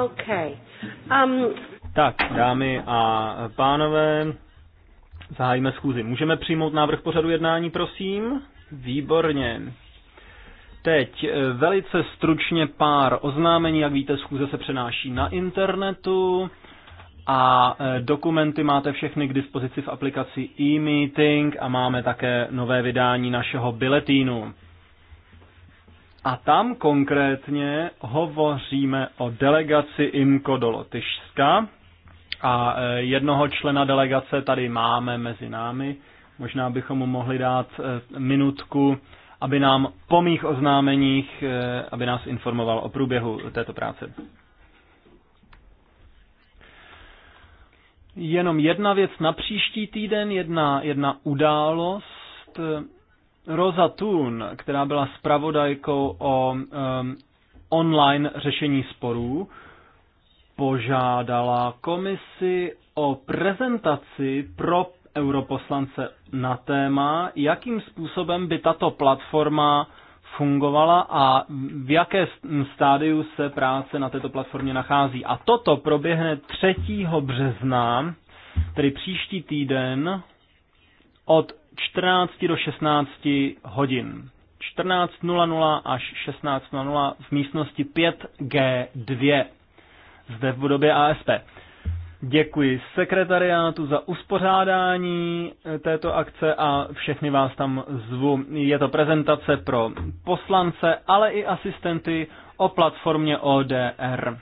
Okay. Um... Tak, dámy a pánové, zahájíme schůzi. Můžeme přijmout návrh pořadu jednání, prosím? Výborně. Teď eh, velice stručně pár oznámení. Jak víte, schůze se přenáší na internetu a eh, dokumenty máte všechny k dispozici v aplikaci e-meeting a máme také nové vydání našeho biletínu. A tam konkrétně hovoříme o delegaci Imko do Lotyšska. A e, jednoho člena delegace tady máme mezi námi. Možná bychom mu mohli dát e, minutku, aby nám po mých oznámeních, e, aby nás informoval o průběhu této práce. Jenom jedna věc na příští týden, jedna, jedna událost Rosa Thun, která byla spravodajkou o um, online řešení sporů, požádala komisi o prezentaci pro europoslance na téma, jakým způsobem by tato platforma fungovala a v jaké stádiu se práce na této platformě nachází. A toto proběhne 3. března, tedy příští týden, od 14 do 16 hodin. 14.00 až 16.00 v místnosti 5G2 zde v budově ASP. Děkuji sekretariátu za uspořádání eh, této akce a všechny vás tam zvu. Je to prezentace pro poslance, ale i asistenty o platformě ODR.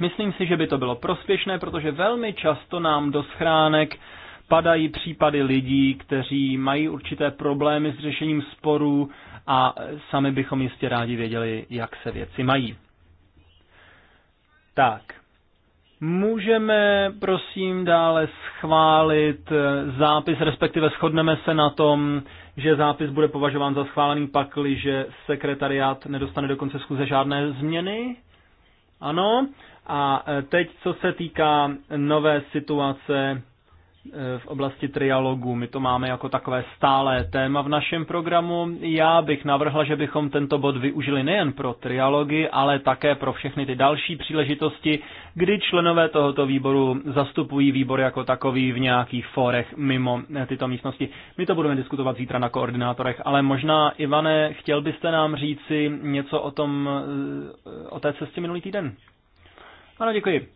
Myslím si, že by to bylo prospěšné, protože velmi často nám do schránek padají případy lidí, kteří mají určité problémy s řešením sporů a sami bychom jistě rádi věděli, jak se věci mají. Tak. Můžeme, prosím, dále schválit zápis, respektive shodneme se na tom, že zápis bude považován za schválený pakli, že sekretariát nedostane do konce schůze žádné změny? Ano. A teď, co se týká nové situace v oblasti trialogu. My to máme jako takové stálé téma v našem programu. Já bych navrhla, že bychom tento bod využili nejen pro trialogy, ale také pro všechny ty další příležitosti, kdy členové tohoto výboru zastupují výbor jako takový v nějakých fórech mimo tyto místnosti. My to budeme diskutovat zítra na koordinátorech, ale možná, Ivane, chtěl byste nám říci něco o, tom, eh, o té cestě minulý týden? Ano, děkuji.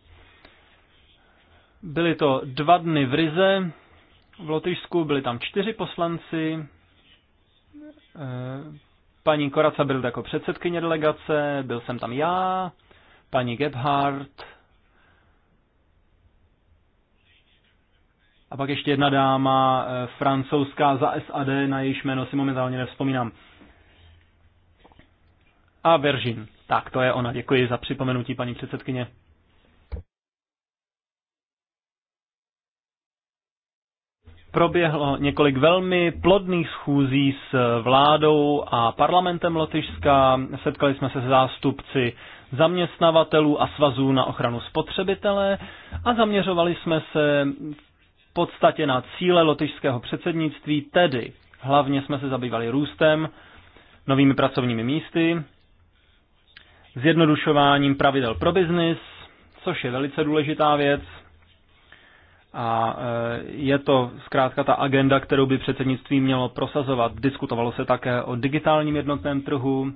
Byly to dva dny v Rize, v Lotyšsku byli tam čtyři poslanci, eh, paní Koraca byl jako předsedkyně delegace, byl jsem tam já, paní Gebhardt, a pak ještě jedna dáma, eh, francouzská za SAD, na jejíž jméno si momentálně nevzpomínám. A Veržin. Tak, to je ona. Děkuji za připomenutí, paní předsedkyně. proběhlo několik velmi plodných schůzí s vládou a parlamentem Lotyšska. Setkali jsme se s zástupci zaměstnavatelů a svazů na ochranu spotřebitele a zaměřovali jsme se v podstatě na cíle lotyšského předsednictví, tedy hlavně jsme se zabývali růstem, novými pracovními místy, zjednodušováním pravidel pro biznis, což je velice důležitá věc, a eh, je to zkrátka ta agenda, kterou by předsednictví mělo prosazovat. Diskutovalo se také o digitálním jednotném trhu,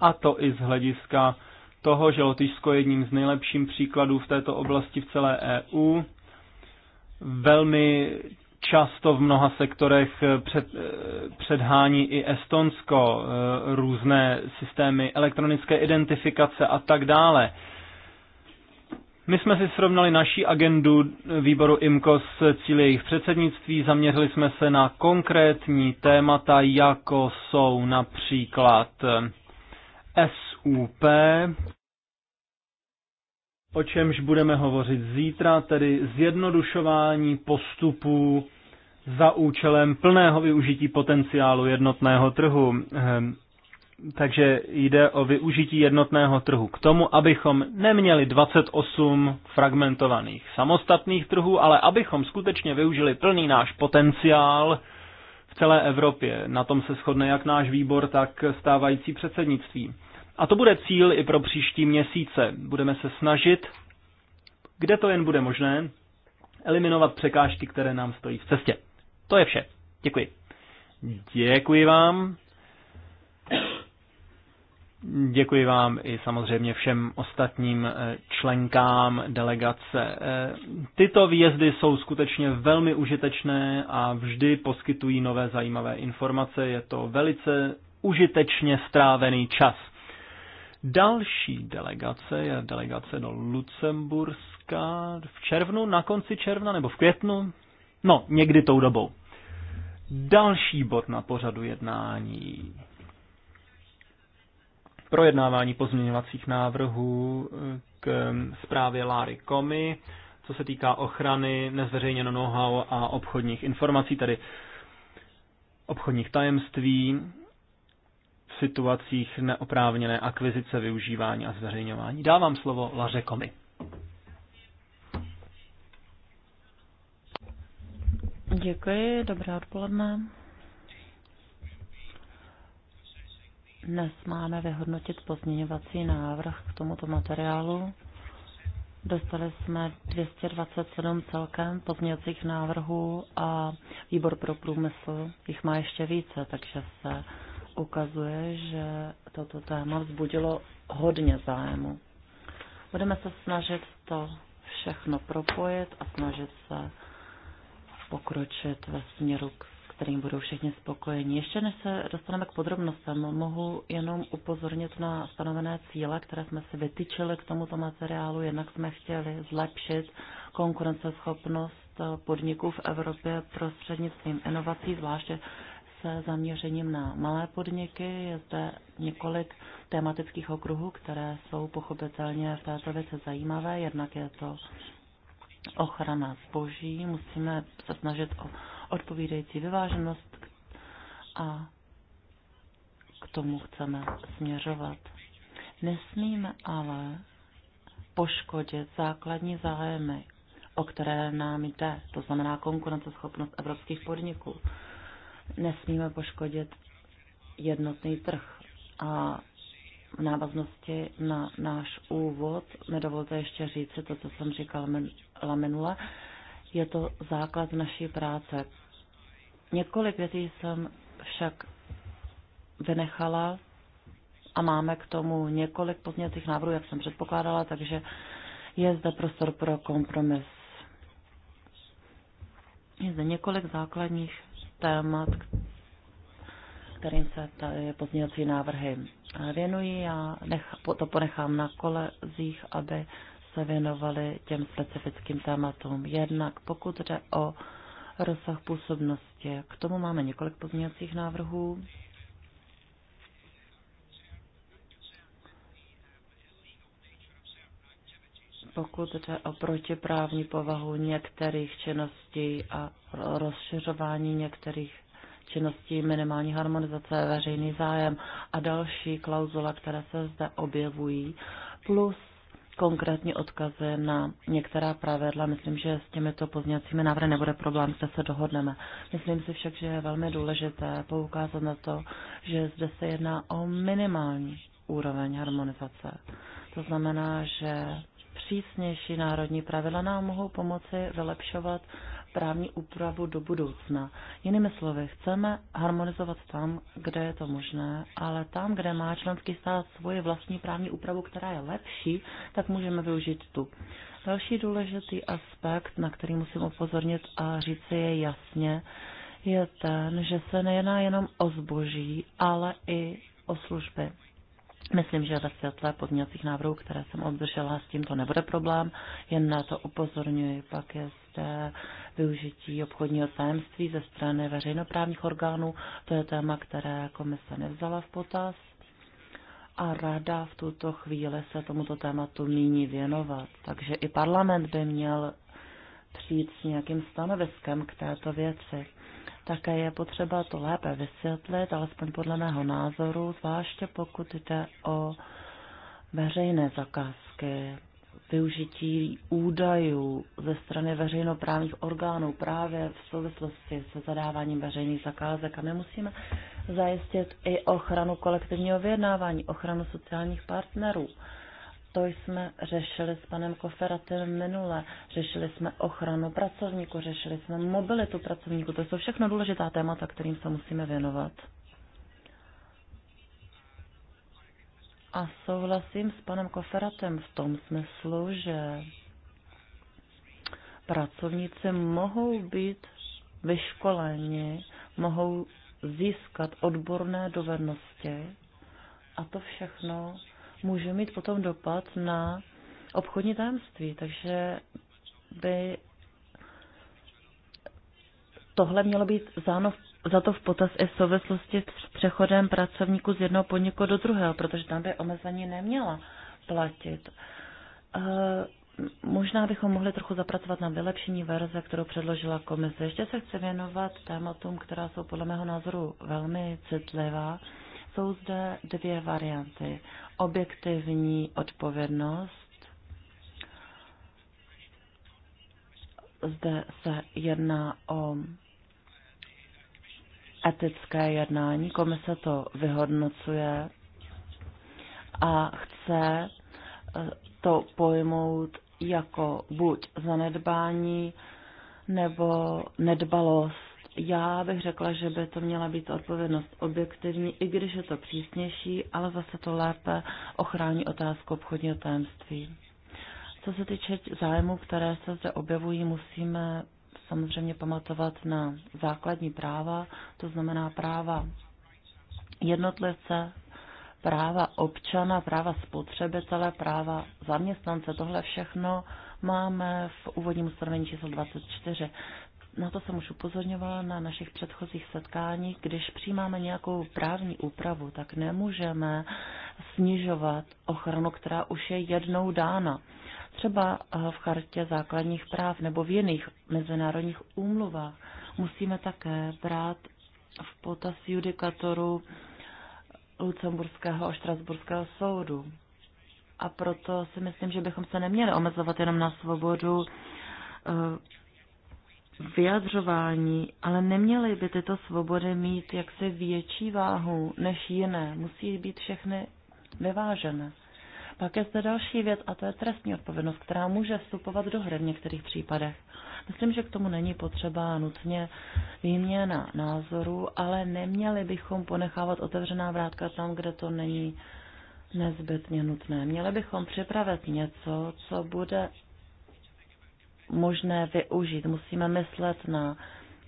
a to i z hlediska toho, že Lotyšsko je jedním z nejlepších příkladů v této oblasti v celé EU. Velmi často v mnoha sektorech eh, před, eh, předhání i Estonsko, různé systémy elektronické identifikace a tak dále. My jsme si srovnali naší agendu výboru IMCO s cíly jejich předsednictví, zaměřili jsme se na konkrétní témata, jako jsou například SUP, o čemž budeme hovořit zítra, tedy zjednodušování postupů za účelem plného využití potenciálu jednotného trhu. Ehm, takže jde o využití jednotného trhu k tomu, abychom neměli 28 fragmentovaných samostatných trhů, ale abychom skutečně využili plný náš potenciál v celé Evropě. Na tom se shodne jak náš výbor, tak stávající předsednictví. A to bude cíl i pro příští měsíce. Budeme se snažit, kde to jen bude možné, eliminovat překážky, které nám stojí v cestě. To je vše. Děkuji. Děkuji vám. Děkuji vám i samozřejmě všem ostatním eh, členkám delegace. Eh, tyto výjezdy jsou skutečně velmi užitečné a vždy poskytují nové zajímavé informace. Je to velice užitečně strávený čas. Další delegace je delegace do Lucemburska v červnu, na konci června nebo v květnu? No, někdy tou dobou. Další bod na pořadu jednání projednávání pozměňovacích návrhů eh, k hm, zprávě Láry Komy, co se týká ochrany nezveřejněno know-how a obchodních informací, tedy obchodních tajemství v situacích neoprávněné akvizice, využívání a zveřejňování. Dávám slovo Laře Komy. Děkuji, dobré odpoledne. Dnes máme vyhodnotit pozměňovací návrh k tomuto materiálu. Dostali jsme 227 celkem pozměňovacích návrhů a výbor pro průmysl jich má ještě více, takže se ukazuje, že toto téma vzbudilo hodně zájmu. Budeme se snažit to všechno propojit a snažit se pokročit ve směru k kterým budou všichni spokojeni. Ještě než se dostaneme k podrobnostem, mohu jenom upozornit na stanovené cíle, které jsme si vytyčili k tomuto materiálu. Jednak jsme chtěli zlepšit konkurenceschopnost podniků v Evropě prostřednictvím inovací, zvláště se zaměřením na malé podniky. Je zde několik tematických okruhů, které jsou pochopitelně v této věci zajímavé. Jednak je to ochrana zboží, musíme se snažit o odpovídající vyváženost a k tomu chceme směřovat. Nesmíme ale poškodit základní zájmy, o které nám jde, to znamená konkurenceschopnost evropských podniků. Nesmíme poškodit jednotný trh. A v návaznosti na náš úvod nedovolte dovolte ještě říci to, co jsem říkal minule. Je to základ naší práce. Několik věcí jsem však vynechala a máme k tomu několik pozměňovacích návrhů, jak jsem předpokládala, takže je zde prostor pro kompromis. Je zde několik základních témat, kterým se tady pozměňovací návrhy věnují. Já nech, to ponechám na kolezích, aby se věnovali těm specifickým tématům. Jednak pokud jde o rozsah působnosti, k tomu máme několik pozměňovacích návrhů. pokud jde o protiprávní povahu některých činností a rozšiřování některých činností minimální harmonizace, veřejný zájem a další klauzula, které se zde objevují, plus konkrétní odkazy na některá pravidla. Myslím, že s těmito pozněcími návrhy nebude problém, se se dohodneme. Myslím si však, že je velmi důležité poukázat na to, že zde se jedná o minimální úroveň harmonizace. To znamená, že přísnější národní pravidla nám mohou pomoci vylepšovat právní úpravu do budoucna. Jinými slovy, chceme harmonizovat tam, kde je to možné, ale tam, kde má členský stát svoji vlastní právní úpravu, která je lepší, tak můžeme využít tu. Další důležitý aspekt, na který musím upozornit a říci je jasně, je ten, že se nejedná jenom o zboží, ale i o služby. Myslím, že ve světle podněcích návrhů, které jsem obdržela, s tím to nebude problém, jen na to upozorňuji. Pak je zde využití obchodního tajemství ze strany veřejnoprávních orgánů. To je téma, které komise nevzala v potaz a rada v tuto chvíli se tomuto tématu míní věnovat. Takže i parlament by měl přijít s nějakým stanoviskem k této věci. Také je potřeba to lépe vysvětlit, alespoň podle mého názoru, zvláště pokud jde o veřejné zakázky využití údajů ze strany veřejnoprávních orgánů právě v souvislosti se zadáváním veřejných zakázek. A nemusíme musíme zajistit i ochranu kolektivního vyjednávání, ochranu sociálních partnerů. To jsme řešili s panem Koferatem minule. Řešili jsme ochranu pracovníků, řešili jsme mobilitu pracovníků. To jsou všechno důležitá témata, kterým se musíme věnovat. A souhlasím s panem Koferatem v tom smyslu, že pracovníci mohou být vyškoleni, mohou získat odborné dovednosti a to všechno může mít potom dopad na obchodní tajemství. Takže by tohle mělo být záno v za to v potaz i v souvislosti s přechodem pracovníků z jednoho podniku do druhého, protože tam by omezení neměla platit. Eh, možná bychom mohli trochu zapracovat na vylepšení verze, kterou předložila komise. Ještě se chci věnovat tématům, která jsou podle mého názoru velmi citlivá. Jsou zde dvě varianty. Objektivní odpovědnost. Zde se jedná o etické jednání. Komise to vyhodnocuje a chce eh, to pojmout jako buď zanedbání nebo nedbalost. Já bych řekla, že by to měla být odpovědnost objektivní, i když je to přísnější, ale zase to lépe ochrání otázku obchodního tajemství. Co se týče zájmů, které se zde objevují, musíme samozřejmě pamatovat na základní práva, to znamená práva jednotlivce, práva občana, práva spotřebitele, práva zaměstnance. Tohle všechno máme v úvodním ustanovení číslo 24. Na to jsem už upozorňovala na našich předchozích setkáních. Když přijímáme nějakou právní úpravu, tak nemůžeme snižovat ochranu, která už je jednou dána třeba eh, v chartě základních práv nebo v jiných mezinárodních úmluvách. Musíme také brát v potaz judikatoru Lucemburského a Štrasburského soudu. A proto si myslím, že bychom se neměli omezovat jenom na svobodu eh, vyjadřování, ale neměly by tyto svobody mít jaksi větší váhu než jiné. Musí být všechny vyvážené. Pak je zde další věc a to je trestní odpovědnost, která může vstupovat do hry v některých případech. Myslím, že k tomu není potřeba nutně výměna názoru, ale neměli bychom ponechávat otevřená vrátka tam, kde to není nezbytně nutné. Měli bychom připravit něco, co bude možné využít. Musíme myslet na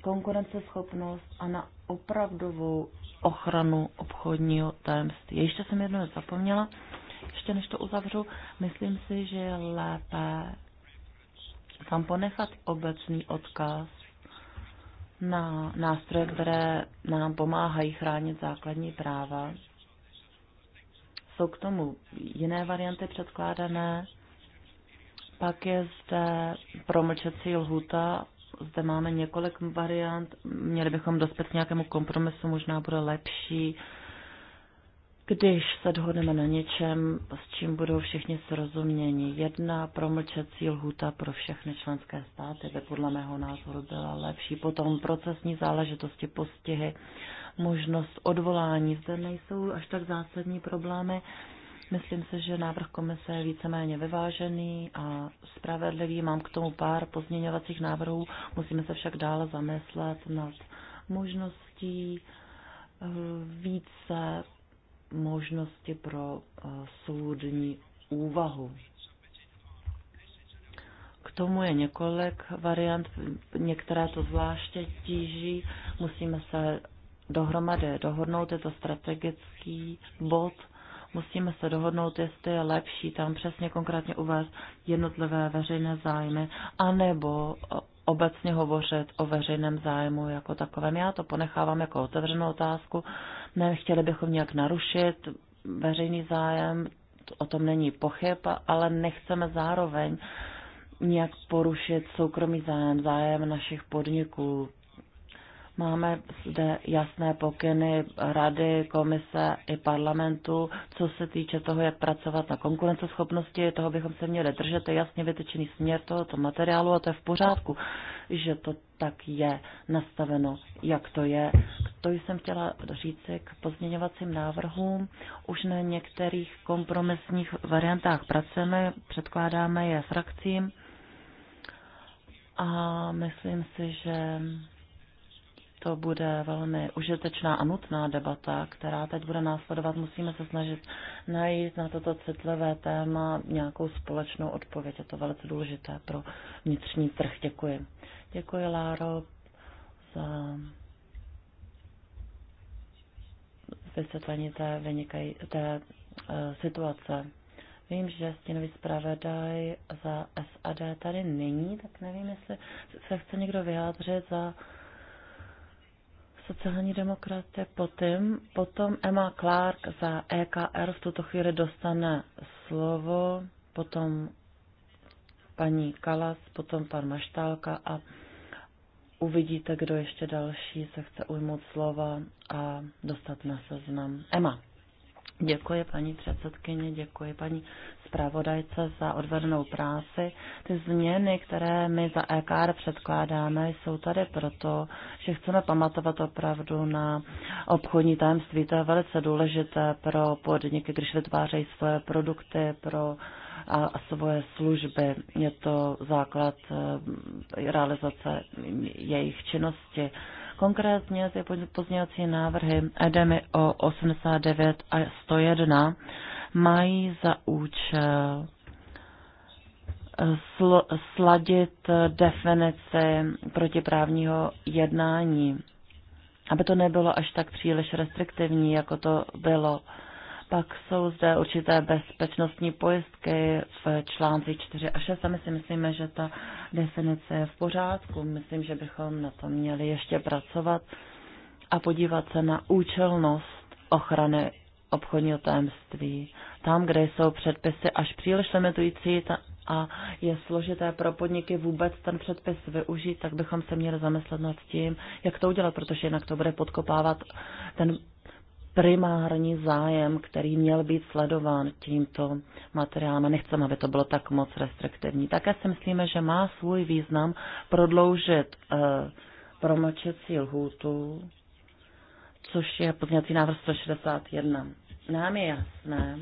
konkurenceschopnost a na opravdovou ochranu obchodního tajemství. Ještě jsem jednou zapomněla. Ještě než to uzavřu, myslím si, že je lépe tam ponechat obecný odkaz na nástroje, které nám pomáhají chránit základní práva. Jsou k tomu jiné varianty předkládané. Pak je zde promlčecí lhuta. Zde máme několik variant. Měli bychom dospět k nějakému kompromisu, možná bude lepší když se dohodneme na něčem, s čím budou všichni srozuměni. Jedna promlčecí lhuta pro všechny členské státy by podle mého názoru byla lepší. Potom procesní záležitosti, postihy, možnost odvolání. Zde nejsou až tak zásadní problémy. Myslím se, že návrh komise je víceméně vyvážený a spravedlivý. Mám k tomu pár pozměňovacích návrhů. Musíme se však dále zamyslet nad možností eh, více možnosti pro eh, soudní úvahu. K tomu je několik variant, některé to zvláště tíží, musíme se dohromady dohodnout, je to strategický bod, musíme se dohodnout, jestli je lepší tam přesně konkrétně uvést jednotlivé veřejné zájmy, anebo eh, obecně hovořit o veřejném zájmu jako takovém. Já to ponechávám jako otevřenou otázku, Nechtěli bychom nějak narušit veřejný zájem, o tom není pochyb, ale nechceme zároveň nějak porušit soukromý zájem, zájem našich podniků, Máme zde jasné pokyny rady, komise i parlamentu, co se týče toho, jak pracovat na konkurenceschopnosti, toho bychom se měli držet, je jasně vytečený směr tohoto materiálu a to je v pořádku, že to tak je nastaveno, jak to je. To jsem chtěla říci k pozměňovacím návrhům. Už na některých kompromisních variantách pracujeme, předkládáme je frakcím a myslím si, že to bude velmi užitečná a nutná debata, která teď bude následovat. Musíme se snažit najít na toto citlivé téma nějakou společnou odpověď. Je to velice důležité pro vnitřní trh. Děkuji. Děkuji, Láro, za vysvětlení té, vynikaj, té e, situace. Vím, že stínový zpravodaj za SAD tady není, tak nevím, jestli se chce někdo vyjádřit za sociální demokraty, potom, potom Emma Clark za EKR v tuto chvíli dostane slovo, potom paní Kalas, potom pan Maštálka a uvidíte, kdo ještě další se chce ujmout slova a dostat na seznam. Emma. Děkuji paní předsedkyně, děkuji paní zpravodajce za odvednou práci. Ty změny, které my za EKR předkládáme, jsou tady proto, že chceme pamatovat opravdu na obchodní tajemství. To je velice důležité pro podniky, když vytvářejí svoje produkty, pro a svoje služby. Je to základ eh, realizace jejich činnosti. Konkrétně ty pozměňovací návrhy EDEMI o 89 a 101 mají za účel sl- sladit definici protiprávního jednání, aby to nebylo až tak příliš restriktivní, jako to bylo pak jsou zde určité bezpečnostní pojistky v článci 4 a 6 a my si myslíme, že ta definice je v pořádku. Myslím, že bychom na to měli ještě pracovat a podívat se na účelnost ochrany obchodního tajemství. Tam, kde jsou předpisy až příliš limitující a je složité pro podniky vůbec ten předpis využít, tak bychom se měli zamyslet nad tím, jak to udělat, protože jinak to bude podkopávat ten primární zájem, který měl být sledován tímto materiálem. nechceme, aby to bylo tak moc restriktivní. Také si myslíme, že má svůj význam prodloužit eh, promlčecí lhůtu, což je pozměňovací návrh 161. Nám je jasné,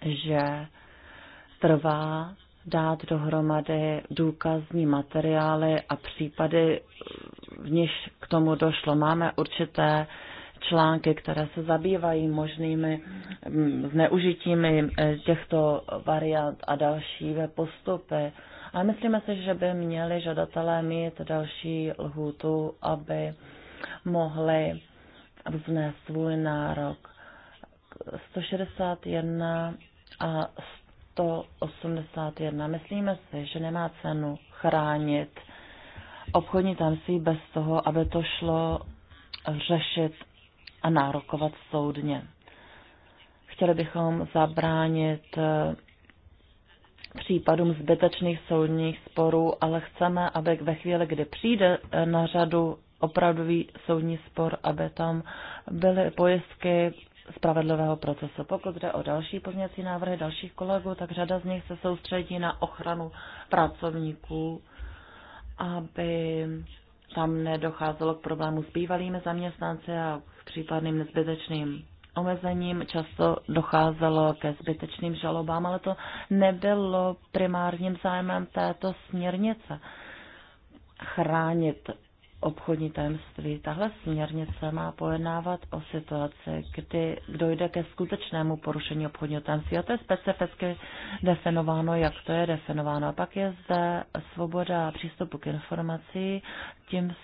že trvá dát dohromady důkazní materiály a případy, v níž k tomu došlo. Máme určité články, které se zabývají možnými mm, zneužitími eh, těchto variant a další postupy. A myslíme si, že by měli žadatelé mít další lhůtu, aby mohli vznést svůj nárok. 161 a 181. Myslíme si, že nemá cenu chránit obchodní tamství bez toho, aby to šlo řešit a nárokovat soudně. Chtěli bychom zabránit eh, případům zbytečných soudních sporů, ale chceme, aby ve chvíli, kdy přijde eh, na řadu opravdový soudní spor, aby tam byly pojistky spravedlivého procesu. Pokud jde o další pozměcí návrhy dalších kolegů, tak řada z nich se soustředí na ochranu pracovníků, aby tam nedocházelo k problému s bývalými zaměstnanci a k případným nezbytečným omezením. Často docházelo ke zbytečným žalobám, ale to nebylo primárním zájmem této směrnice chránit obchodní tajemství. Tahle směrnice má pojednávat o situaci, kdy dojde ke skutečnému porušení obchodního tajemství. A to je specificky definováno, jak to je definováno. A pak je zde svoboda přístupu k informací, tím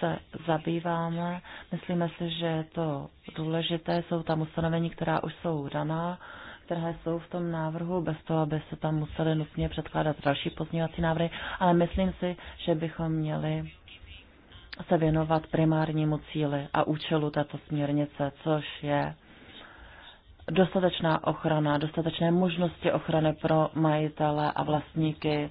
se zabýváme. Myslíme si, že je to důležité. Jsou tam ustanovení, která už jsou daná které jsou v tom návrhu, bez toho, aby se tam museli nutně předkládat další pozměňovací návrhy, ale myslím si, že bychom měli se věnovat primárnímu cíli a účelu této směrnice, což je dostatečná ochrana, dostatečné možnosti ochrany pro majitele a vlastníky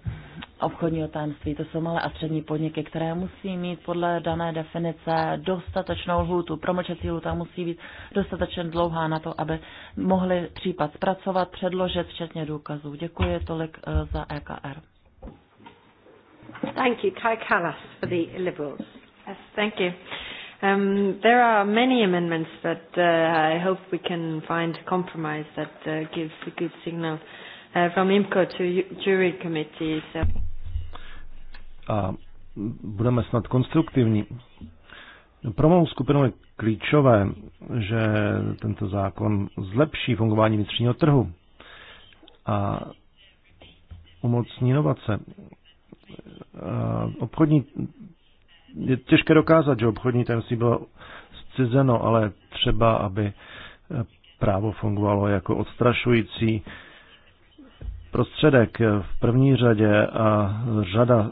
obchodního tajemství. To jsou malé a střední podniky, které musí mít podle dané definice dostatečnou lhůtu. Promlčecí lhůta musí být dostatečně dlouhá na to, aby mohli případ zpracovat, předložit, včetně důkazů. Děkuji tolik eh, za EKR. Thank you, Kai Callas for the Liberals. Yes, thank you. Um, there are many amendments that uh, I hope we can find compromise that uh, gives a good signal uh, from IMCO to jury committee. So. A um, budeme snad konstruktivní. Pro mou skupinu je klíčové, že tento zákon zlepší fungování vnitřního trhu a umocní inovace. Uh, obchodní je těžké dokázat, že obchodní tajemství bylo zcizeno, ale třeba, aby eh, právo fungovalo jako odstrašující prostředek v první řadě a řada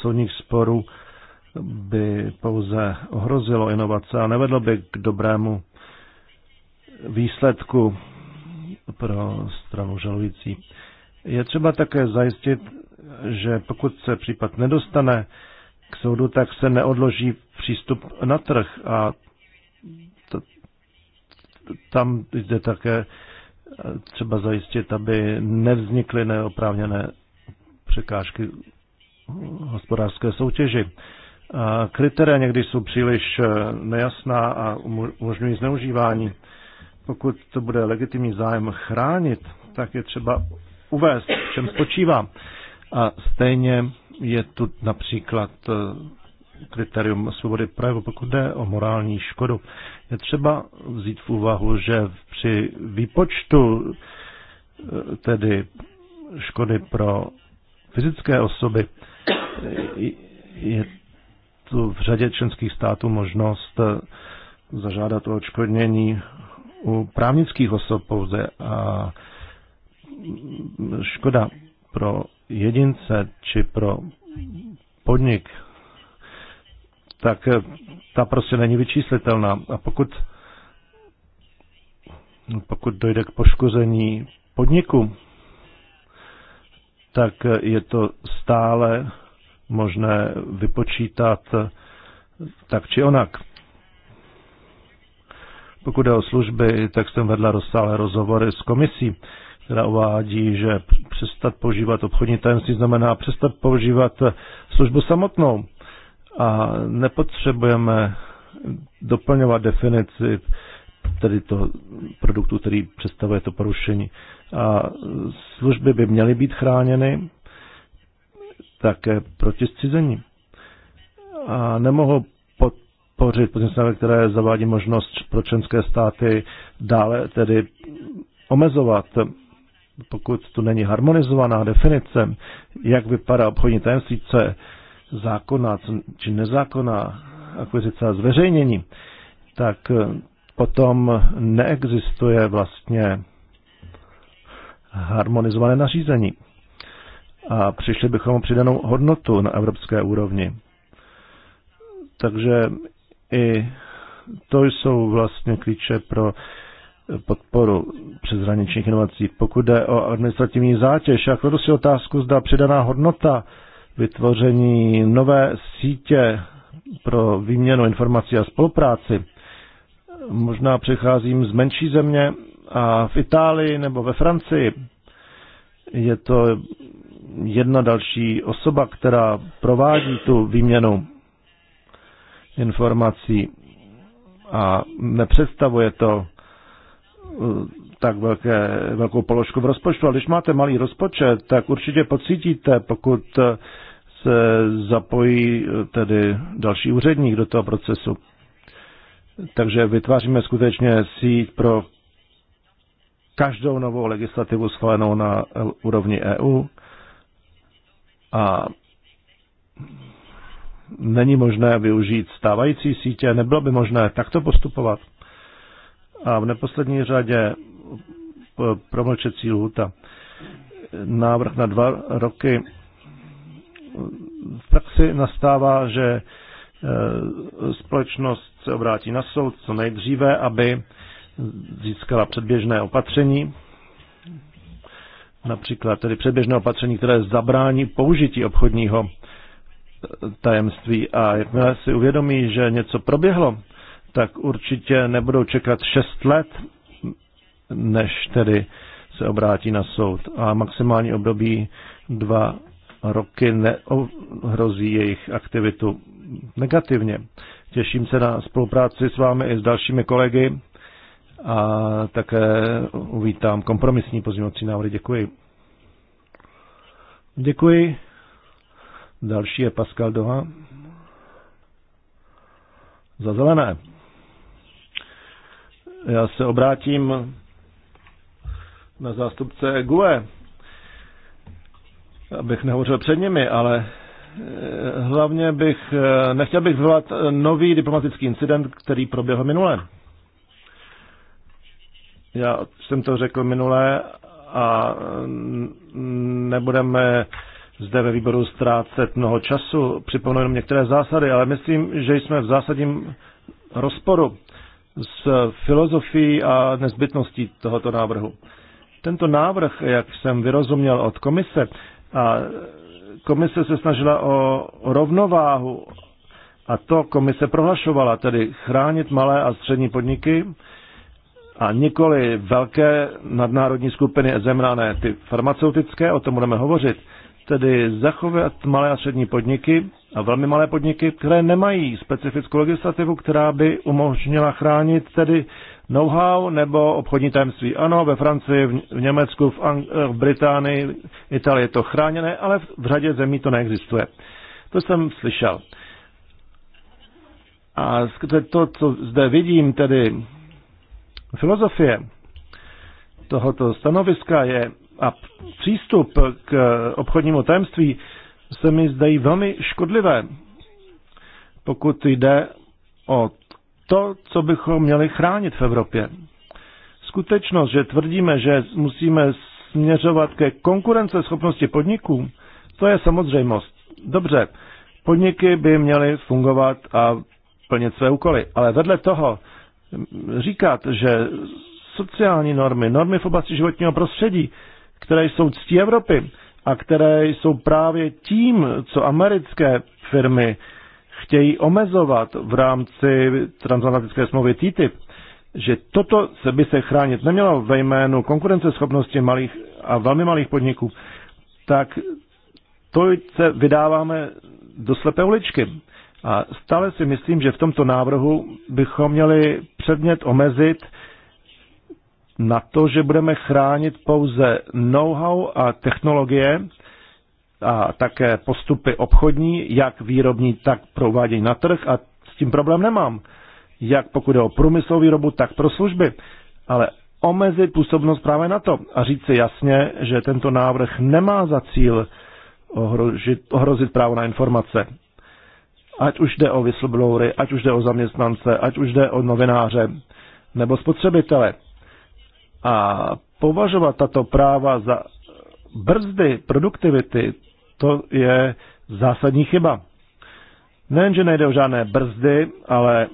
soudních sporů by pouze ohrozilo inovace a nevedlo by k dobrému výsledku pro stranu žalující. Je třeba také zajistit, že pokud se případ nedostane k soudu, tak se neodloží přístup na trh a tam jde také eh, třeba zajistit, aby nevznikly neoprávněné překážky hospodářské soutěži. A kritéria někdy jsou příliš eh, nejasná a umožňují zneužívání. Pokud to bude legitimní zájem chránit, tak je třeba uvést, v čem spočívá. A stejně je tu například eh, kritérium svobody projevu, pokud jde o morální škodu. Je třeba vzít v úvahu, že při výpočtu eh, tedy škody pro fyzické osoby eh, je tu v řadě členských států možnost zažádat o odškodnění u právnických osob pouze a mm, škoda pro jedince či pro podnik, tak ta prostě není vyčíslitelná. A pokud, pokud dojde k poškození podniku, tak je to stále možné vypočítat tak či onak. Pokud jde o služby, tak jsem vedla rozsáhlé rozhovory s komisí která uvádí, že přestat používat obchodní tajemství znamená přestat používat eh, službu samotnou. A nepotřebujeme doplňovat definici tedy to produktu, který představuje to porušení. A služby by měly být chráněny také proti zcizení. A nemohou podpořit potenciály, které zavádí možnost pro členské státy dále tedy omezovat pokud tu není harmonizovaná definice, jak vypadá obchodní tajemství, co je zákonná či nezákonná akvizice a zveřejnění, tak eh, potom neexistuje vlastně harmonizované nařízení. A přišli bychom o přidanou hodnotu na evropské úrovni. Takže i to jsou vlastně klíče pro podporu přeshraničních inovací. Pokud jde o administrativní zátěž, já kladu si otázku, zda přidaná hodnota vytvoření nové sítě pro výměnu informací a spolupráci. Možná přecházím z menší země a v Itálii nebo ve Francii je to jedna další osoba, která provádí tu výměnu informací a nepředstavuje to Eh, tak velké, velkou položku v rozpočtu. Ale když máte malý rozpočet, tak určitě pocítíte, pokud se zapojí eh, tedy další úředník do toho procesu. Takže vytváříme skutečně síť pro každou novou legislativu schválenou na úrovni EU a není možné využít stávající sítě, nebylo by možné takto postupovat. A v neposlední řadě promlčecí lhuta. Návrh na dva roky. V praxi nastává, že e, společnost se obrátí na soud co nejdříve, aby získala předběžné opatření, například tedy předběžné opatření, které zabrání použití obchodního e, tajemství a jakmile si uvědomí, že něco proběhlo, tak určitě nebudou čekat 6 let, než tedy se obrátí na soud. A maximální období dva roky neohrozí jejich aktivitu negativně. Těším se na spolupráci s vámi i s dalšími kolegy a také uvítám kompromisní pozměňovací návrhy. Děkuji. Děkuji. Další je Pascal Doha. Za zelené. Já se obrátím na zástupce GUE, abych nehovořil před nimi, ale eh, hlavně bych, eh, nechtěl bych vyvolat eh, nový diplomatický incident, který proběhl minule. Já jsem to řekl minule a mm, nebudeme zde ve výboru ztrácet mnoho času, připomenu jenom některé zásady, ale myslím, že jsme v zásadním rozporu s filozofií a nezbytností tohoto návrhu. Tento návrh, jak jsem vyrozuměl od komise, a komise se snažila o rovnováhu a to komise prohlašovala, tedy chránit malé a střední podniky a nikoli velké nadnárodní skupiny, zemrané ty farmaceutické, o tom budeme hovořit tedy zachovat malé a střední podniky a velmi malé podniky, které nemají specifickou legislativu, která by umožnila chránit tedy know-how nebo obchodní tajemství. Ano, ve Francii, v Německu, v, Ang- eh, v Británii, Itálii je to chráněné, ale v, v řadě zemí to neexistuje. To jsem slyšel. A to, co zde vidím, tedy filozofie tohoto stanoviska je a přístup k obchodnímu tajemství se mi zdají velmi škodlivé, pokud jde o to, co bychom měli chránit v Evropě. Skutečnost, že tvrdíme, že musíme směřovat ke konkurenceschopnosti podniků, to je samozřejmost. Dobře, podniky by měly fungovat a plnit své úkoly, ale vedle toho říkat, že sociální normy, normy v oblasti životního prostředí které jsou ctí Evropy a které jsou právě tím, co americké firmy chtějí omezovat v rámci transatlantické smlouvy TTIP, že toto se by se chránit nemělo ve jménu konkurenceschopnosti malých a velmi malých podniků, tak to se vydáváme do slepé uličky. A stále si myslím, že v tomto návrhu bychom měli předmět omezit na to, že budeme chránit pouze know-how a technologie a také postupy obchodní, jak výrobní, tak provádění na trh a s tím problém nemám. Jak pokud je o průmyslovou výrobu, tak pro služby. Ale omezit působnost právě na to a říct si jasně, že tento návrh nemá za cíl ohrožit, ohrozit právo na informace. Ať už jde o whistleblowery, ať už jde o zaměstnance, ať už jde o novináře nebo spotřebitele. A považovat tato práva za brzdy produktivity, to je zásadní chyba. Nejen, že nejde o žádné brzdy, ale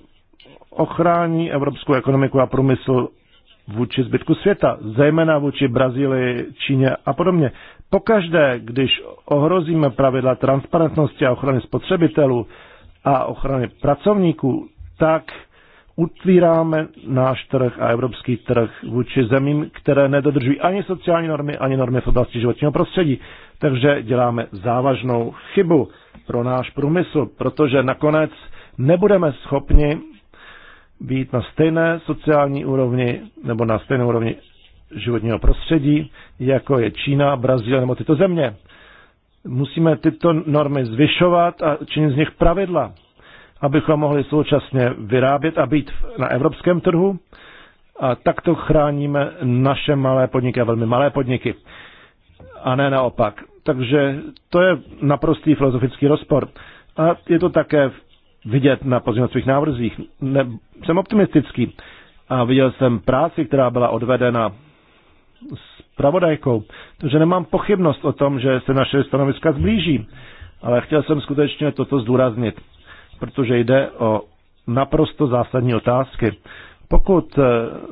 ochrání evropskou ekonomiku a průmysl vůči zbytku světa, zejména vůči Brazílii, Číně a podobně. Pokaždé, když ohrozíme pravidla transparentnosti a ochrany spotřebitelů a ochrany pracovníků, tak utvíráme náš trh a evropský trh vůči zemím, které nedodržují ani sociální normy, ani normy v oblasti životního prostředí. Takže děláme závažnou chybu pro náš průmysl, protože nakonec nebudeme schopni být na stejné sociální úrovni nebo na stejné úrovni životního prostředí, jako je Čína, Brazílie nebo tyto země. Musíme tyto normy zvyšovat a činit z nich pravidla abychom mohli současně vyrábět a být na evropském trhu. A takto chráníme naše malé podniky a velmi malé podniky. A ne naopak. Takže to je naprostý filozofický rozpor. A je to také vidět na pozměňovacích návrzích. Ne, jsem optimistický a viděl jsem práci, která byla odvedena s pravodajkou, takže nemám pochybnost o tom, že se naše stanoviska zblíží, ale chtěl jsem skutečně toto zdůraznit protože jde o naprosto zásadní otázky. Pokud eh,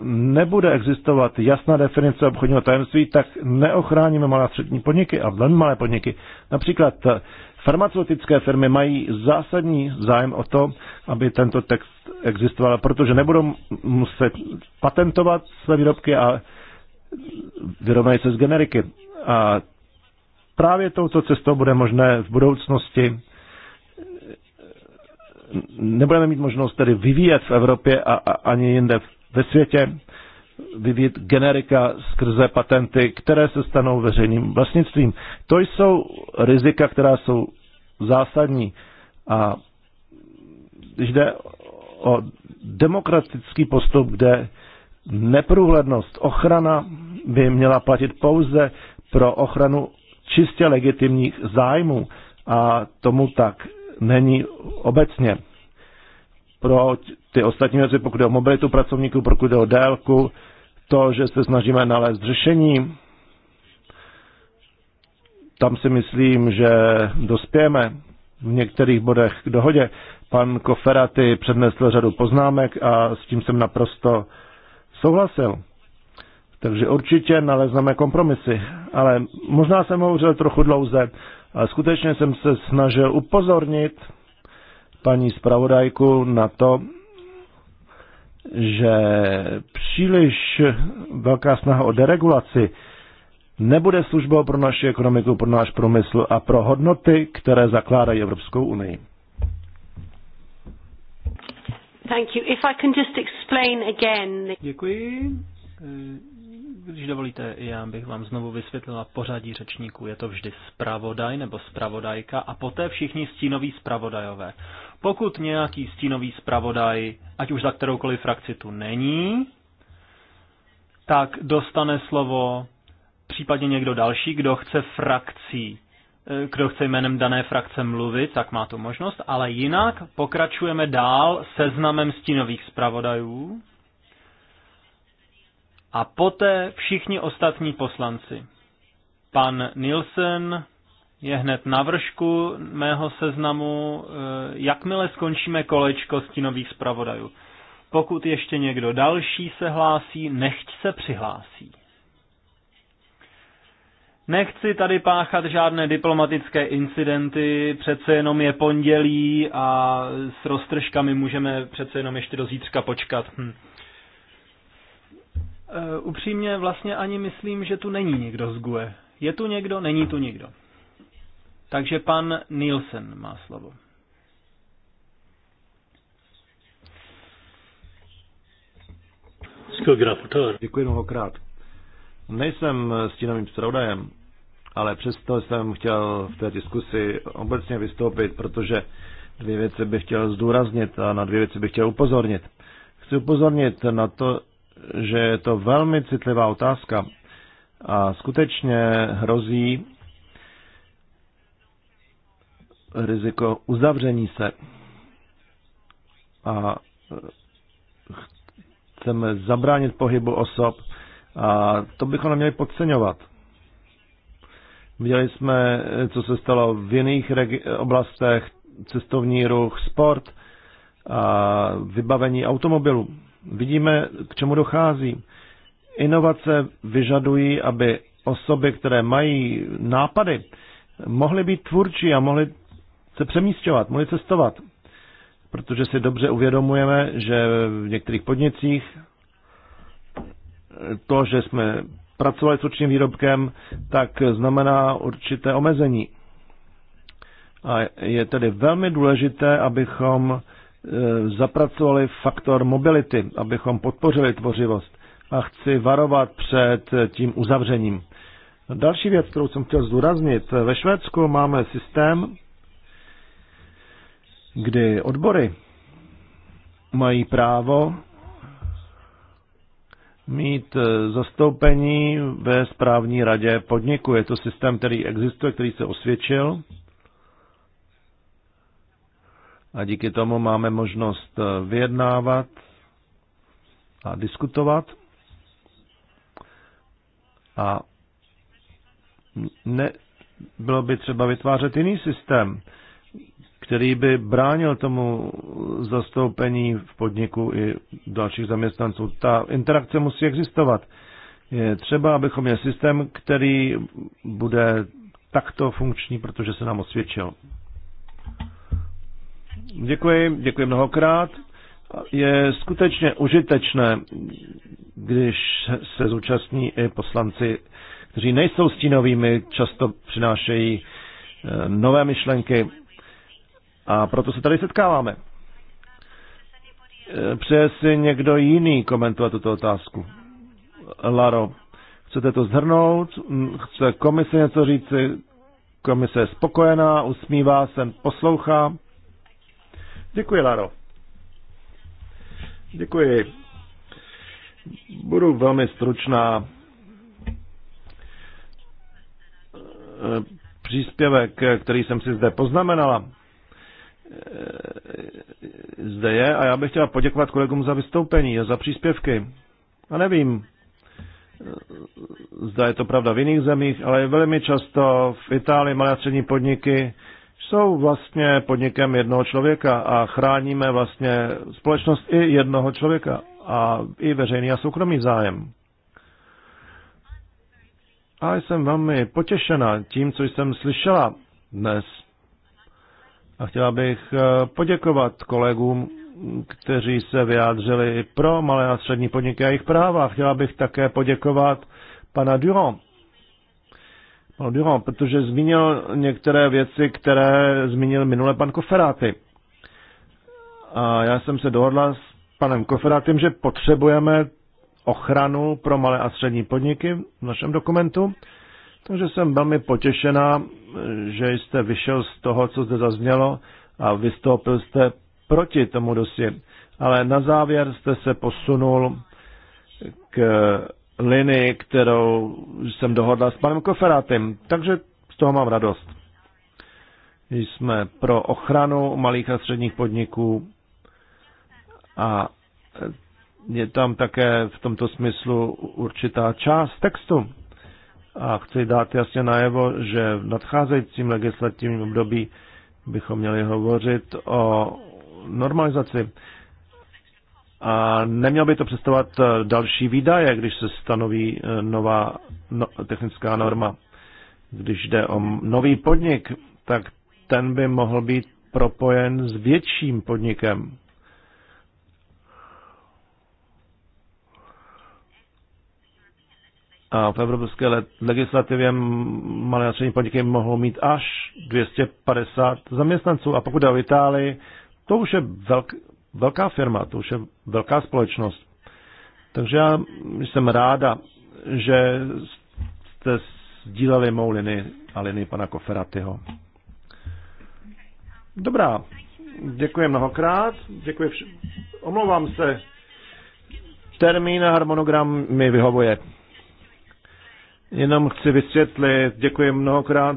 nebude existovat jasná definice obchodního tajemství, tak neochráníme malé a střední podniky a velmi malé podniky. Například eh, farmaceutické firmy mají zásadní zájem o to, aby tento text existoval, protože nebudou muset patentovat své výrobky a vyrovnají se s generiky. A právě touto cestou bude možné v budoucnosti nebudeme mít možnost tedy vyvíjet v Evropě a, a ani jinde ve světě vyvíjet generika skrze patenty, které se stanou veřejným vlastnictvím. To jsou rizika, která jsou zásadní. A když jde o demokratický postup, kde neprůhlednost, ochrana by měla platit pouze pro ochranu čistě legitimních zájmů. A tomu tak není obecně pro ty ostatní věci, pokud jde o mobilitu pracovníků, pokud jde o délku, to, že se snažíme nalézt řešení, tam si myslím, že dospějeme v některých bodech k dohodě. Pan Koferaty přednesl řadu poznámek a s tím jsem naprosto souhlasil. Takže určitě nalezneme kompromisy, ale možná jsem hovořil trochu dlouze a skutečně jsem se snažil upozornit paní zpravodajku na to, že příliš velká snaha o deregulaci nebude službou pro naši ekonomiku, pro náš průmysl a pro hodnoty, které zakládají Evropskou unii. Thank you. If I can just explain again. Děkuji. Eh, když dovolíte, já bych vám znovu vysvětlila pořadí řečníků. Je to vždy zpravodaj nebo zpravodajka a poté všichni stínoví zpravodajové. Pokud nějaký stínový zpravodaj, ať už za kteroukoliv frakci tu není, tak dostane slovo případně někdo další, kdo chce frakcí, eh, kdo chce jménem dané frakce mluvit, tak má tu možnost, ale jinak pokračujeme dál seznamem stínových zpravodajů, a poté všichni ostatní poslanci. Pan Nielsen je hned na vršku mého seznamu, eh, jakmile skončíme kolečko stinových zpravodajů. Pokud ještě někdo další se hlásí, nechť se přihlásí. Nechci tady páchat žádné diplomatické incidenty, přece jenom je pondělí a s roztržkami můžeme přece jenom ještě do zítřka počkat. Hm. E, upřímně vlastně ani myslím, že tu není někdo z GUE. Je tu někdo? Není tu nikdo. Takže pan Nielsen má slovo. Děkuji mnohokrát. Nejsem stínovým zpravodajem, ale přesto jsem chtěl v té diskusi obecně vystoupit, protože dvě věci bych chtěl zdůraznit a na dvě věci bych chtěl upozornit. Chci upozornit na to, že je to velmi citlivá otázka a skutečně hrozí riziko uzavření se. A chceme zabránit pohybu osob a to bychom neměli podceňovat. Viděli jsme, co se stalo v jiných oblastech, cestovní ruch, sport a vybavení automobilů. Vidíme, k čemu dochází. Inovace vyžadují, aby osoby, které mají nápady, mohly být tvůrčí a mohly se přemístěvat, mohly cestovat. Protože si dobře uvědomujeme, že v některých podnicích to, že jsme pracovali s určitým výrobkem, tak znamená určité omezení. A je tedy velmi důležité, abychom Eh, zapracovali faktor mobility, abychom podpořili tvořivost. A chci varovat před eh, tím uzavřením. Další věc, kterou jsem chtěl zdůraznit. Eh, ve Švédsku máme systém, kdy odbory mají právo mít zastoupení ve správní radě podniku. Je to systém, který existuje, který se osvědčil a díky tomu máme možnost eh, vyjednávat a diskutovat. A ne, bylo by třeba vytvářet jiný systém, který by bránil tomu zastoupení v podniku i dalších zaměstnanců. Ta interakce musí existovat. Je třeba, abychom měli systém, který bude takto funkční, protože se nám osvědčil. Děkuji, děkuji mnohokrát. Je skutečně užitečné, když se zúčastní i poslanci, kteří nejsou stínovými, často přinášejí eh, nové myšlenky a proto se tady setkáváme. Eh, přeje si někdo jiný komentovat tuto otázku? Laro, chcete to zhrnout? Mm, chce komise něco říct? Komise je spokojená, usmívá se, poslouchá. Děkuji, Laro. Děkuji. Budu velmi stručná. Příspěvek, který jsem si zde poznamenala, zde je a já bych chtěla poděkovat kolegům za vystoupení a za příspěvky. A nevím, zda je to pravda v jiných zemích, ale velmi často v Itálii malé a střední podniky jsou vlastně podnikem jednoho člověka a chráníme vlastně společnost i jednoho člověka a i veřejný a soukromý zájem. A jsem velmi potěšena tím, co jsem slyšela dnes. A chtěla bych eh, poděkovat kolegům, kteří se vyjádřili pro malé a střední podniky a jejich práva. Chtěla bych také poděkovat pana Durand pan Duhon, protože zmínil některé věci, které zmínil minule pan Koferáty. A já jsem se dohodla s panem Koferátem, že potřebujeme ochranu pro malé a střední podniky v našem dokumentu. Takže jsem velmi potěšená, že jste vyšel z toho, co zde zaznělo a vystoupil jste proti tomu dosi. Ale na závěr jste se posunul k linii, kterou jsem dohodla s panem Koferátem, Takže z toho mám radost. Jsme pro ochranu malých a středních podniků a je tam také v tomto smyslu určitá část textu. A chci dát jasně najevo, že v nadcházejícím legislativním období bychom měli hovořit o normalizaci a nemělo by to představovat eh, další výdaje, když se stanoví eh, nová no, technická norma. Když jde o nový podnik, tak ten by mohl být propojen s větším podnikem. A v evropské legislativě malé a střední podniky mohou mít až 250 zaměstnanců. A pokud jde o Itálii, to už je velk, velká firma, to už je velká společnost. Takže já jsem ráda, že jste sdíleli mou linii a linii pana Koferatyho. Dobrá, děkuji mnohokrát, děkuji vš- omlouvám se, termín a harmonogram mi vyhovuje. Jenom chci vysvětlit, děkuji mnohokrát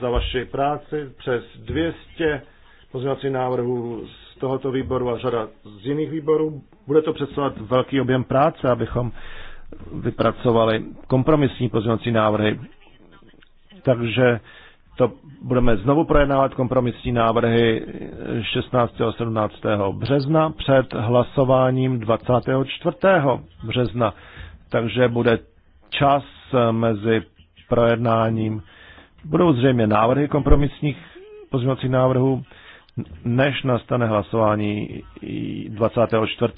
za vaši práci, přes 200 pozměňovacích návrhů tohoto výboru a řada z jiných výborů. Bude to představovat velký objem práce, abychom vypracovali kompromisní pozměňovací návrhy. Takže to budeme znovu projednávat kompromisní návrhy 16. a 17. března před hlasováním 24. března. Takže bude čas mezi projednáním. Budou zřejmě návrhy kompromisních pozměňovacích návrhů než nastane hlasování 24.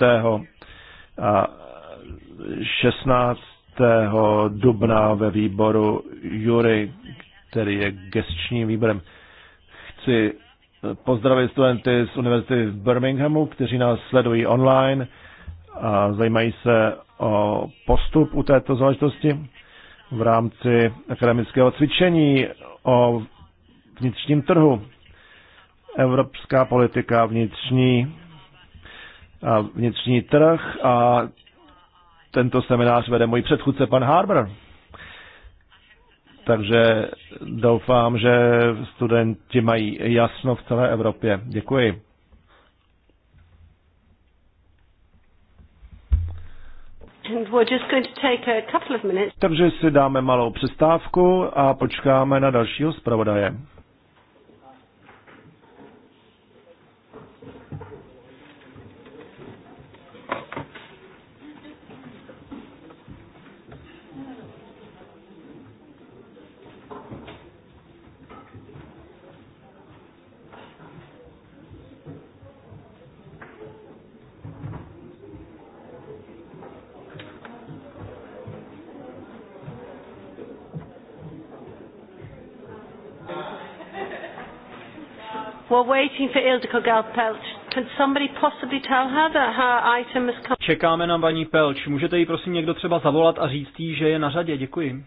a 16. dubna ve výboru Jury, který je gestčním výborem. Chci pozdravit studenty z univerzity v Birminghamu, kteří nás sledují online a zajímají se o postup u této záležitosti v rámci akademického cvičení o vnitřním trhu evropská politika vnitřní a vnitřní trh a tento seminář vede můj předchůdce pan Harbour. Takže doufám, že studenti mají jasno v celé Evropě. Děkuji. Takže si dáme malou přestávku a počkáme na dalšího zpravodaje. We're waiting for Ildiko Galpelt. Can somebody possibly tell her that her item has come? Čekáme na paní Pelč. Můžete jí prosím někdo třeba zavolat a říct jí, že je na řadě. Děkuji.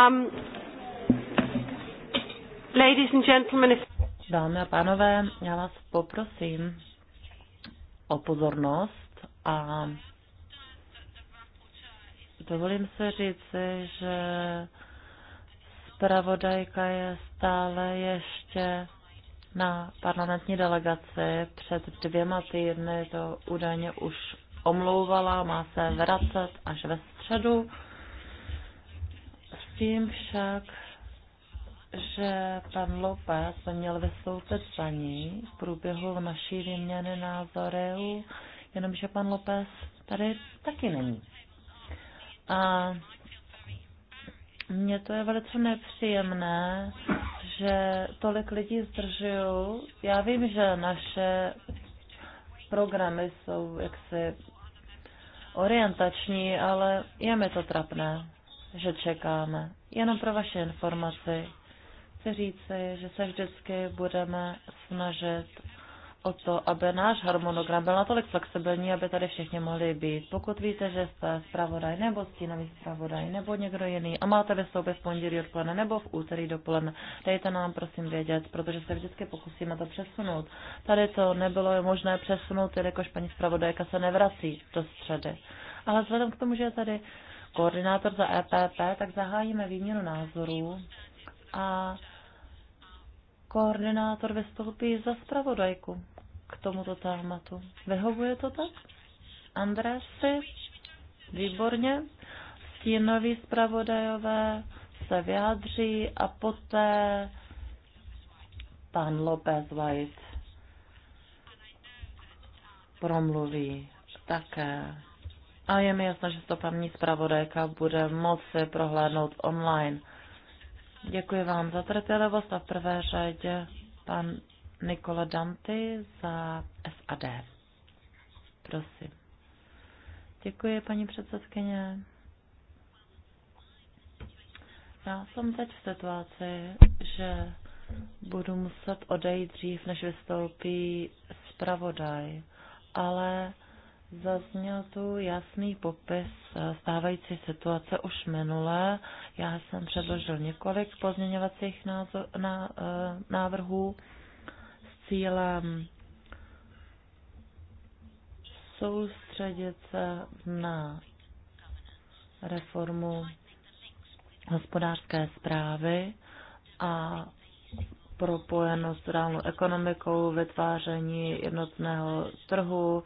Um, ladies and gentlemen, if... Dámy a pánové, já vás poprosím o pozornost a dovolím se říci, že zpravodajka je stále ještě na parlamentní delegaci. Před dvěma týdny to údajně už omlouvala, má se vracet až ve středu Vím však, že pan López měl ve za v průběhu naší výměny názorů, jenomže pan López tady taky není. A mně to je velice nepříjemné, že tolik lidí zdržují. Já vím, že naše programy jsou jaksi orientační, ale je mi to trapné že čekáme. Jenom pro vaše informaci chci říci, že se vždycky budeme snažit o to, aby náš harmonogram byl natolik flexibilní, aby tady všichni mohli být. Pokud víte, že jste zpravodaj nebo stínový zpravodaj nebo někdo jiný a máte vystoupit v pondělí odpoledne nebo v úterý dopoledne, dejte nám prosím vědět, protože se vždycky pokusíme to přesunout. Tady to nebylo možné přesunout, jelikož paní zpravodajka se nevrací do středy. Ale vzhledem k tomu, že je tady koordinátor za EPP, tak zahájíme výměnu názorů a koordinátor vystoupí za zpravodajku k tomuto tématu. Vyhovuje to tak? Andresi? Výborně. Stínoví zpravodajové se vyjádří a poté pan López White promluví také a je mi jasné, že to paní zpravodajka bude moci prohlédnout online. Děkuji vám za trpělivost a v prvé řadě pan Nikola Danty za SAD. Prosím. Děkuji, paní předsedkyně. Já jsem teď v situaci, že budu muset odejít dřív, než vystoupí zpravodaj, ale Zazněl tu jasný popis eh, stávající situace už minulé. Já jsem předložil několik pozměňovacích názor, na, eh, návrhů s cílem soustředit se na reformu hospodářské zprávy a propojenost s reálnou ekonomikou, vytváření jednotného trhu,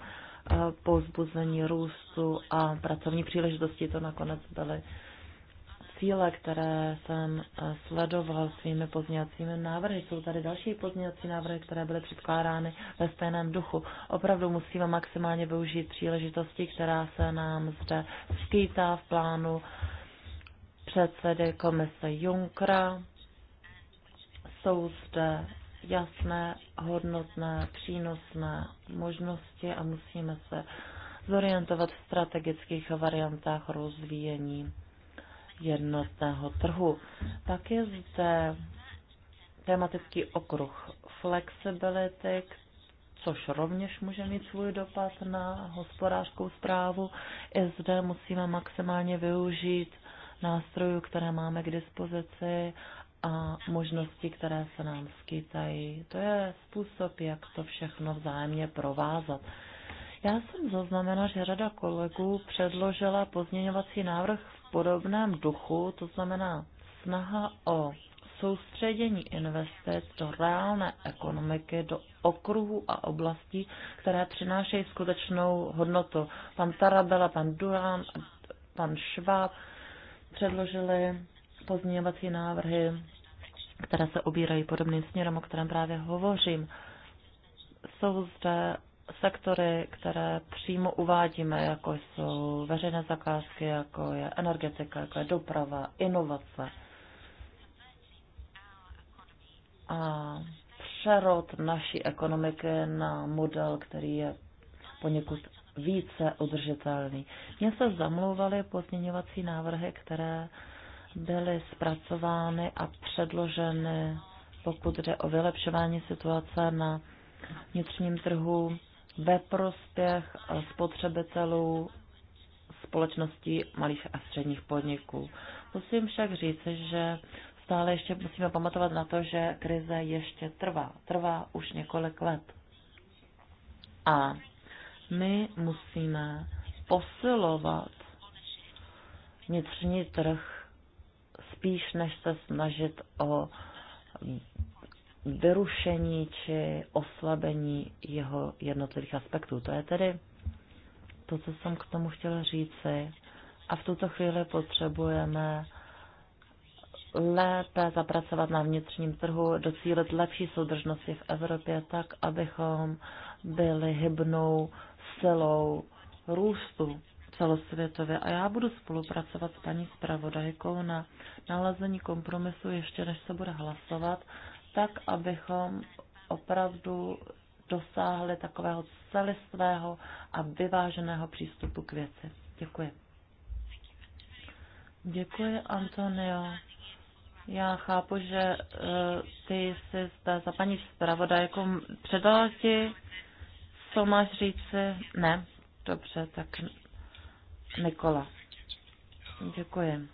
Eh, pozbuzení růstu a pracovní příležitosti. To nakonec byly cíle, které jsem eh, sledoval svými pozměňovacími návrhy. Jsou tady další pozměňovací návrhy, které byly předkládány ve stejném duchu. Opravdu musíme maximálně využít příležitosti, která se nám zde skýtá v plánu předsedy komise Junkra. Jsou zde jasné, hodnotné, přínosné možnosti a musíme se zorientovat v strategických variantách rozvíjení jednotného trhu. Pak je zde tematický okruh flexibility, což rovněž může mít svůj dopad na hospodářskou zprávu. I zde musíme maximálně využít nástrojů, které máme k dispozici a možnosti, které se nám skytají. To je způsob, jak to všechno vzájemně provázat. Já jsem zaznamenala, že řada kolegů předložila pozměňovací návrh v podobném duchu, to znamená snaha o soustředění investic do reálné ekonomiky, do okruhu a oblastí, které přinášejí skutečnou hodnotu. Pan Tarabela, pan Duran, pan Šváb předložili pozměňovací návrhy které se ubírají podobným směrem, o kterém právě hovořím. Jsou zde sektory, které přímo uvádíme, jako jsou veřejné zakázky, jako je energetika, jako je doprava, inovace. A přerod naší ekonomiky na model, který je poněkud více udržitelný. Mně se zamlouvaly pozměňovací návrhy, které byly zpracovány a předloženy, pokud jde o vylepšování situace na vnitřním trhu ve prospěch spotřebitelů společností malých a středních podniků. Musím však říct, že stále ještě musíme pamatovat na to, že krize ještě trvá. Trvá už několik let. A my musíme posilovat vnitřní trh spíš než se snažit o vyrušení či oslabení jeho jednotlivých aspektů. To je tedy to, co jsem k tomu chtěla říci. A v tuto chvíli potřebujeme lépe zapracovat na vnitřním trhu, docílit lepší soudržnosti v Evropě tak, abychom byli hybnou silou růstu celosvětově. A já budu spolupracovat s paní zpravodajkou na nalezení kompromisu ještě než se bude hlasovat, tak abychom opravdu dosáhli takového celistvého a vyváženého přístupu k věci. Děkuji. Děkuji, Antonio. Já chápu, že eh, ty jsi zda za paní zpravodajku předala ti, co máš říci. Ne, dobře, tak Nikola. Děkuji.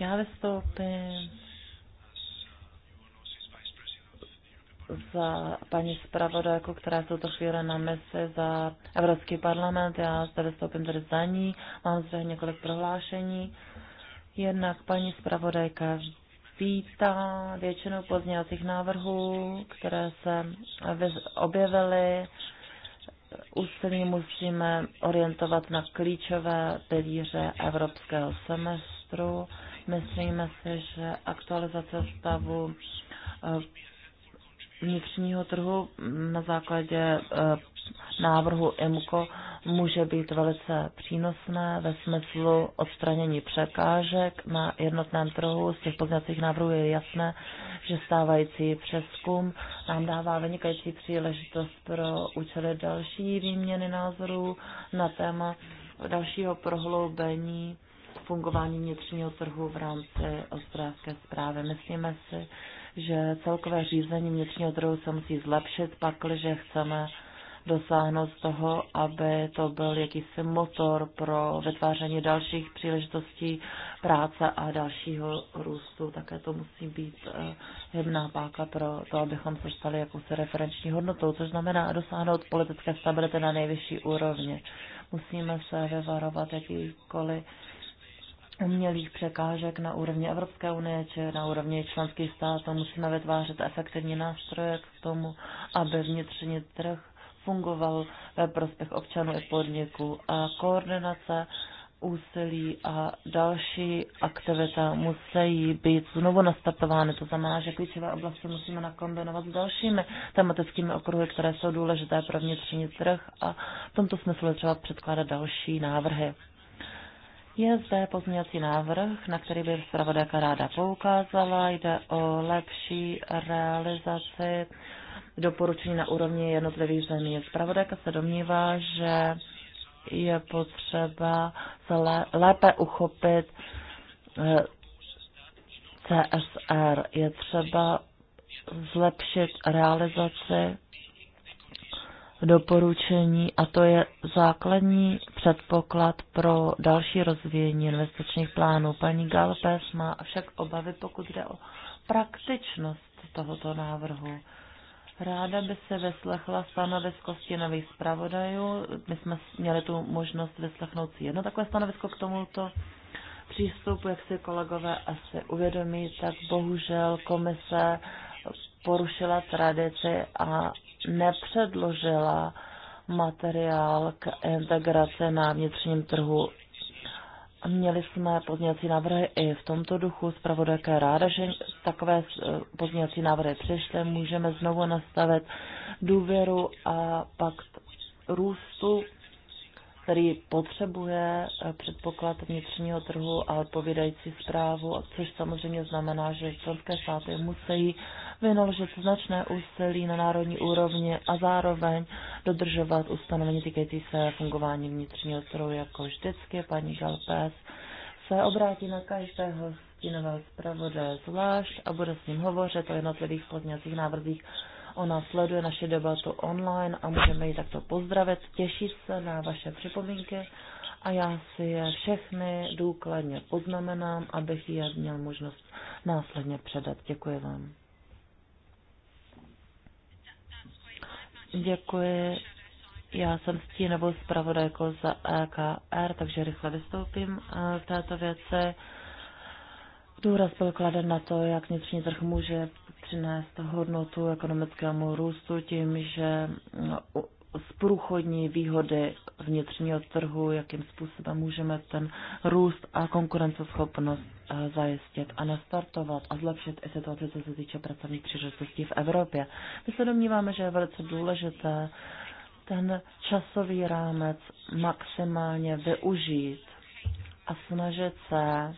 Já vystoupím za paní zpravodajku, která je v tuto chvíli na misi za Evropský parlament. Já zde vystoupím tady za ní. Mám zde několik prohlášení. Jednak paní zpravodajka vítá většinu pozdějacích návrhů, které se objevily úsilí musíme orientovat na klíčové pilíře evropského semestru. Myslíme si, že aktualizace stavu eh, vnitřního trhu na základě eh, návrhu IMCO může být velice přínosné ve smyslu odstranění překážek na jednotném trhu. Z těch poznacích návrhů je jasné, že stávající přeskum nám dává vynikající příležitost pro účely další výměny názorů na téma dalšího prohloubení fungování vnitřního trhu v rámci ostrovské zprávy. Myslíme si, že celkové řízení vnitřního trhu se musí zlepšit, pakliže chceme dosáhnout toho, aby to byl jakýsi motor pro vytváření dalších příležitostí práce a dalšího růstu. Také to musí být jedná eh, páka pro to, abychom se stali jakousi referenční hodnotou, což znamená dosáhnout politické stability na nejvyšší úrovni. Musíme se vyvarovat jakýkoliv umělých překážek na úrovni Evropské unie či na úrovni členských států. Musíme vytvářet efektivní nástroje k tomu, aby vnitřní trh fungoval ve prospěch občanů i podniků. A koordinace, úsilí a další aktivita musí být znovu nastartovány. To znamená, že klíčové oblasti musíme nakombinovat s dalšími tematickými okruhy, které jsou důležité pro vnitřní trh a v tomto smyslu je třeba předkládat další návrhy. Je zde pozměňovací návrh, na který by zpravodajka ráda poukázala. Jde o lepší realizaci doporučení na úrovni jednotlivých zemí. Zpravodajka se domnívá, že je potřeba se lépe uchopit eh, CSR. Je třeba zlepšit realizaci doporučení a to je základní předpoklad pro další rozvíjení investičních plánů. Paní Galpes má však obavy, pokud jde o praktičnost tohoto návrhu. Ráda by se vyslechla stanovisko stěnových zpravodajů. My jsme měli tu možnost vyslechnout si jedno takové stanovisko k tomuto přístupu, jak si kolegové asi uvědomí, tak bohužel komise porušila tradici a nepředložila materiál k integraci na vnitřním trhu Měli jsme pozměňovací návrhy i v tomto duchu. Zpravodajka ráda, že takové eh, pozměňovací návrhy přišly. Můžeme znovu nastavit důvěru a pakt růstu který potřebuje eh, předpoklad vnitřního trhu a odpovídající zprávu, což samozřejmě znamená, že členské státy musí vynaložit značné úsilí na národní úrovni a zároveň dodržovat ustanovení týkající se fungování vnitřního trhu, jako vždycky paní Galpes se obrátí na každého stínového zpravodaje zvlášť a bude s ním hovořit o jednotlivých pozměňovacích návrzích Ona sleduje naše debatu online a můžeme ji takto pozdravit. Těší se na vaše připomínky a já si je všechny důkladně poznamenám, abych je měl možnost následně předat. Děkuji vám. Děkuji. Já jsem stínovou zpravodajkou za EKR, takže rychle vystoupím eh, v této věci. Důraz byl kladen na to, jak vnitřní trh může přinést hodnotu ekonomickému růstu tím, že no, zprůchodní výhody vnitřního trhu, jakým způsobem můžeme ten růst a konkurenceschopnost eh, zajistit a nastartovat a zlepšit i situaci, co se týče pracovních příležitostí v Evropě. My se domníváme, že je velice důležité ten časový rámec maximálně využít a snažit se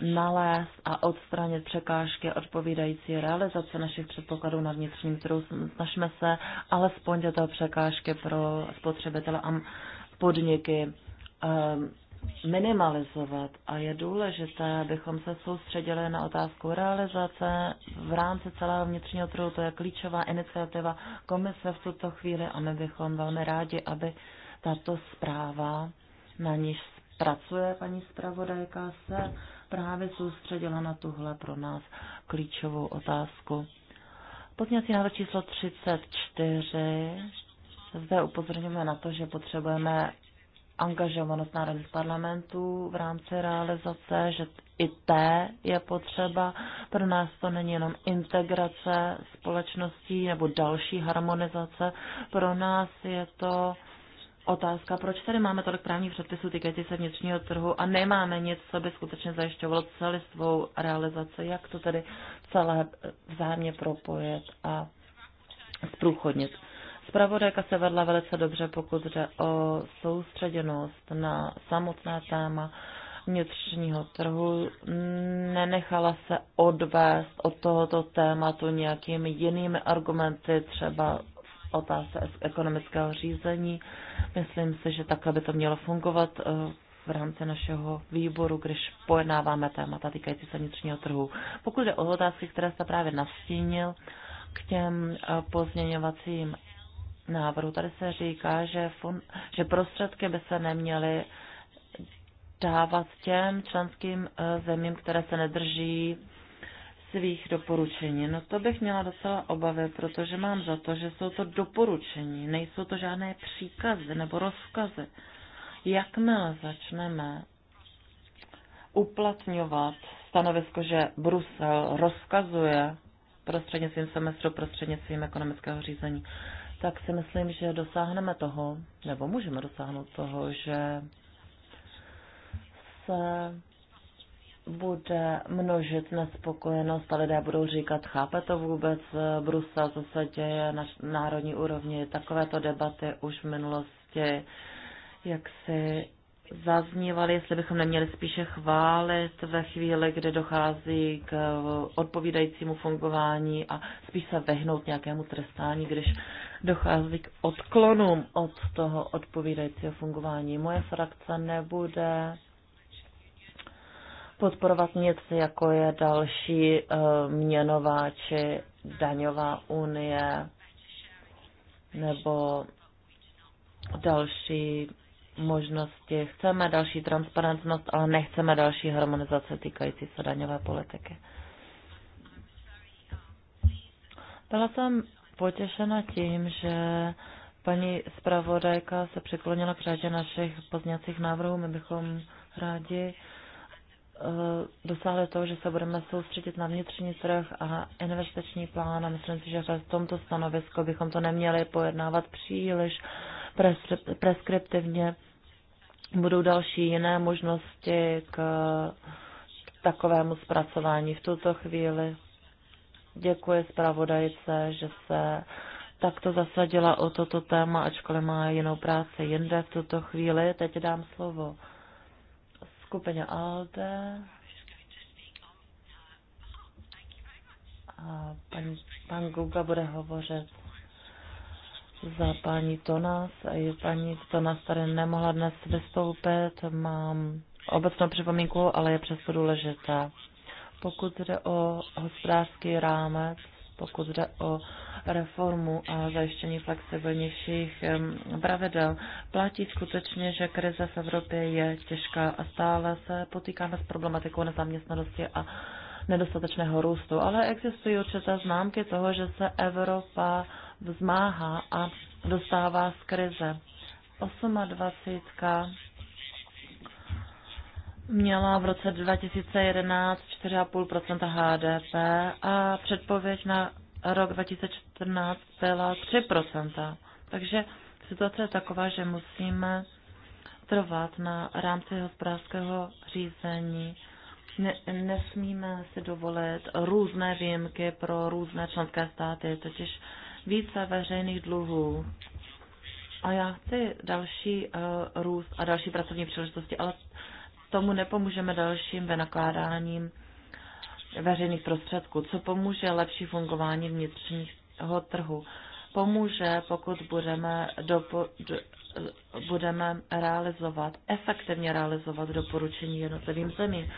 nalézt a odstranit překážky odpovídající realizace našich předpokladů na vnitřním trhu. Snažíme se alespoň tyto překážky pro spotřebitele a podniky ehm, minimalizovat a je důležité, abychom se soustředili na otázku realizace v rámci celého vnitřního trhu. To je klíčová iniciativa komise v tuto chvíli a my bychom velmi rádi, aby tato zpráva, na níž pracuje paní zpravodajka, se právě soustředila na tuhle pro nás klíčovou otázku. Pozměňovací návrh číslo 34. Zde upozorňujeme na to, že potřebujeme angažovanost národních parlamentů v rámci realizace, že i té je potřeba. Pro nás to není jenom integrace společností nebo další harmonizace. Pro nás je to otázka, proč tady máme tolik právních předpisů týkající se vnitřního trhu a nemáme nic, co by skutečně zajišťovalo celistvou realizaci, jak to tedy celé vzájemně propojit a zprůchodnit. Spravodajka se vedla velice dobře, pokud jde o soustředěnost na samotné téma vnitřního trhu. Nenechala se odvést od tohoto tématu nějakými jinými argumenty, třeba otázce ekonomického řízení. Myslím si, že takhle by to mělo fungovat eh, v rámci našeho výboru, když pojednáváme témata týkající se vnitřního trhu. Pokud jde o otázky, které jste právě nastínil, k těm eh, pozměňovacím návrhu. Tady se říká, že, fun, že prostředky by se neměly dávat těm členským eh, zemím, které se nedrží svých doporučení. No to bych měla docela obavy, protože mám za to, že jsou to doporučení, nejsou to žádné příkazy nebo rozkazy. Jakmile začneme uplatňovat stanovisko, že Brusel rozkazuje prostřednictvím semestru, prostřednictvím ekonomického řízení, tak si myslím, že dosáhneme toho, nebo můžeme dosáhnout toho, že se bude množit nespokojenost a lidé budou říkat, chápe to vůbec eh, Brusel, co se děje na národní úrovni. Takovéto debaty už v minulosti jak si zaznívaly, jestli bychom neměli spíše chválit ve chvíli, kdy dochází k odpovídajícímu fungování a spíš se vehnout nějakému trestání, když dochází k odklonům od toho odpovídajícího fungování. Moje frakce nebude podporovat něco, jako je další eh, měnová či daňová unie nebo další možnosti. Chceme další transparentnost, ale nechceme další harmonizace týkající se daňové politiky. Byla jsem potěšena tím, že paní zpravodajka se přiklonila k řadě našich pozněcích návrhů. My bychom rádi Eh, dosáhli toho, že se budeme soustředit na vnitřní trh a investiční plán a myslím si, že v tomto stanovisku bychom to neměli pojednávat příliš preskriptivně. Budou další jiné možnosti k, k takovému zpracování v tuto chvíli. Děkuji zpravodajce, že se takto zasadila o toto téma, ačkoliv má jinou práci jinde v tuto chvíli. Teď dám slovo skupině ALDE. A pan, pan Guga bude hovořit za paní Tonas. a je paní Tonas tady nemohla dnes vystoupit. Mám obecnou připomínku, ale je přesto důležitá. Pokud jde o hospodářský rámec, pokud jde o reformu a zajištění flexibilnějších pravidel. Platí skutečně, že krize v Evropě je těžká a stále se potýkáme s problematikou nezaměstnanosti a nedostatečného růstu, ale existují určité známky toho, že se Evropa vzmáhá a dostává z krize. 28 měla v roce 2011 4,5 HDP a předpověď na rok 2014 byla 3 Takže situace je taková, že musíme trvat na rámci hospodářského řízení. Ne, nesmíme si dovolit různé výjimky pro různé členské státy, totiž více veřejných dluhů. A já chci další uh, růst a další pracovní příležitosti, ale tomu nepomůžeme dalším vynakládáním veřejných prostředků. Co pomůže lepší fungování vnitřního trhu? Pomůže, pokud budeme, dopo, do, budeme realizovat, efektivně realizovat doporučení jednotlivým zemím.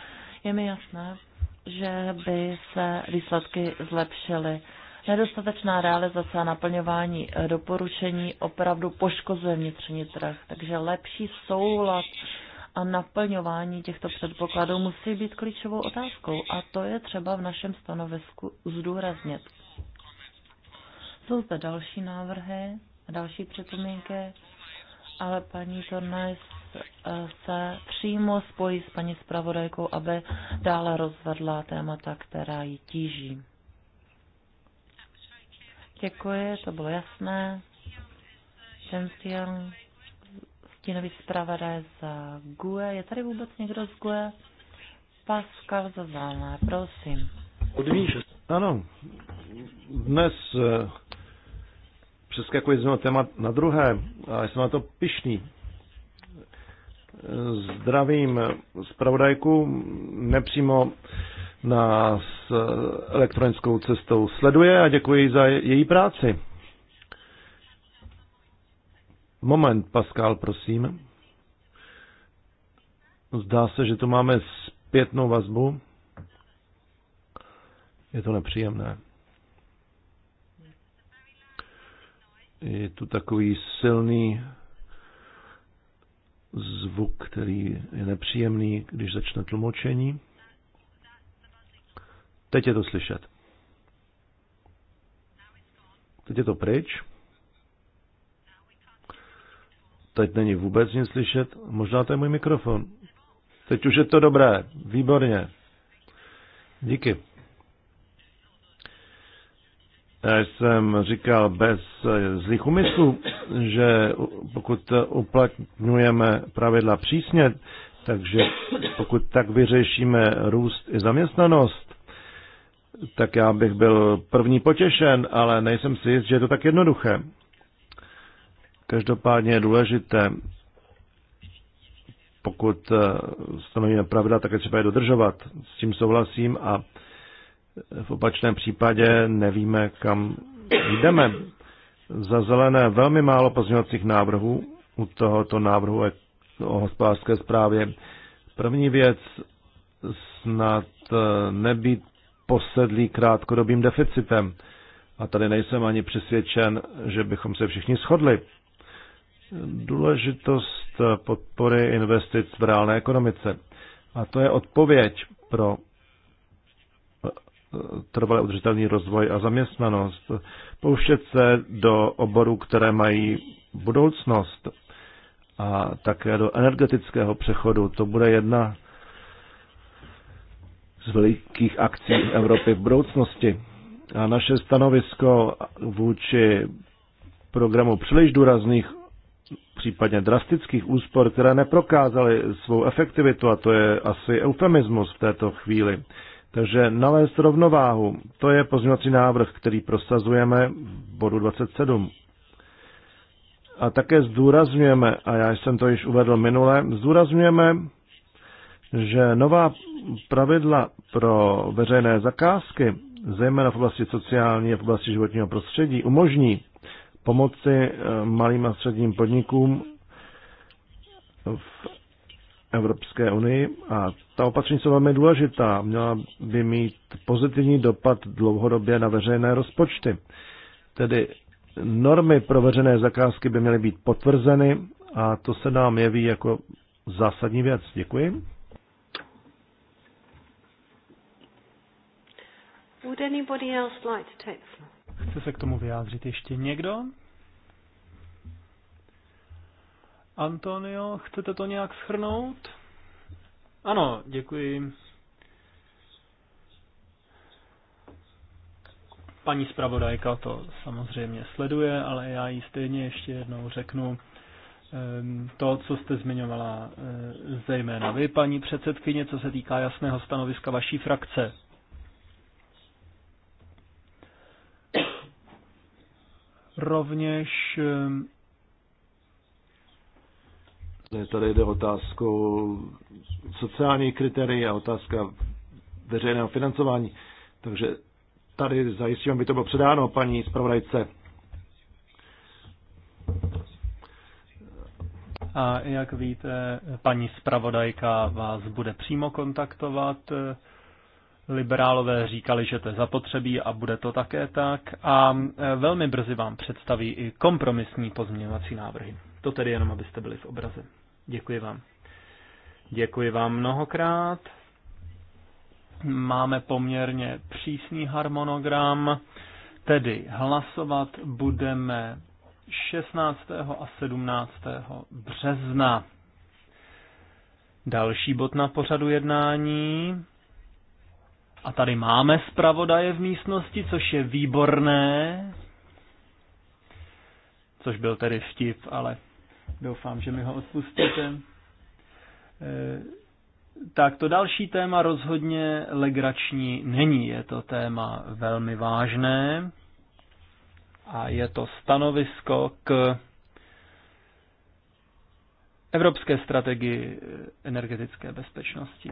Je mi jasné, že by se výsledky zlepšily. Nedostatečná realizace a naplňování doporučení opravdu poškozuje vnitřní trh, takže lepší soulad a naplňování těchto předpokladů musí být klíčovou otázkou a to je třeba v našem stanovisku zdůraznit. Jsou zde další návrhy, další připomínky, ale paní Tornajs eh, se přímo spojí s paní zpravodajkou, aby dále rozvedla témata, která ji tíží. Děkuji, to bylo jasné. Ten stínový zpravodaj za GUE. Je tady vůbec někdo z GUE? Pascal Zazalné, prosím. Odvíš. Ano. Dnes eh, přeskakuji z jednoho téma na druhé a jsem na to pišný. Zdravím zpravodajku nepřímo nás elektronickou cestou sleduje a děkuji za její práci. Moment, Pascal, prosím. No, zdá se, že tu máme zpětnou vazbu. Je to nepříjemné. Je tu takový silný zvuk, který je nepříjemný, když začne tlumočení. Teď je to slyšet. Teď je to pryč. Teď není vůbec nic slyšet. Možná to je můj mikrofon. Teď už je to dobré. Výborně. Díky. Já jsem říkal bez zlých úmyslů, že pokud uplatňujeme pravidla přísně, takže pokud tak vyřešíme růst i zaměstnanost, tak já bych byl první potěšen, ale nejsem si jist, že je to tak jednoduché. Každopádně je důležité, pokud eh, stanovíme pravda, tak je třeba je dodržovat. S tím souhlasím a v opačném případě nevíme, kam jdeme. Za zelené velmi málo pozměňovacích návrhů u tohoto návrhu o hospodářské zprávě. První věc snad eh, nebýt posedlý krátkodobým deficitem. A tady nejsem ani přesvědčen, že bychom se všichni shodli důležitost podpory investic v reálné ekonomice. A to je odpověď pro trvalý udržitelný rozvoj a zaměstnanost. Pouštět se do oborů, které mají budoucnost a také do energetického přechodu. To bude jedna z velikých akcí Evropy v budoucnosti. A naše stanovisko vůči programu příliš důrazných případně drastických úspor, které neprokázaly svou efektivitu, a to je asi eufemismus v této chvíli. Takže nalézt rovnováhu, to je pozměňovací návrh, který prosazujeme v bodu 27. A také zdůrazňujeme, a já jsem to již uvedl minule, zdůrazňujeme, že nová pravidla pro veřejné zakázky, zejména v oblasti sociální a v oblasti životního prostředí, umožní pomoci eh, malým a středním podnikům v Evropské unii a ta opatření jsou velmi důležitá. Měla by mít pozitivní dopad dlouhodobě na veřejné rozpočty. Tedy normy pro veřejné zakázky by měly být potvrzeny a to se nám jeví jako zásadní věc. Děkuji. Would anybody else like to take the floor? Chce se k tomu vyjádřit ještě někdo? Antonio, chcete to nějak schrnout? Ano, děkuji. Paní zpravodajka to samozřejmě sleduje, ale já jí stejně ještě jednou řeknu ehm, to, co jste zmiňovala ehm, zejména vy, paní předsedkyně, co se týká jasného stanoviska vaší frakce. Rovněž ehm, Tady jde otázku sociální kritéria, otázka veřejného financování. Takže tady zajistím, aby to bylo předáno paní zpravodajce. A jak víte, paní zpravodajka vás bude přímo kontaktovat Liberálové říkali, že to je zapotřebí a bude to také tak. A e, velmi brzy vám představí i kompromisní pozměňovací návrhy. To tedy jenom, abyste byli v obraze. Děkuji vám. Děkuji vám mnohokrát. Máme poměrně přísný harmonogram, tedy hlasovat budeme 16. a 17. března. Další bod na pořadu jednání a tady máme zpravodaje v místnosti, což je výborné. Což byl tedy vtip, ale doufám, že mi ho odpustíte. E, tak to další téma rozhodně legrační není. Je to téma velmi vážné a je to stanovisko k Evropské strategii energetické bezpečnosti.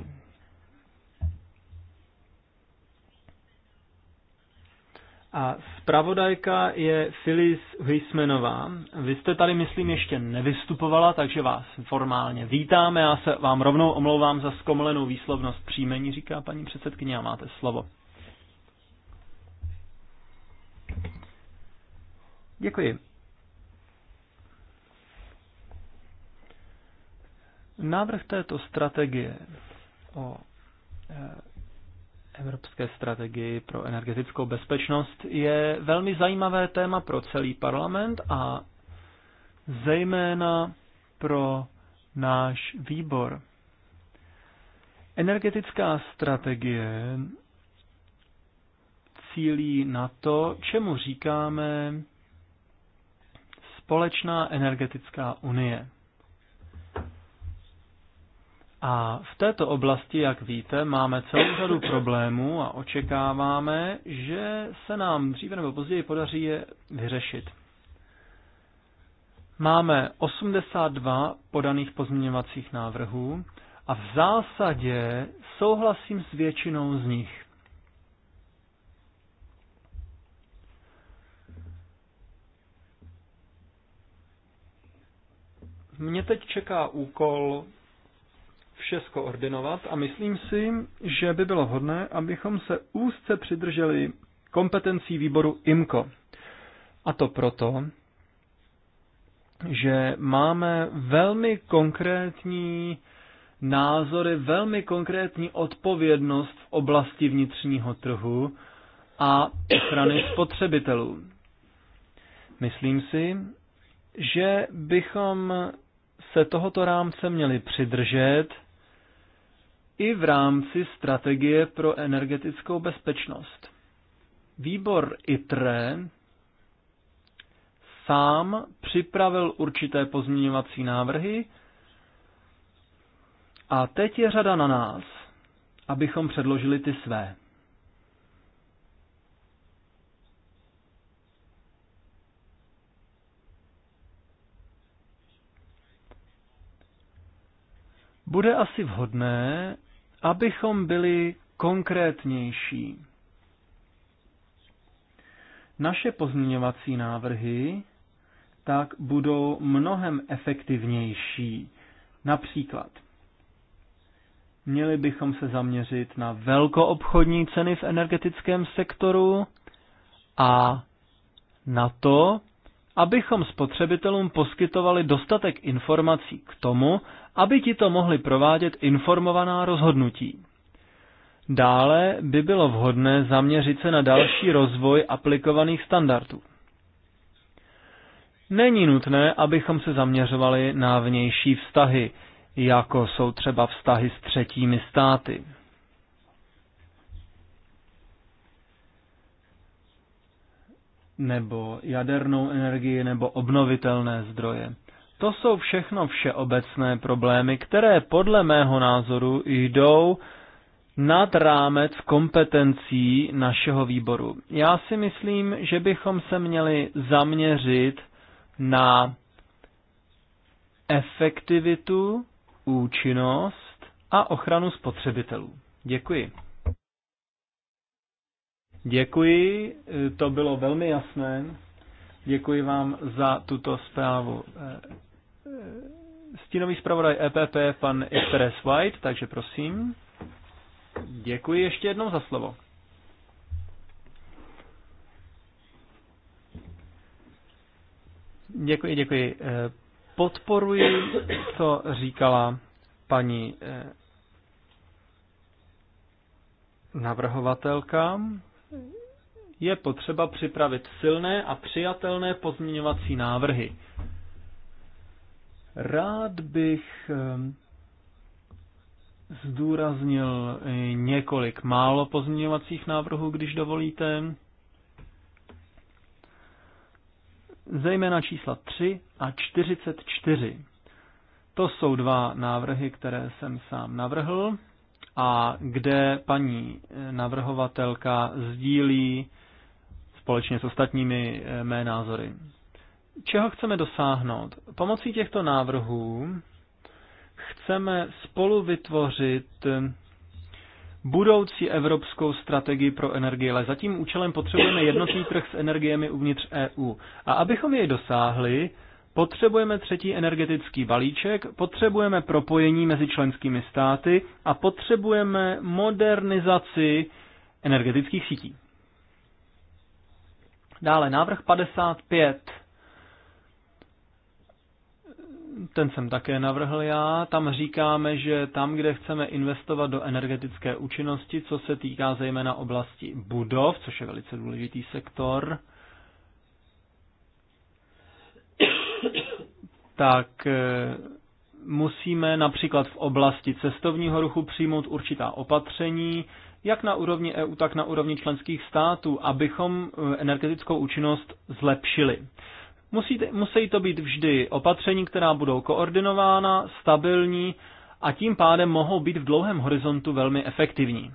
A zpravodajka je Filiz Huismenová. Vy jste tady, myslím, ještě nevystupovala, takže vás formálně vítáme. Já se vám rovnou omlouvám za zkomolenou výslovnost příjmení, říká paní předsedkyně, a máte slovo. Děkuji. Návrh této strategie o eh, Evropské strategii pro energetickou bezpečnost je velmi zajímavé téma pro celý parlament a zejména pro náš výbor. Energetická strategie cílí na to, čemu říkáme společná energetická unie. A v této oblasti, jak víte, máme celou řadu problémů a očekáváme, že se nám dříve nebo později podaří je vyřešit. Máme 82 podaných pozměňovacích návrhů a v zásadě souhlasím s většinou z nich. Mně teď čeká úkol vše skoordinovat a myslím si, že by bylo hodné, abychom se úzce přidrželi kompetencí výboru IMCO. A to proto, že máme velmi konkrétní názory, velmi konkrétní odpovědnost v oblasti vnitřního trhu a ochrany spotřebitelů. Myslím si, že bychom se tohoto rámce měli přidržet i v rámci strategie pro energetickou bezpečnost. Výbor ITRE sám připravil určité pozměňovací návrhy a teď je řada na nás, abychom předložili ty své. Bude asi vhodné, Abychom byli konkrétnější, naše pozměňovací návrhy tak budou mnohem efektivnější. Například, měli bychom se zaměřit na velkoobchodní ceny v energetickém sektoru a na to, abychom spotřebitelům poskytovali dostatek informací k tomu, aby ti to mohli provádět informovaná rozhodnutí. Dále by bylo vhodné zaměřit se na další rozvoj aplikovaných standardů. Není nutné, abychom se zaměřovali na vnější vztahy, jako jsou třeba vztahy s třetími státy. nebo jadernou energii, nebo obnovitelné zdroje. To jsou všechno všeobecné problémy, které podle mého názoru jdou nad rámec kompetencí našeho výboru. Já si myslím, že bychom se měli zaměřit na efektivitu, účinnost a ochranu spotřebitelů. Děkuji. Děkuji, to bylo velmi jasné. Děkuji vám za tuto zprávu. Eh, eh, stínový zpravodaj EPP, pan Esteres White, takže prosím. Děkuji ještě jednou za slovo. Děkuji, děkuji. Eh, podporuji, co říkala paní navrhovatelka je potřeba připravit silné a přijatelné pozměňovací návrhy. Rád bych ehm, zdůraznil několik málo pozměňovacích návrhů, když dovolíte. Zejména čísla 3 a 44. To jsou dva návrhy, které jsem sám navrhl a kde paní eh, navrhovatelka sdílí společně s ostatními eh, mé názory. Čeho chceme dosáhnout? Pomocí těchto návrhů chceme spolu vytvořit eh, budoucí evropskou strategii pro energii, ale zatím účelem potřebujeme jednotný trh s energiemi uvnitř EU. A abychom jej dosáhli, Potřebujeme třetí energetický balíček, potřebujeme propojení mezi členskými státy a potřebujeme modernizaci energetických sítí. Dále návrh 55. Ten jsem také navrhl já. Tam říkáme, že tam, kde chceme investovat do energetické účinnosti, co se týká zejména oblasti budov, což je velice důležitý sektor, tak eh, musíme například v oblasti cestovního ruchu přijmout určitá opatření, jak na úrovni EU, tak na úrovni členských států, abychom eh, energetickou účinnost zlepšili. Musí musí to být vždy opatření, která budou koordinována, stabilní a tím pádem mohou být v dlouhém horizontu velmi efektivní.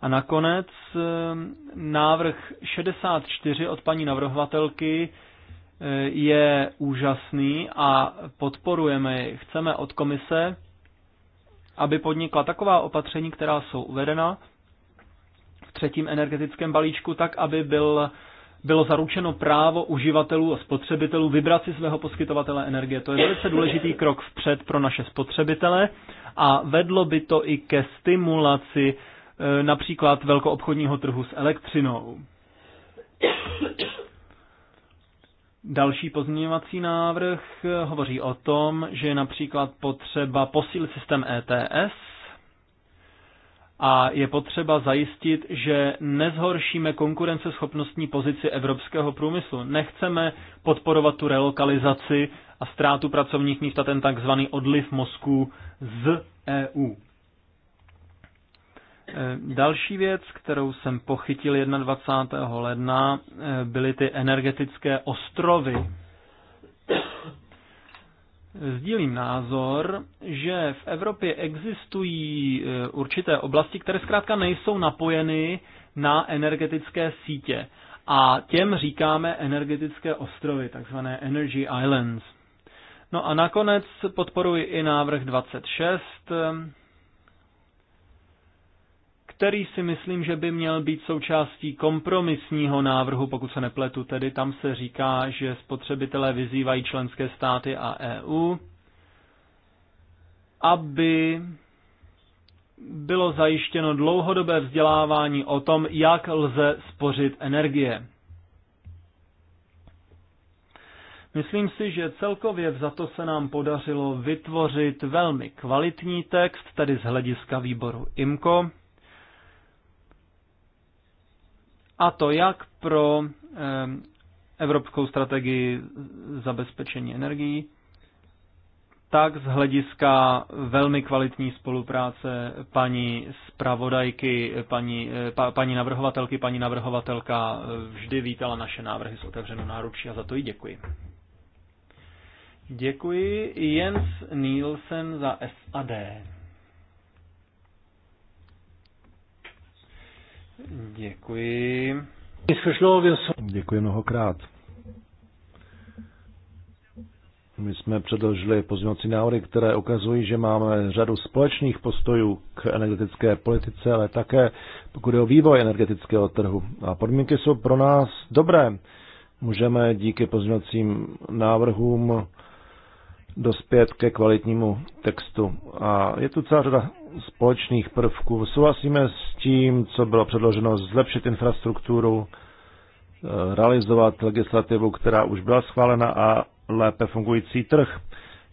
A nakonec eh, návrh 64 od paní navrhovatelky je úžasný a podporujeme jej. Chceme od komise, aby podnikla taková opatření, která jsou uvedena v třetím energetickém balíčku, tak, aby byl, bylo zaručeno právo uživatelů a spotřebitelů vybrat si svého poskytovatele energie. To je velice důležitý krok vpřed pro naše spotřebitele a vedlo by to i ke stimulaci eh, například velkoobchodního trhu s elektřinou. Další pozměňovací návrh hovoří o tom, že je například potřeba posílit systém ETS a je potřeba zajistit, že nezhoršíme konkurenceschopnostní pozici evropského průmyslu. Nechceme podporovat tu relokalizaci a ztrátu pracovních míst a ten takzvaný odliv mozků z EU. Eh, další věc, kterou jsem pochytil 21. ledna, eh, byly ty energetické ostrovy. Sdílím názor, že v Evropě existují eh, určité oblasti, které zkrátka nejsou napojeny na energetické sítě. A těm říkáme energetické ostrovy, takzvané Energy Islands. No a nakonec podporuji i návrh 26, který si myslím, že by měl být součástí kompromisního návrhu, pokud se nepletu, tedy tam se říká, že spotřebitelé vyzývají členské státy a EU, aby bylo zajištěno dlouhodobé vzdělávání o tom, jak lze spořit energie. Myslím si, že celkově za to se nám podařilo vytvořit velmi kvalitní text, tedy z hlediska výboru IMCO. A to jak pro evropskou strategii zabezpečení energií, tak z hlediska velmi kvalitní spolupráce paní zpravodajky, paní, eh, pa, paní navrhovatelky, paní navrhovatelka eh, vždy vítala naše návrhy s otevřenou náručí a za to jí děkuji. Děkuji Jens Nielsen za SAD. Děkuji. Děkuji mnohokrát. My jsme předložili pozměňovací návrhy, které ukazují, že máme řadu společných postojů k energetické politice, ale také pokud je o vývoj energetického trhu. A podmínky jsou pro nás dobré. Můžeme díky pozměňovacím návrhům dospět ke kvalitnímu textu. A je tu celá řada společných prvků. Souhlasíme s tím, co bylo předloženo, zlepšit infrastrukturu, e, realizovat legislativu, která už byla schválena a lépe fungující trh.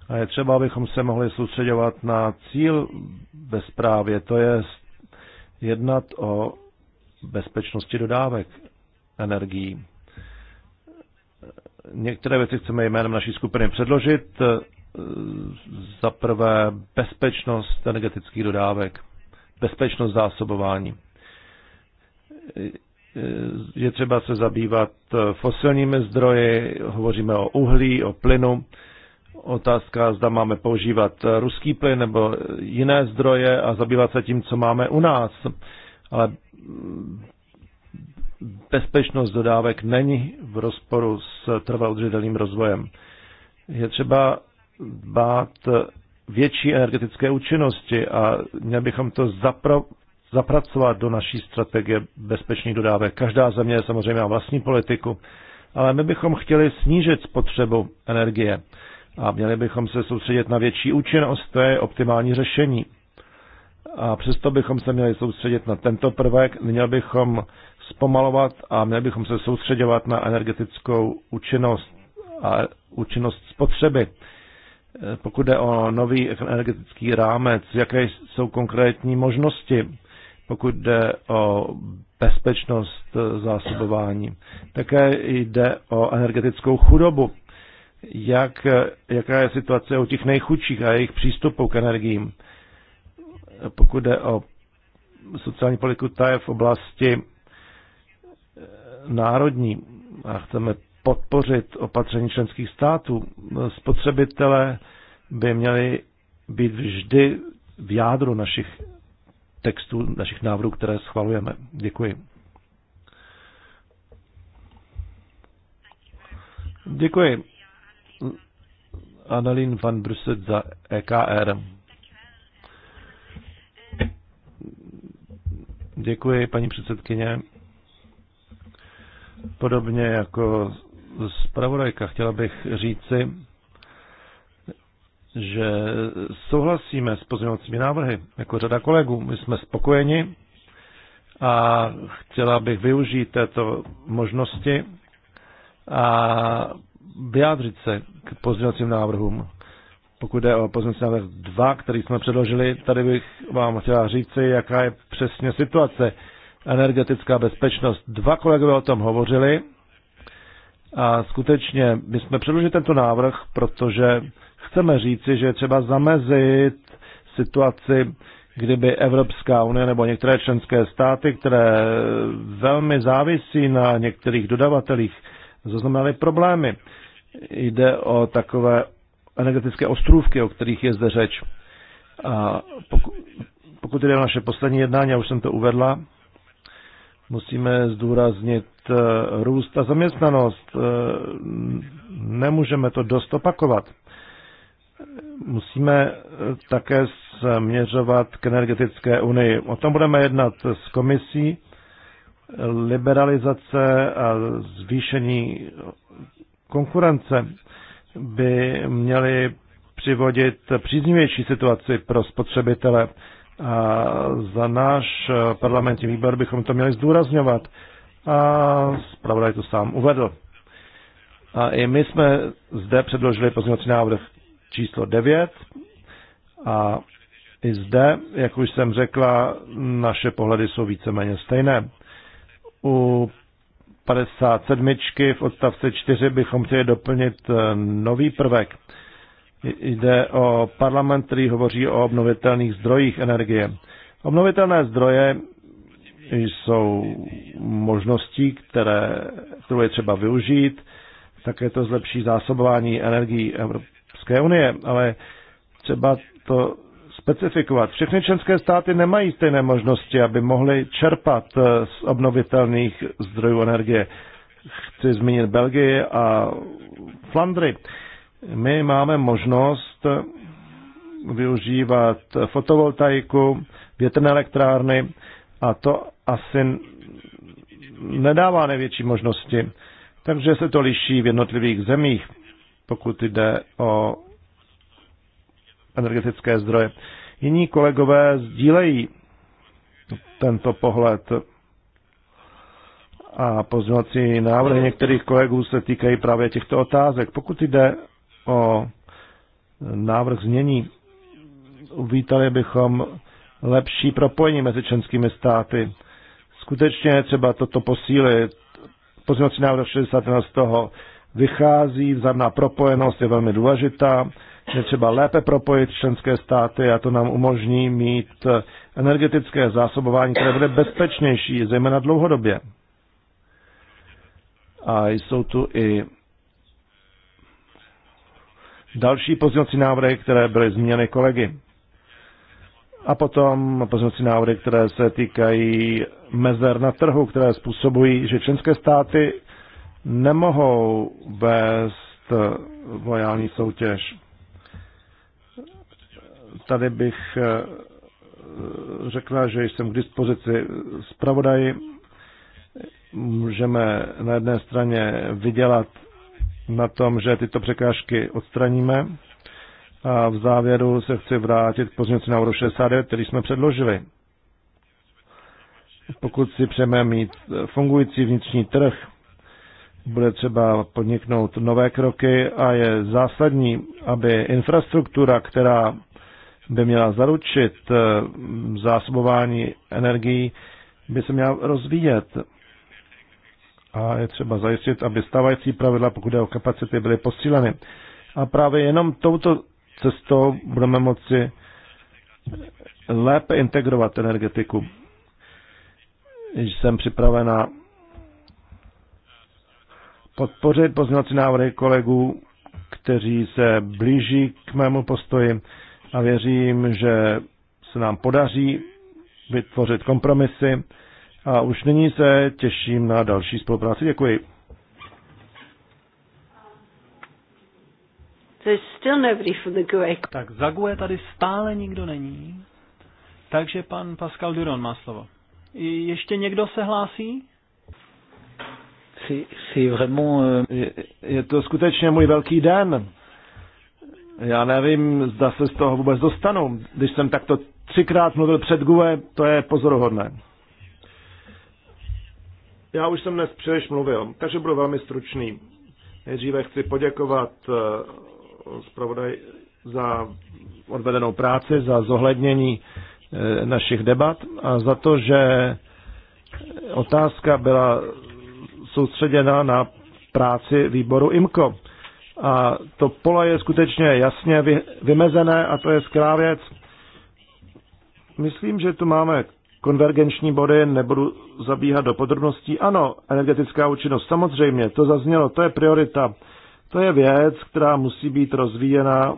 A je třeba, abychom se mohli soustředovat na cíl ve zprávě, to je jednat o bezpečnosti dodávek energií. Některé věci chceme jménem naší skupiny předložit. E, za prvé bezpečnost energetických dodávek, bezpečnost zásobování. E, e, je třeba se zabývat fosilními zdroji, hovoříme o uhlí, o plynu. Otázka, zda máme používat ruský plyn nebo jiné zdroje a zabývat se tím, co máme u nás. Ale bezpečnost dodávek není v rozporu s trvalo rozvojem. Je třeba bát větší energetické účinnosti a měli bychom to zapra- zapracovat do naší strategie bezpečných dodávek. Každá země samozřejmě má vlastní politiku, ale my bychom chtěli snížit spotřebu energie a měli bychom se soustředit na větší účinnost, to je optimální řešení. A přesto bychom se měli soustředit na tento prvek, měli bychom zpomalovat a měli bychom se soustředovat na energetickou účinnost a účinnost spotřeby. E, pokud jde o nový energetický rámec, jaké jsou konkrétní možnosti, pokud jde o bezpečnost e, zásobování. Také jde o energetickou chudobu. Jak, e, jaká je situace u těch nejchudších a jejich přístupu k energiím. Pokud jde o sociální politiku, ta je v oblasti národní a chceme podpořit opatření členských států, Spotřebitelé by měli být vždy v jádru našich textů, našich návrhů, které schvalujeme. Děkuji. Děkuji. Annalín van Bruset za EKR. Děkuji, paní předsedkyně. Podobně jako zpravodajka, chtěla bych říci, že souhlasíme s pozměňovacími návrhy, jako řada kolegů. My jsme spokojeni a chtěla bych využít této možnosti a vyjádřit se k pozměňovacím návrhům. Pokud jde o pozměňovací návrh 2, který jsme předložili, tady bych vám chtěla říci, jaká je přesně situace energetická bezpečnost. Dva kolegové o tom hovořili a skutečně my jsme předložili tento návrh, protože chceme říci, že je třeba zamezit situaci, kdyby Evropská unie nebo některé členské státy, které velmi závisí na některých dodavatelích, zaznamenaly problémy. Jde o takové energetické ostrůvky, o kterých je zde řeč. A pokud, pokud jde o naše poslední jednání, já už jsem to uvedla, Musíme zdůraznit eh, růst a zaměstnanost. Eh, nemůžeme to dost opakovat. Musíme eh, také směřovat k energetické unii. O tom budeme jednat s komisí liberalizace a zvýšení konkurence by měly přivodit příznivější situaci pro spotřebitele a za náš eh, parlamentní výbor bychom to měli zdůrazňovat. A zpravodaj to sám uvedl. A i my jsme zde předložili pozměňovací návrh číslo 9 a i zde, jak už jsem řekla, naše pohledy jsou víceméně stejné. U 57. v odstavci 4 bychom chtěli doplnit eh, nový prvek, Jde o parlament, který hovoří o obnovitelných zdrojích energie. Obnovitelné zdroje jsou možností, které, kterou je třeba využít. Také to zlepší zásobování energií Evropské unie, ale třeba to specifikovat. Všechny členské státy nemají stejné možnosti, aby mohly čerpat eh, z obnovitelných zdrojů energie. Chci zmínit Belgii a Flandry. My máme možnost využívat fotovoltaiku, větrné elektrárny a to asi nedává největší možnosti. Takže se to liší v jednotlivých zemích, pokud jde o energetické zdroje. Jiní kolegové sdílejí tento pohled a pozvací návrhy některých kolegů se týkají právě těchto otázek. Pokud jde o návrh změní. Uvítali bychom lepší propojení mezi členskými státy. Skutečně je třeba toto posílit. Pozměnovací návrh 61 z toho vychází, vzájemná propojenost je velmi důležitá. Je třeba lépe propojit členské státy a to nám umožní mít energetické zásobování, které bude bezpečnější, zejména dlouhodobě. A jsou tu i další pozměňovací návrhy, které byly změny kolegy. A potom pozměňovací návrhy, které se týkají mezer na trhu, které způsobují, že členské státy nemohou vést lojální soutěž. Tady bych eh, řekla, že jsem k dispozici zpravodaji. Můžeme na jedné straně vydělat na tom, že tyto překážky odstraníme. A v závěru se chci vrátit k pozměnci na 69, který jsme předložili. Pokud si přejeme mít fungující vnitřní trh, bude třeba podniknout nové kroky a je zásadní, aby infrastruktura, která by měla zaručit eh, zásobování energií, by se měla rozvíjet a je třeba zajistit, aby stávající pravidla, pokud je o kapacity, byly posíleny. A právě jenom touto cestou budeme moci lépe integrovat energetiku. Jsem připravena podpořit pozměňovací návrhy kolegů, kteří se blíží k mému postoji a věřím, že se nám podaří vytvořit kompromisy a už nyní se těším na další spolupráci. Děkuji. E. Tak za GUE tady stále nikdo není. Takže pan Pascal Duron má slovo. Ještě někdo se hlásí? Eh, je to skutečně můj velký den. Já nevím, zda se z toho vůbec dostanu. Když jsem takto třikrát mluvil před GUE, to je pozoruhodné. Já už jsem dnes příliš mluvil, takže budu velmi stručný. Nejdříve chci poděkovat eh, zpravodaj za odvedenou práci, za zohlednění eh, našich debat a za to, že otázka byla soustředěna na práci výboru Imko. A to pole je skutečně jasně vymezené a to je skvělá věc. Myslím, že tu máme konvergenční body, nebudu zabíhat do podrobností. Ano, energetická účinnost, samozřejmě, to zaznělo, to je priorita. To je věc, která musí být rozvíjena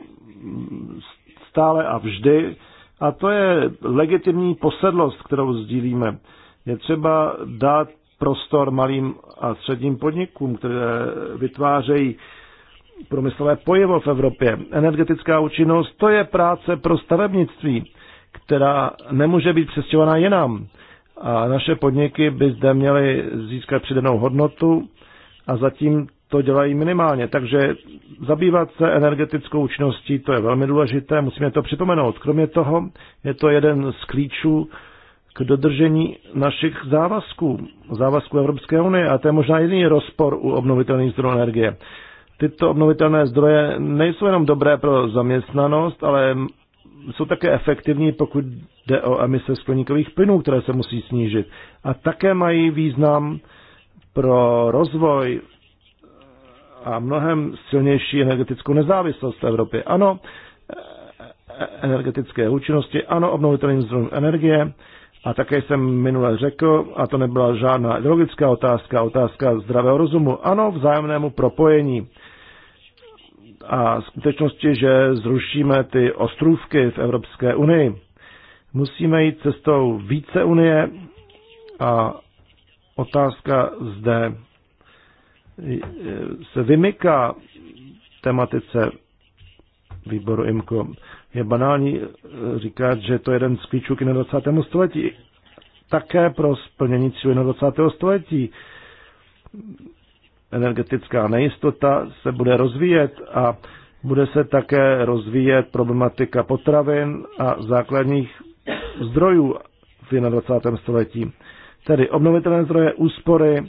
stále a vždy. A to je legitimní posedlost, kterou sdílíme. Je třeba dát prostor malým a středním podnikům, které vytvářejí průmyslové pojevo v Evropě. Energetická účinnost, to je práce pro stavebnictví která nemůže být přestěhovaná jinam. A naše podniky by zde měly získat přidanou hodnotu a zatím to dělají minimálně. Takže zabývat se energetickou účinností, to je velmi důležité, musíme to připomenout. Kromě toho je to jeden z klíčů k dodržení našich závazků, závazků Evropské unie a to je možná jediný rozpor u obnovitelných zdrojů energie. Tyto obnovitelné zdroje nejsou jenom dobré pro zaměstnanost, ale jsou také efektivní, pokud jde o emise skleníkových plynů, které se musí snížit. A také mají význam pro rozvoj a mnohem silnější energetickou nezávislost Evropy. Ano, energetické účinnosti, ano, obnovitelným zdrojům energie. A také jsem minule řekl, a to nebyla žádná ideologická otázka, otázka zdravého rozumu, ano, vzájemnému propojení a skutečnosti, že zrušíme ty ostrůvky v Evropské unii. Musíme jít cestou více unie a otázka zde se vymyká tematice výboru IMCO. Je banální říkat, že to je jeden z klíčů k 21. století. Také pro splnění cílu 21. století energetická nejistota se bude rozvíjet a bude se také rozvíjet problematika potravin a základních zdrojů v 21. století. Tedy obnovitelné zdroje, úspory,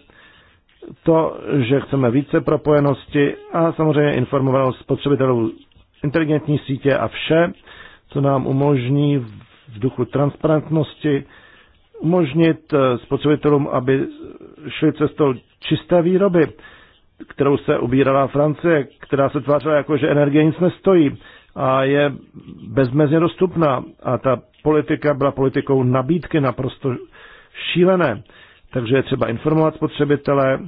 to, že chceme více propojenosti a samozřejmě informovanost spotřebitelů inteligentní sítě a vše, co nám umožní v duchu transparentnosti umožnit eh, spotřebitelům, aby šli cestou čisté výroby, kterou se ubírala Francie, která se tvářila jako, že energie nic nestojí a je bezmezně dostupná. A ta politika byla politikou nabídky naprosto šílené. Takže je třeba informovat spotřebitele,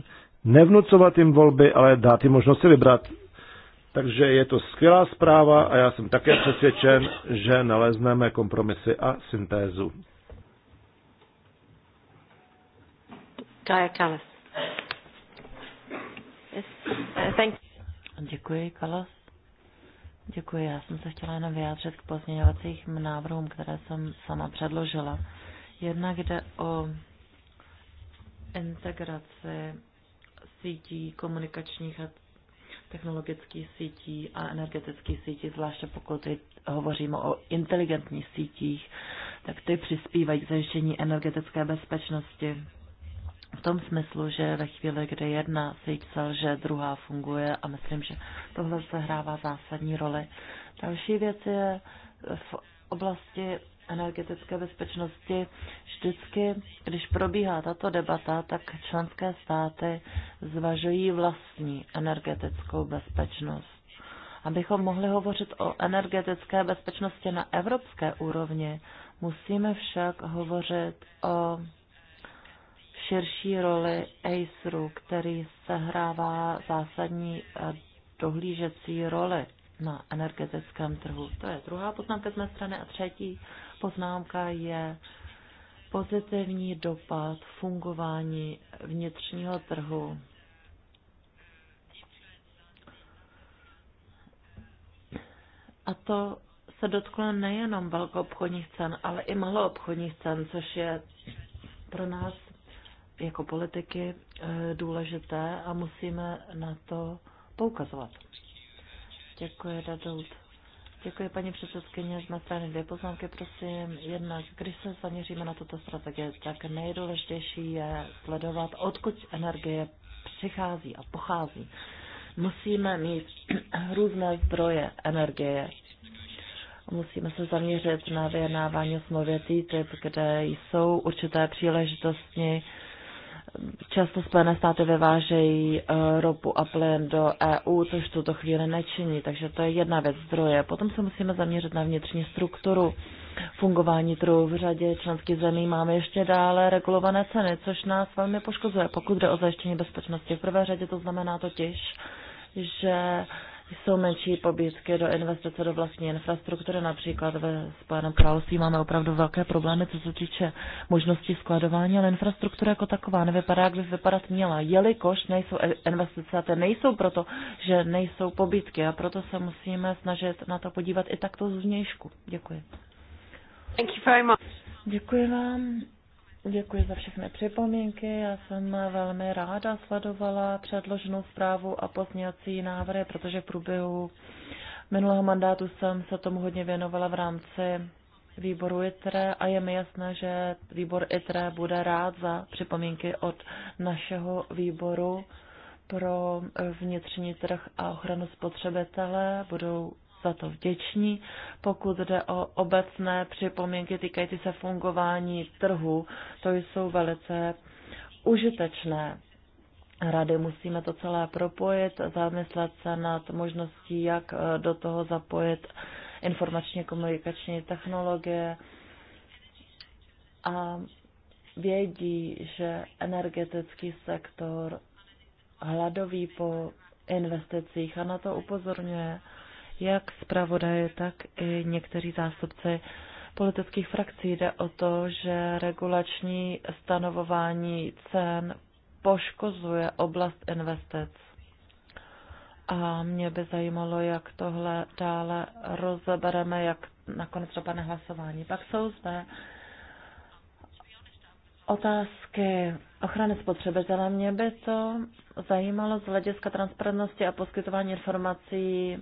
nevnucovat jim volby, ale dát jim možnost si vybrat. Takže je to skvělá zpráva a já jsem také přesvědčen, že nalezneme kompromisy a syntézu. Kaya Kalas. Eh, thank Děkuji, Kalas. Děkuji, já jsem se chtěla jenom vyjádřit k pozměňovacím návrhům, které jsem sama předložila. Jednak jde o integraci sítí komunikačních a technologických sítí a energetických sítí, zvláště pokud hovoříme o inteligentních sítích, tak ty přispívají k zajištění energetické bezpečnosti v tom smyslu, že ve chvíli, kdy jedna síť že druhá funguje a myslím, že tohle se hrává zásadní roli. Další věc je v oblasti energetické bezpečnosti vždycky, když probíhá tato debata, tak členské státy zvažují vlastní energetickou bezpečnost. Abychom mohli hovořit o energetické bezpečnosti na evropské úrovni, musíme však hovořit o širší roli ACERu, který sehrává zásadní eh, dohlížecí roli na energetickém trhu. To je druhá poznámka z mé strany a třetí poznámka je pozitivní dopad fungování vnitřního trhu A to se dotklo nejenom velkoobchodních cen, ale i maloobchodních cen, což je pro nás jako politiky eh, důležité a musíme na to poukazovat. Děkuji, Radout. Děkuji, paní předsedkyně. Z mé strany dvě poznámky, prosím. Jednak, když se zaměříme na tuto strategii, tak nejdůležitější je sledovat, odkud energie přichází a pochází. Musíme mít různé zdroje energie. Musíme se zaměřit na vyjednávání smlouvě TTIP, kde jsou určité příležitosti Často Spojené státy vyvážejí eh, ropu a plyn do EU, což v tuto chvíli nečiní, takže to je jedna věc zdroje. Potom se musíme zaměřit na vnitřní strukturu fungování trhu. V řadě členských zemí máme ještě dále regulované ceny, což nás velmi poškozuje, pokud jde o zajištění bezpečnosti. V prvé řadě to znamená totiž, že jsou menší pobídky do investice do vlastní infrastruktury. Například ve Spojeném království máme opravdu velké problémy, co se týče možnosti skladování, ale infrastruktura jako taková nevypadá, jak by vypadat měla, jelikož nejsou e- investice a ty nejsou proto, že nejsou pobídky a proto se musíme snažit na to podívat i takto zvnějšku. Děkuji. Thank you very much. Děkuji vám. Děkuji za všechny připomínky. Já jsem velmi ráda sledovala předloženou zprávu a pozněcí návrhy, protože v průběhu minulého mandátu jsem se tomu hodně věnovala v rámci výboru ITRE a je mi jasné, že výbor ITRE bude rád za připomínky od našeho výboru pro vnitřní trh a ochranu spotřebitele. Budou za to vděční. Pokud jde o obecné připomínky týkající se fungování trhu, to jsou velice užitečné rady. Musíme to celé propojit, zamyslet se nad možností, jak eh, do toho zapojit informačně komunikační technologie a vědí, že energetický sektor hladový po investicích a na to upozorňuje jak zpravodaje, tak i někteří zástupci politických frakcí. Jde o to, že regulační stanovování cen poškozuje oblast investic. A mě by zajímalo, jak tohle dále rozebereme, jak nakonec na hlasování. Pak jsou zde otázky ochrany spotřebitele. Mě by to zajímalo z hlediska transparentnosti a poskytování informací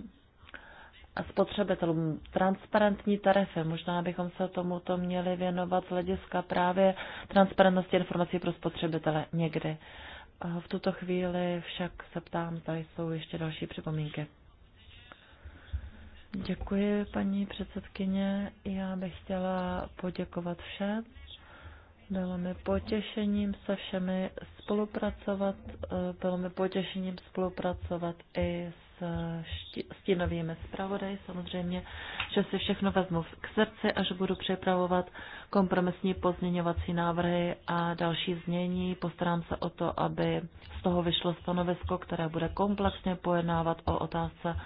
spotřebitelům. Transparentní tarify, možná bychom se tomuto měli věnovat z hlediska právě transparentnosti informací pro spotřebitele někdy. V tuto chvíli však se ptám, zda jsou ještě další připomínky. Děkuji, paní předsedkyně. Já bych chtěla poděkovat všem. Bylo mi potěšením se všemi spolupracovat. Eh, bylo mi potěšením spolupracovat i s stínovými zpravodaji. Samozřejmě, že si všechno vezmu k srdci, že budu připravovat kompromisní pozměňovací návrhy a další změní. Postarám se o to, aby z toho vyšlo stanovisko, které bude komplexně pojednávat o otázce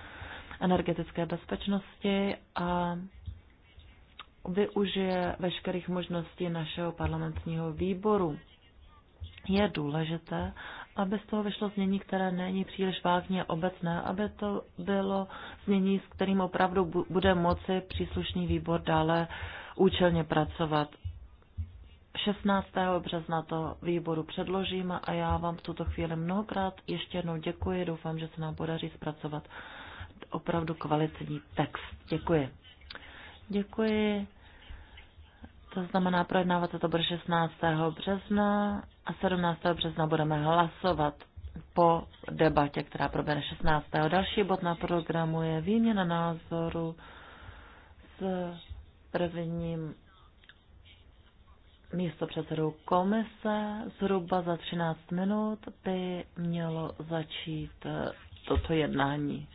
energetické bezpečnosti a využije veškerých možností našeho parlamentního výboru. Je důležité, aby z toho vyšlo znění, které není příliš vážně obecné, aby to bylo znění, s kterým opravdu bude moci příslušný výbor dále účelně pracovat. 16. března to výboru předložíme a já vám v tuto chvíli mnohokrát ještě jednou děkuji. Doufám, že se nám podaří zpracovat opravdu kvalitní text. Děkuji. Děkuji. To znamená, projednávat se to bude 16. března a 17. března budeme hlasovat po debatě, která proběhne 16. Další bod na programu je výměna názoru s prvním místo předsedou komise. Zhruba za 13 minut by mělo začít toto jednání.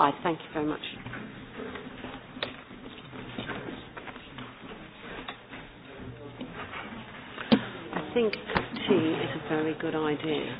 Bye, thank you very much. think tea is a very good idea.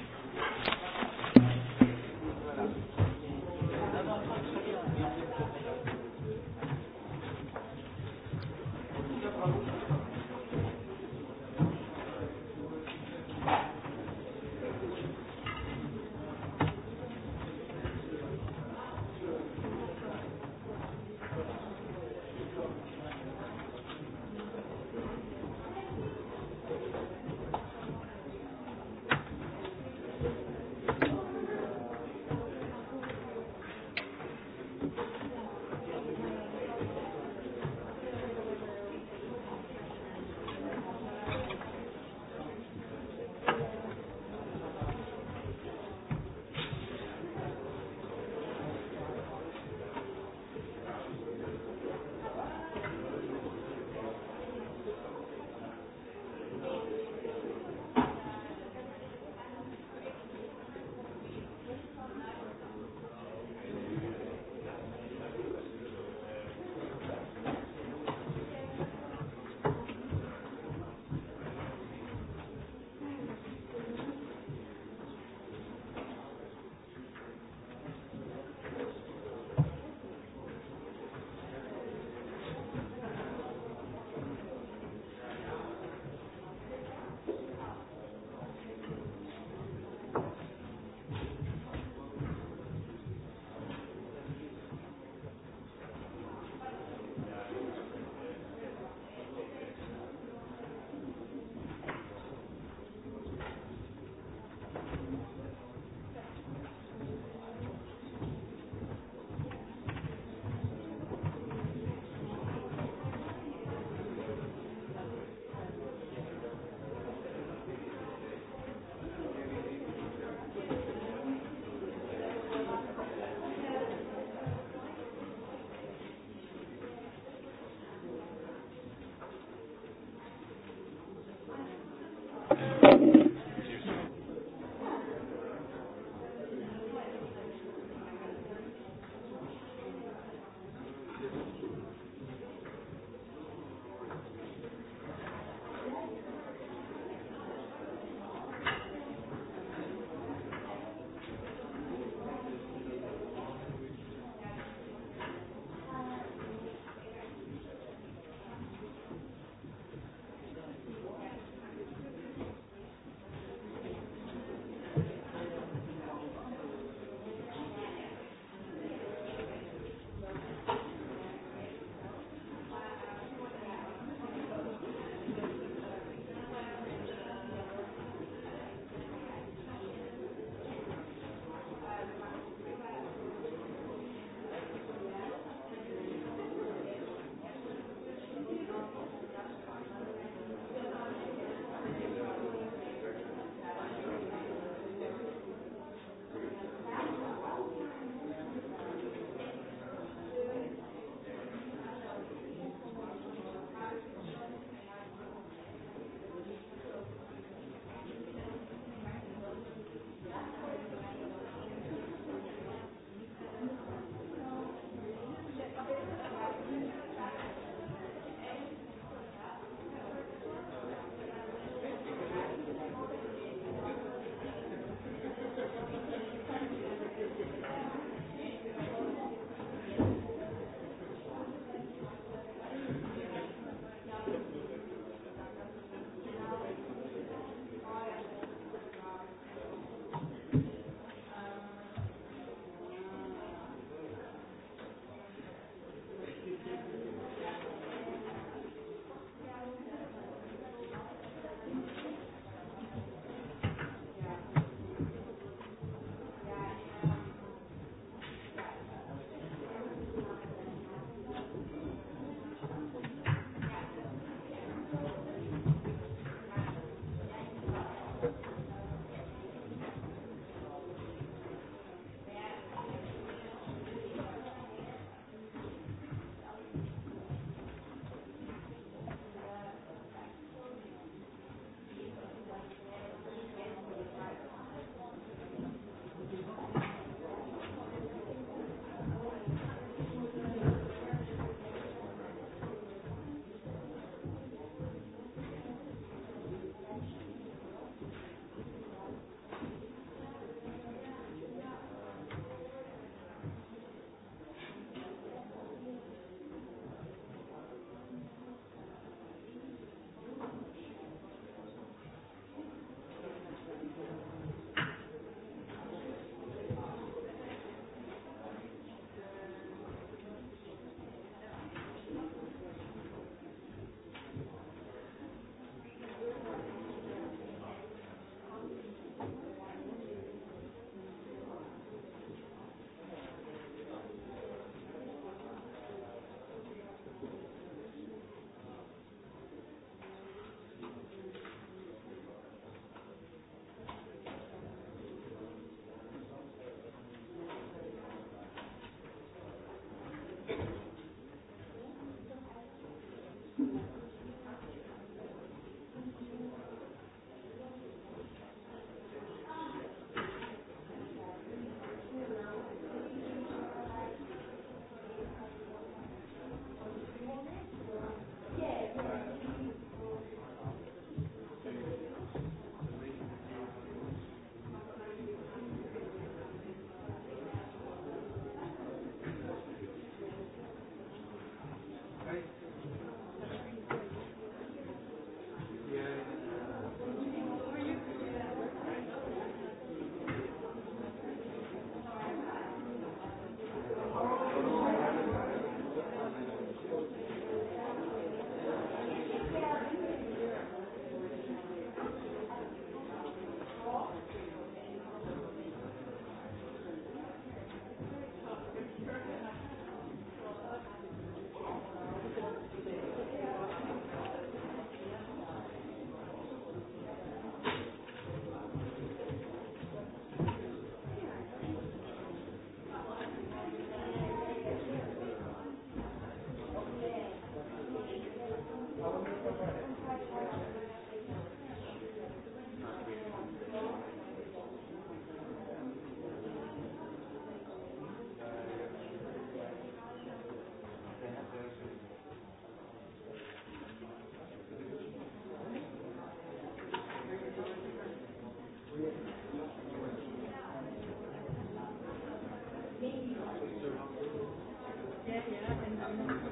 yeah, yeah. And, um,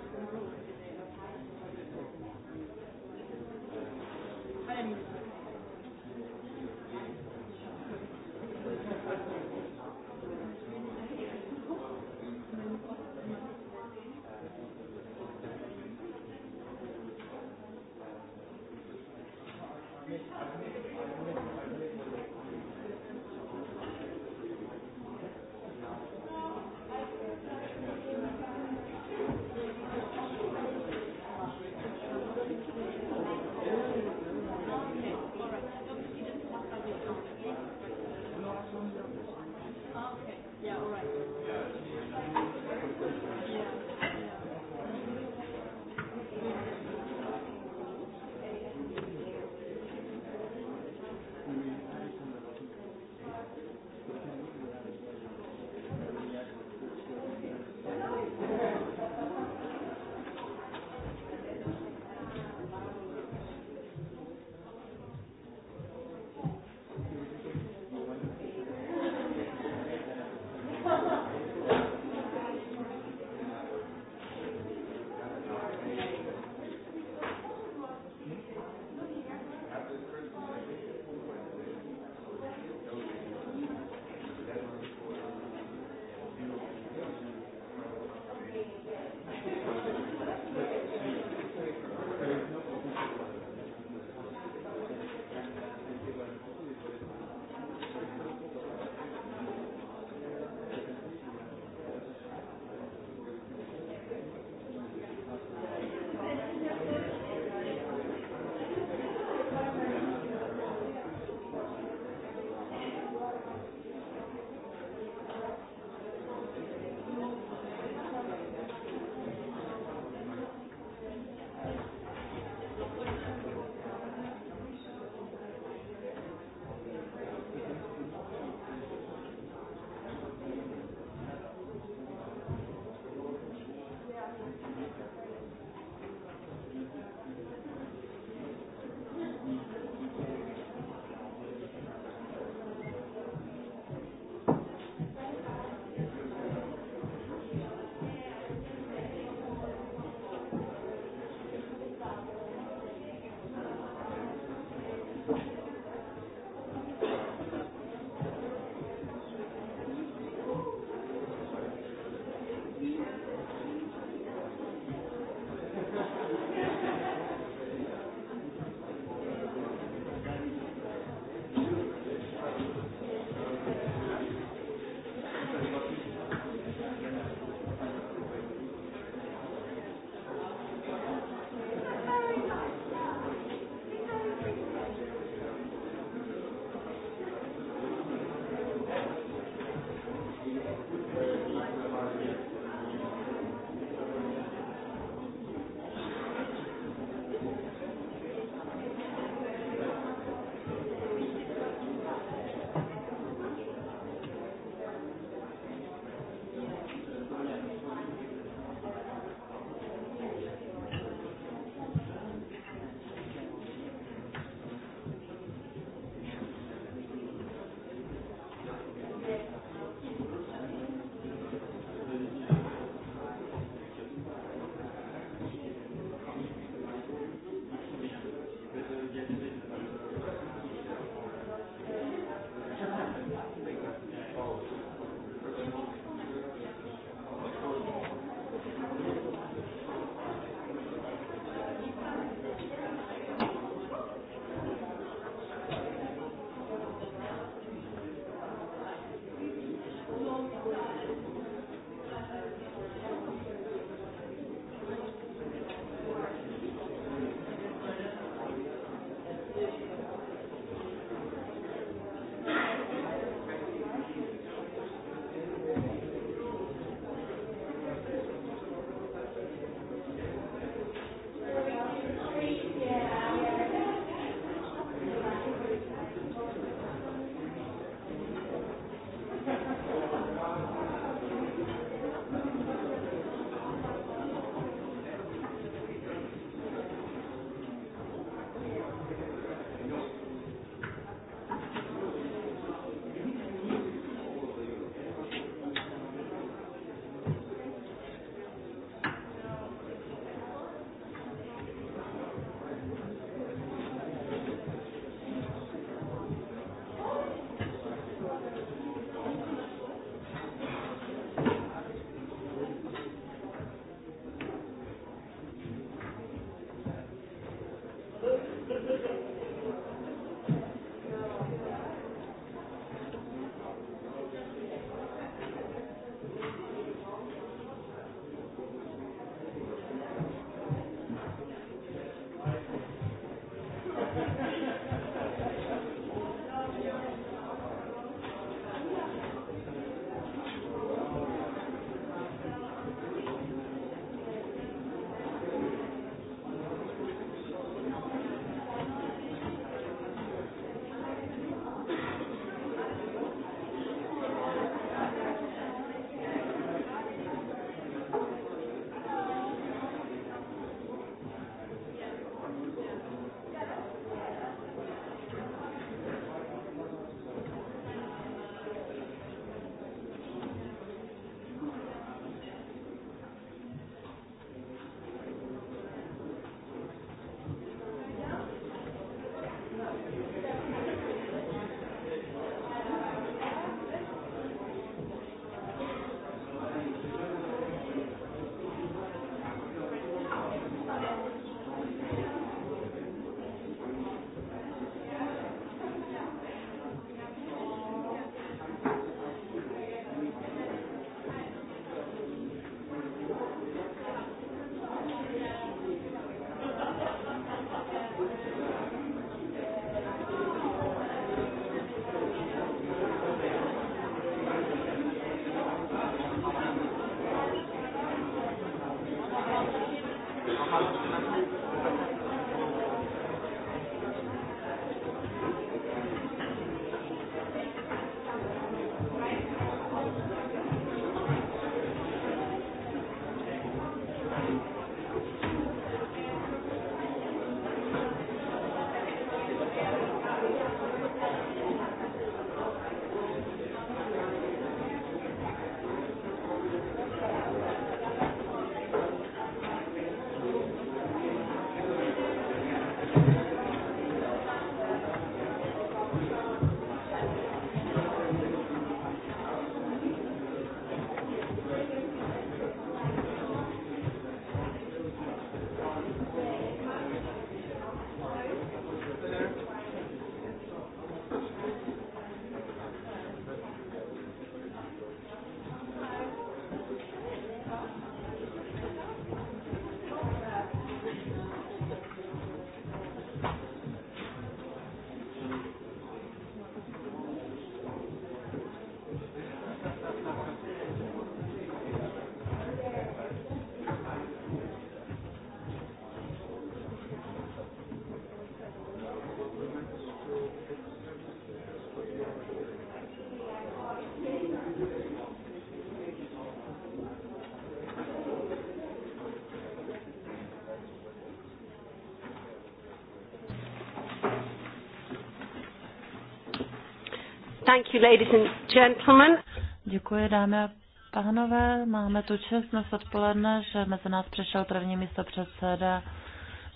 Thank you, ladies and gentlemen. Děkuji, dámy a pánové. Máme tu čest dnes odpoledne, že mezi nás přišel první místo předseda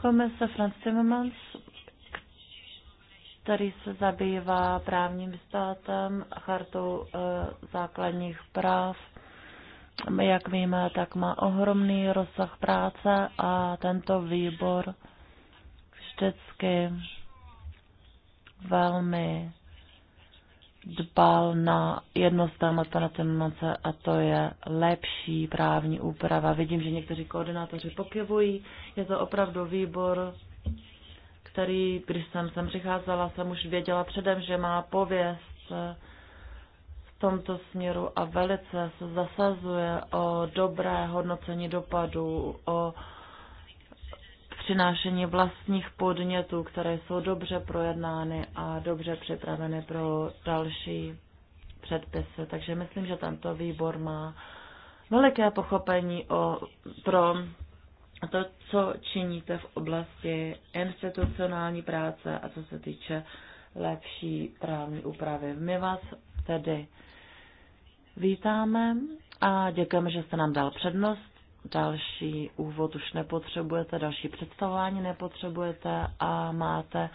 komise Franz Timmermans, který se zabývá právním státem, a chartou eh, základních práv. Jak víme, tak má ohromný rozsah práce a tento výbor vždycky velmi dbal na jedno z témat pana Timmermanse a to je lepší právní úprava. Vidím, že někteří koordinátoři pokyvují. Je to opravdu výbor, který, když jsem sem přicházela, jsem už věděla předem, že má pověst v tomto směru a velice se zasazuje o dobré hodnocení dopadu, o přinášení vlastních podnětů, které jsou dobře projednány a dobře připraveny pro další předpisy. Takže myslím, že tento výbor má veliké pochopení o, pro to, co činíte v oblasti institucionální práce a co se týče lepší právní úpravy. My vás tedy vítáme a děkujeme, že jste nám dal přednost Další úvod už nepotřebujete, další představování nepotřebujete a máte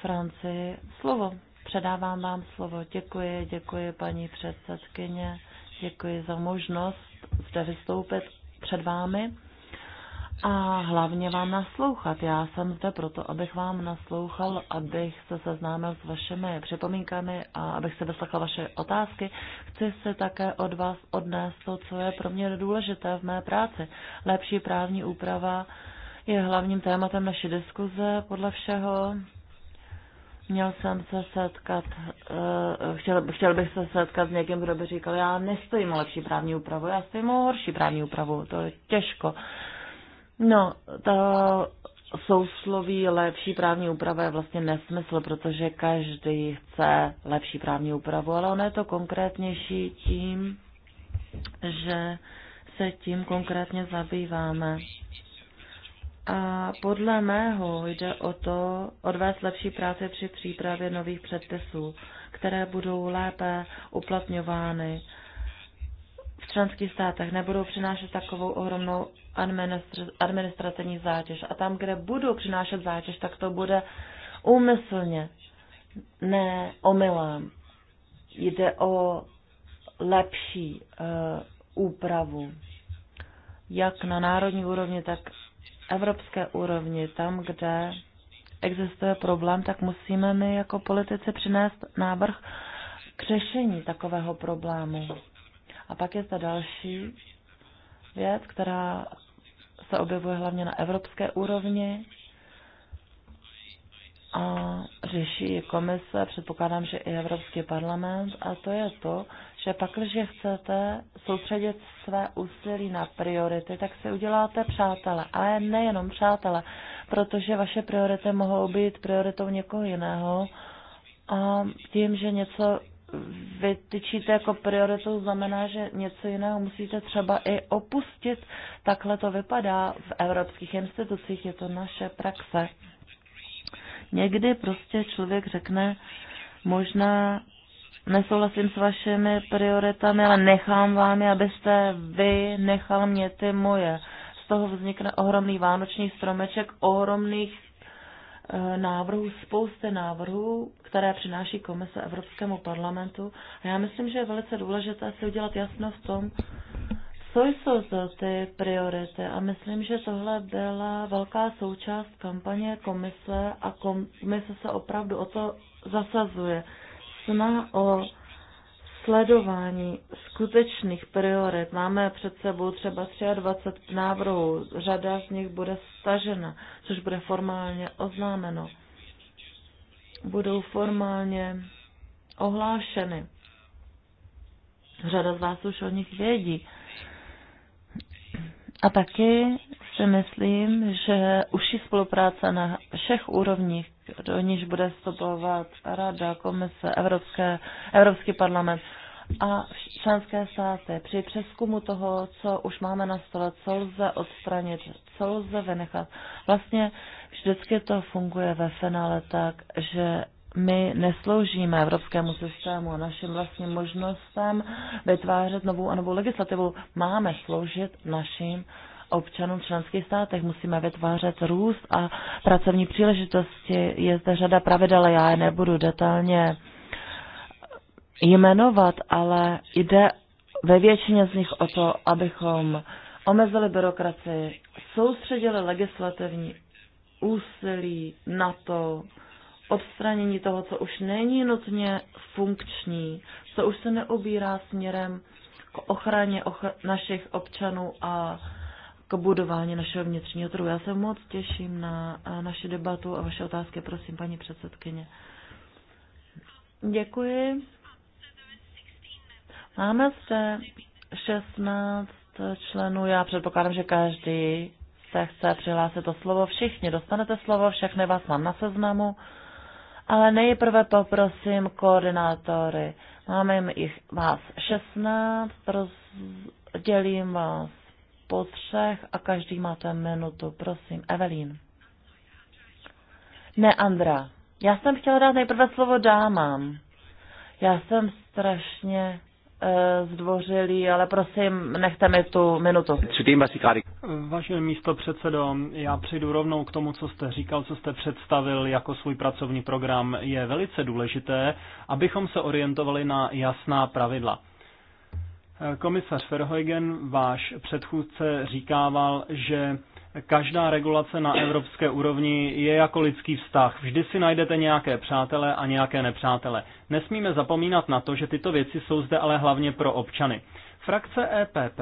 Francii slovo. Předávám vám slovo. Děkuji, děkuji paní předsedkyně, děkuji za možnost zde vystoupit před vámi a hlavně vám naslouchat. Já jsem zde proto, abych vám naslouchal, abych se seznámil s vašimi připomínkami a abych se vyslechl vaše otázky. Chci se také od vás odnést to, co je pro mě důležité v mé práci. Lepší právní úprava je hlavním tématem naší diskuze podle všeho. Měl jsem se setkat, eh, chtěl, chtěl bych se setkat s někým, kdo by říkal, já nestojím o lepší právní úpravu, já stojím o horší právní úpravu, to je těžko. No, to sousloví lepší právní úprava je vlastně nesmysl, protože každý chce lepší právní úpravu, ale ono je to konkrétnější tím, že se tím konkrétně zabýváme. A podle mého jde o to odvést lepší práci při přípravě nových předpisů, které budou lépe uplatňovány v členských státech nebudou přinášet takovou ohromnou administrativní zátěž. A tam, kde budou přinášet zátěž, tak to bude úmyslně, ne omylem. Jde o lepší uh, úpravu, jak na národní úrovni, tak evropské úrovni. Tam, kde existuje problém, tak musíme my jako politici přinést návrh k řešení takového problému. A pak je zde další věc, která se objevuje hlavně na evropské úrovni a řeší komise, předpokládám, že i Evropský parlament, a to je to, že pak, když chcete soustředit své úsilí na priority, tak si uděláte přátele, ale nejenom přátele, protože vaše priority mohou být prioritou někoho jiného a tím, že něco vytyčíte jako prioritu, znamená, že něco jiného musíte třeba i opustit. Takhle to vypadá v evropských institucích, je to naše praxe. Někdy prostě člověk řekne, možná nesouhlasím s vašimi prioritami, ale nechám vám je, abyste vy nechal mě ty moje. Z toho vznikne ohromný vánoční stromeček ohromných Eh, návrhů, spousty návrhů, které přináší komise Evropskému parlamentu. A já myslím, že je velice důležité si udělat jasno v tom, co jsou to ty priority. A myslím, že tohle byla velká součást kampaně komise a komise se opravdu o to zasazuje. Snaha o sledování skutečných priorit. Máme před sebou třeba 23 návrhů, řada z nich bude stažena, což bude formálně oznámeno. Budou formálně ohlášeny. Řada z vás už o nich vědí. A taky si myslím, že užší spolupráce na všech úrovních do níž bude vstupovat Rada, Komise, Evropské, Evropský parlament a členské státy. Při přeskumu toho, co už máme na stole, co lze odstranit, co lze vynechat, vlastně vždycky to funguje ve finále tak, že my nesloužíme evropskému systému a našim vlastním možnostem vytvářet novou a novou legislativu. Máme sloužit našim občanům v členských státech. Musíme vytvářet růst a pracovní příležitosti. Je zde řada pravidel, já je nebudu detailně jmenovat, ale jde ve většině z nich o to, abychom omezili byrokracii, soustředili legislativní úsilí na to, odstranění toho, co už není nutně funkční, co už se neubírá směrem k ochraně ochr- našich občanů a k budování našeho vnitřního trhu. Já se moc těším na eh, naši debatu a vaše otázky, prosím, paní předsedkyně. Děkuji. Máme zde 16 členů. Já předpokládám, že každý se chce přihlásit o slovo. Všichni dostanete slovo, všechny vás mám na seznamu. Ale nejprve poprosím koordinátory. Máme jich vás 16, rozdělím vás po třech a každý máte minutu. Prosím, Evelyn. Ne, Andra. Já jsem chtěla dát nejprve slovo dámám. Já jsem strašně eh, zdvořilý, ale prosím, nechte mi tu minutu. Vaše místo předsedo, já přijdu rovnou k tomu, co jste říkal, co jste představil jako svůj pracovní program. Je velice důležité, abychom se orientovali na jasná pravidla. Komisař Verheugen, váš předchůdce, říkával, že každá regulace na evropské úrovni je jako lidský vztah. Vždy si najdete nějaké přátele a nějaké nepřátele. Nesmíme zapomínat na to, že tyto věci jsou zde ale hlavně pro občany. Frakce EPP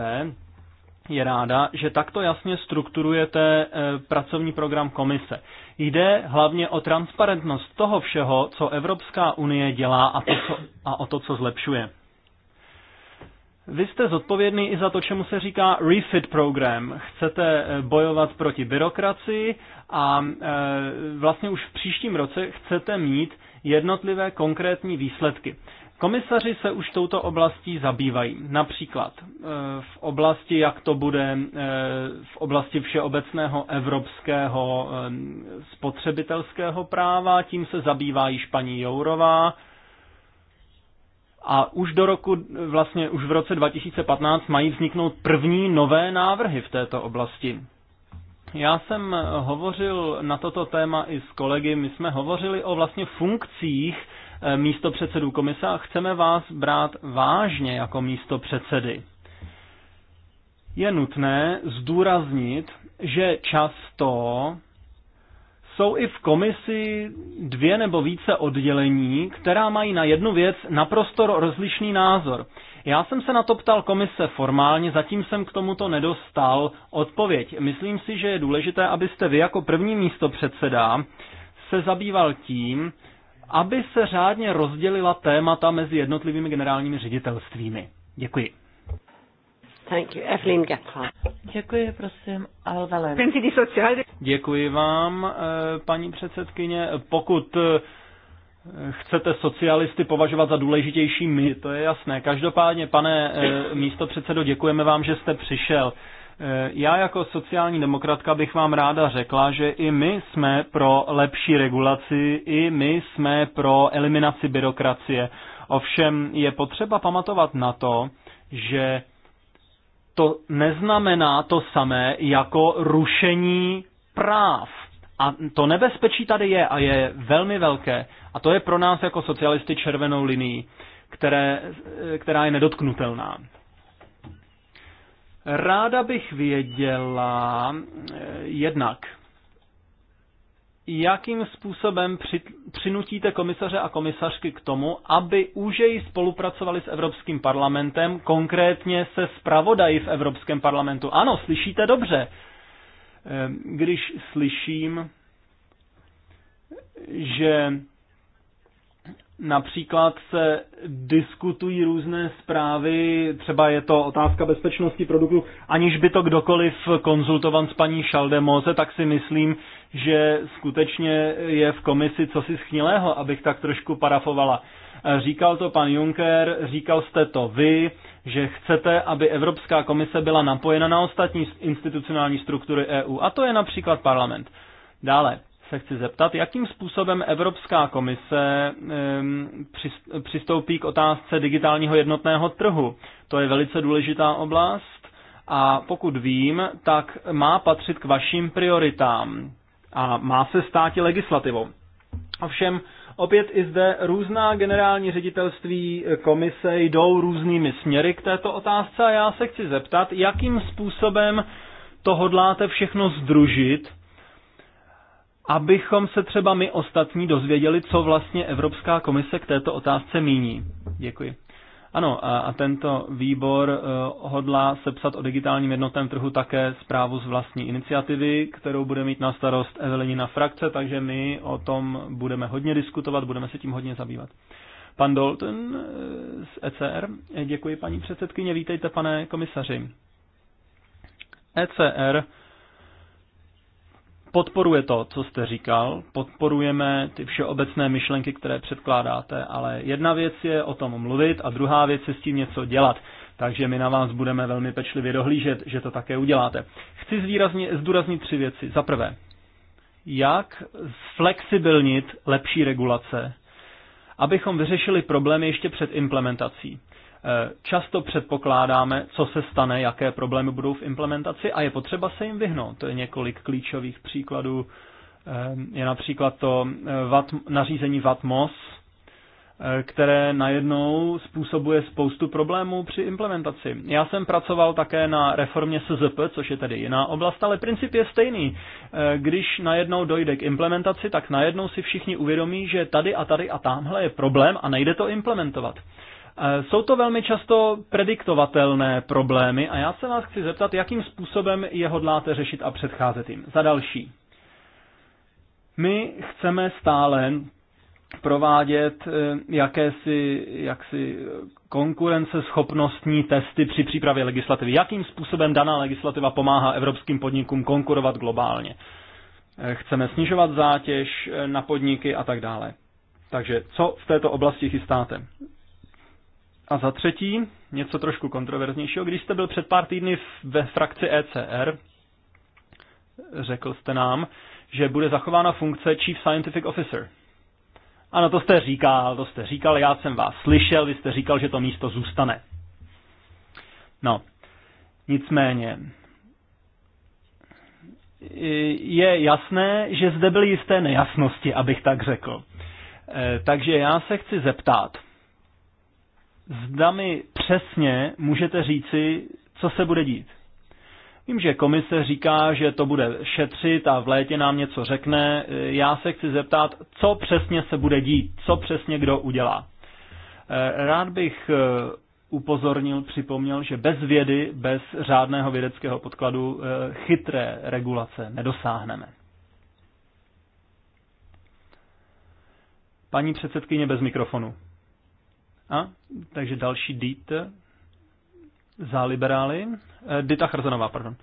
je ráda, že takto jasně strukturujete e, pracovní program komise. Jde hlavně o transparentnost toho všeho, co Evropská unie dělá a, to, co, a o to, co zlepšuje. Vy jste zodpovědný i za to, čemu se říká refit program. Chcete eh, bojovat proti byrokracii a eh, vlastně už v příštím roce chcete mít jednotlivé konkrétní výsledky. Komisaři se už touto oblastí zabývají. Například eh, v oblasti, jak to bude v oblasti všeobecného evropského spotřebitelského práva, tím se zabývá i paní Jourová, a už do roku, vlastně už v roce 2015 mají vzniknout první nové návrhy v této oblasti. Já jsem hovořil na toto téma i s kolegy, my jsme hovořili o vlastně funkcích eh, místo předsedů komise a chceme vás brát vážně jako místo předsedy. Je nutné zdůraznit, že často jsou i v komisi dvě nebo více oddělení, která mají na jednu věc naprosto rozlišný názor. Já jsem se na to ptal komise formálně, zatím jsem k tomuto nedostal odpověď. Myslím si, že je důležité, abyste vy jako první místo předseda se zabýval tím, aby se řádně rozdělila témata mezi jednotlivými generálními ředitelstvími. Děkuji. Thank you. Evelyn Děkuji, prosím, Alvelen. Děkuji vám, eh, paní předsedkyně. Pokud eh, chcete socialisty považovat za důležitější my, to je jasné. Každopádně, pane eh, místo předsedo, děkujeme vám, že jste přišel. Já jako sociální demokratka bych vám ráda řekla, že i my jsme pro lepší regulaci, i my jsme pro eliminaci byrokracie. Ovšem je potřeba pamatovat na to, že to neznamená to samé jako rušení práv. A to nebezpečí tady je a je velmi velké. A to je pro nás jako socialisty červenou linií, které, která je nedotknutelná. Ráda bych věděla eh, jednak, jakým způsobem při, přinutíte komisaře a komisařky k tomu, aby užej spolupracovali s Evropským parlamentem, konkrétně se zpravodají v Evropském parlamentu. Ano, slyšíte dobře. Ehm, když slyším, že Například se diskutují různé zprávy, třeba je to otázka bezpečnosti produktu, aniž by to kdokoliv konzultovan s paní Šaldemoze, tak si myslím, že skutečně je v komisi cosi schnilého, abych tak trošku parafovala. Říkal to pan Juncker, říkal jste to vy, že chcete, aby Evropská komise byla napojena na ostatní institucionální struktury EU, a to je například parlament. Dále, se chci zeptat, jakým způsobem Evropská komise přistoupí k otázce digitálního jednotného trhu. To je velice důležitá oblast a pokud vím, tak má patřit k vašim prioritám a má se i legislativou. Ovšem, opět i zde různá generální ředitelství komise jdou různými směry k této otázce a já se chci zeptat, jakým způsobem to hodláte všechno združit abychom se třeba my ostatní dozvěděli, co vlastně Evropská komise k této otázce míní. Děkuji. Ano, a tento výbor eh, hodlá sepsat o digitálním jednotném trhu také zprávu z vlastní iniciativy, kterou bude mít na starost Evelinina frakce, takže my o tom budeme hodně diskutovat, budeme se tím hodně zabývat. Pan Dalton eh, z ECR, eh, děkuji paní předsedkyně, vítejte pane komisaři. ECR podporuje to, co jste říkal, podporujeme ty všeobecné myšlenky, které předkládáte, ale jedna věc je o tom mluvit a druhá věc je s tím něco dělat. Takže my na vás budeme velmi pečlivě dohlížet, že to také uděláte. Chci zvýrazně, zdůraznit tři věci. Za prvé, jak flexibilnit lepší regulace, abychom vyřešili problémy ještě před implementací. Eh, často předpokládáme, co se stane, jaké problémy budou v implementaci a je potřeba se jim vyhnout. To je několik klíčových příkladů. Eh, je například to eh, VAT, nařízení VATMOS, které najednou způsobuje spoustu problémů při implementaci. Já jsem pracoval také na reformě SZP, což je tedy jiná oblast, ale princip je stejný. Když najednou dojde k implementaci, tak najednou si všichni uvědomí, že tady a tady a tamhle je problém a nejde to implementovat. Eh, jsou to velmi často prediktovatelné problémy a já se vás chci zeptat, jakým způsobem je hodláte řešit a předcházet jim. Za další. My chceme stále provádět eh, jakési, jaksi konkurenceschopnostní testy při přípravě legislativy. Jakým způsobem daná legislativa pomáhá evropským podnikům konkurovat globálně. Eh, chceme snižovat zátěž na podniky a tak dále. Takže co v této oblasti chystáte? A za třetí, něco trošku kontroverznějšího, když jste byl před pár týdny ve frakci ECR, řekl jste nám, že bude zachována funkce Chief Scientific Officer. Ano, to jste říkal, to jste říkal, já jsem vás slyšel, vy jste říkal, že to místo zůstane. No, nicméně, je jasné, že zde byly jisté nejasnosti, abych tak řekl. E, takže já se chci zeptat, zda mi přesně můžete říci, co se bude dít. Vím, že komise říká, že to bude šetřit a v létě nám něco řekne. Já se chci zeptat, co přesně se bude dít, co přesně kdo udělá. Eh, rád bych eh, upozornil, připomněl, že bez vědy, bez řádného vědeckého podkladu eh, chytré regulace nedosáhneme. Paní předsedkyně bez mikrofonu. A, takže další dít za liberály. Eh, Dita Chrzanová, pardon.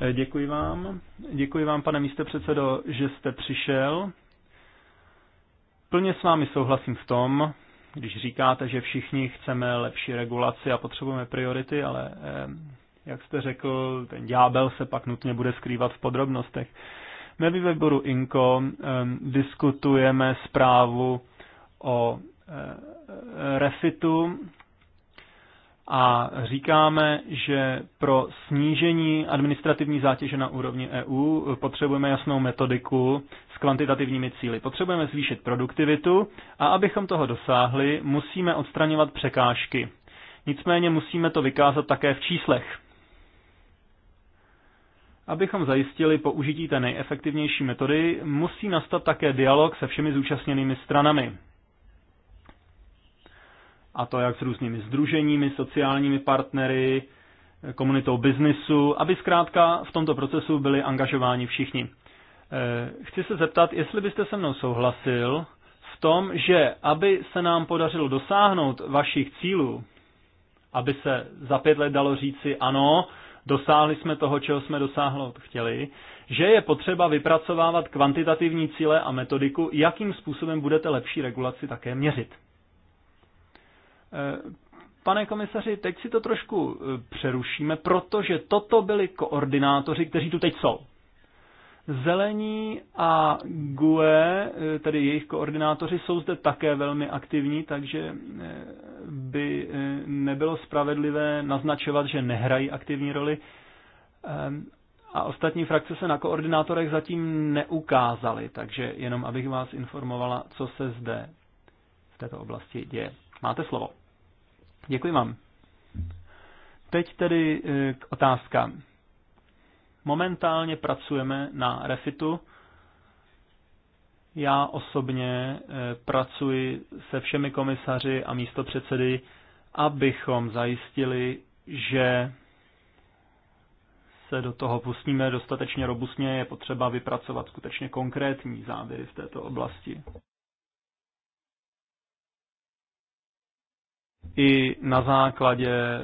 Eh, děkuji vám. Děkuji vám, pane předsedo, že jste přišel. Plně s vámi souhlasím v tom, když říkáte, že všichni chceme lepší regulaci a potřebujeme priority, ale eh, jak jste řekl, ten ďábel se pak nutně bude skrývat v podrobnostech. My ve výboru INKO diskutujeme zprávu o refitu a říkáme, že pro snížení administrativní zátěže na úrovni EU potřebujeme jasnou metodiku s kvantitativními cíly. Potřebujeme zvýšit produktivitu a abychom toho dosáhli, musíme odstraňovat překážky. Nicméně musíme to vykázat také v číslech. Abychom zajistili použití té nejefektivnější metody, musí nastat také dialog se všemi zúčastněnými stranami a to jak s různými združeními, sociálními partnery, komunitou biznisu, aby zkrátka v tomto procesu byli angažováni všichni. E, chci se zeptat, jestli byste se mnou souhlasil v tom, že aby se nám podařilo dosáhnout vašich cílů, aby se za pět let dalo říci ano, dosáhli jsme toho, čeho jsme dosáhnout chtěli, že je potřeba vypracovávat kvantitativní cíle a metodiku, jakým způsobem budete lepší regulaci také měřit. Eh, pane komisaři, teď si to trošku eh, přerušíme, protože toto byli koordinátoři, kteří tu teď jsou. Zelení a GUE, eh, tedy jejich koordinátoři, jsou zde také velmi aktivní, takže by nebylo spravedlivé naznačovat, že nehrají aktivní roli. A ostatní frakce se na koordinátorech zatím neukázaly, takže jenom abych vás informovala, co se zde v této oblasti děje. Máte slovo. Děkuji vám. Teď tedy eh, k otázkám. Momentálně pracujeme na refitu. Já osobně eh, pracuji se všemi komisaři a místopředsedy, abychom zajistili, že se do toho pustíme dostatečně robustně, je potřeba vypracovat skutečně konkrétní závěry v této oblasti. i na základě e,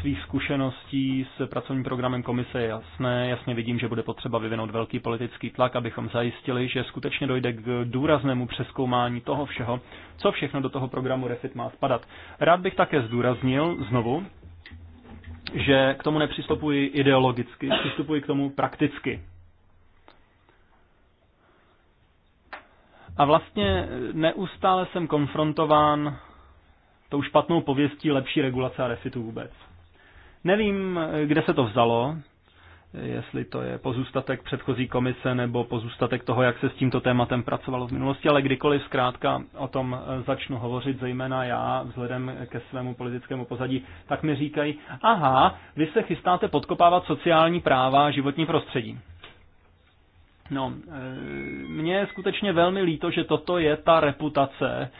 svých zkušeností s pracovním programem komise je jasné, jasně vidím, že bude potřeba vyvinout velký politický tlak, abychom zajistili, že skutečně dojde k důraznému přeskoumání toho všeho, co všechno do toho programu REFIT má spadat. Rád bych také zdůraznil znovu, že k tomu nepřistupuji ideologicky, přistupuji k tomu prakticky. A vlastně neustále jsem konfrontován tou špatnou pověstí lepší regulace a refitu vůbec. Nevím, kde se to vzalo, jestli to je pozůstatek předchozí komise nebo pozůstatek toho, jak se s tímto tématem pracovalo v minulosti, ale kdykoliv zkrátka o tom začnu hovořit, zejména já vzhledem ke svému politickému pozadí, tak mi říkají, aha, vy se chystáte podkopávat sociální práva a životní prostředí. No, e, mně je skutečně velmi líto, že toto je ta reputace,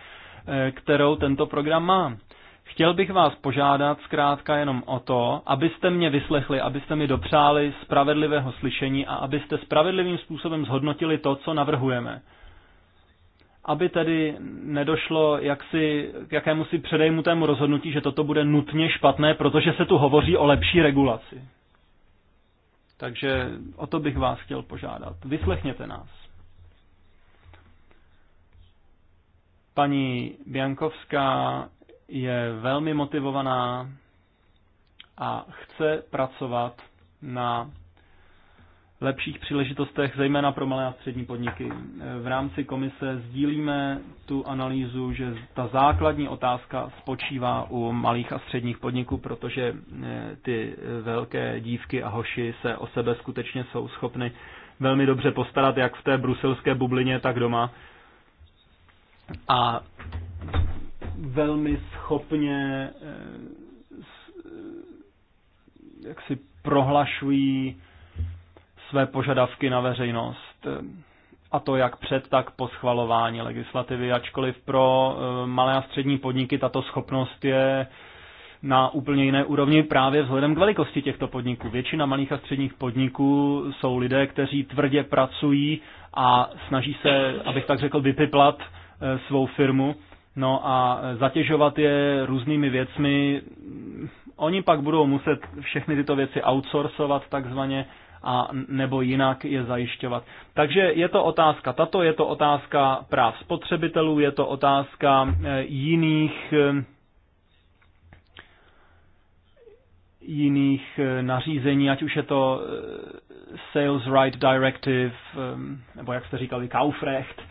Eh, kterou tento program má. Chtěl bych vás požádat zkrátka jenom o to, abyste mě vyslechli, abyste mi dopřáli spravedlivého slyšení a abyste spravedlivým způsobem zhodnotili to, co navrhujeme. Aby tedy nedošlo jaksi, k si předejmutému rozhodnutí, že toto bude nutně špatné, protože se tu hovoří o lepší regulaci. Takže o to bych vás chtěl požádat. Vyslechněte nás. Paní Biankovská je velmi motivovaná a chce pracovat na lepších příležitostech, zejména pro malé a střední podniky. V rámci komise sdílíme tu analýzu, že ta základní otázka spočívá u malých a středních podniků, protože eh, ty velké dívky a hoši se o sebe skutečně jsou schopny velmi dobře postarat, jak v té bruselské bublině, tak doma a velmi schopně eh, jak si prohlašují své požadavky na veřejnost. A to jak před, tak po schvalování legislativy, ačkoliv pro eh, malé a střední podniky tato schopnost je na úplně jiné úrovni právě vzhledem k velikosti těchto podniků. Většina malých a středních podniků jsou lidé, kteří tvrdě pracují a snaží se, abych tak řekl, vypiplat Eh, svou firmu, no a eh, zatěžovat je různými věcmi. Oni pak budou muset všechny tyto věci outsourcovat takzvaně, a nebo jinak je zajišťovat. Takže je to otázka tato, je to otázka práv spotřebitelů, je to otázka eh, jiných jiných nařízení, ať už je to Sales Right Directive, nebo jak jste říkali, Kaufrecht,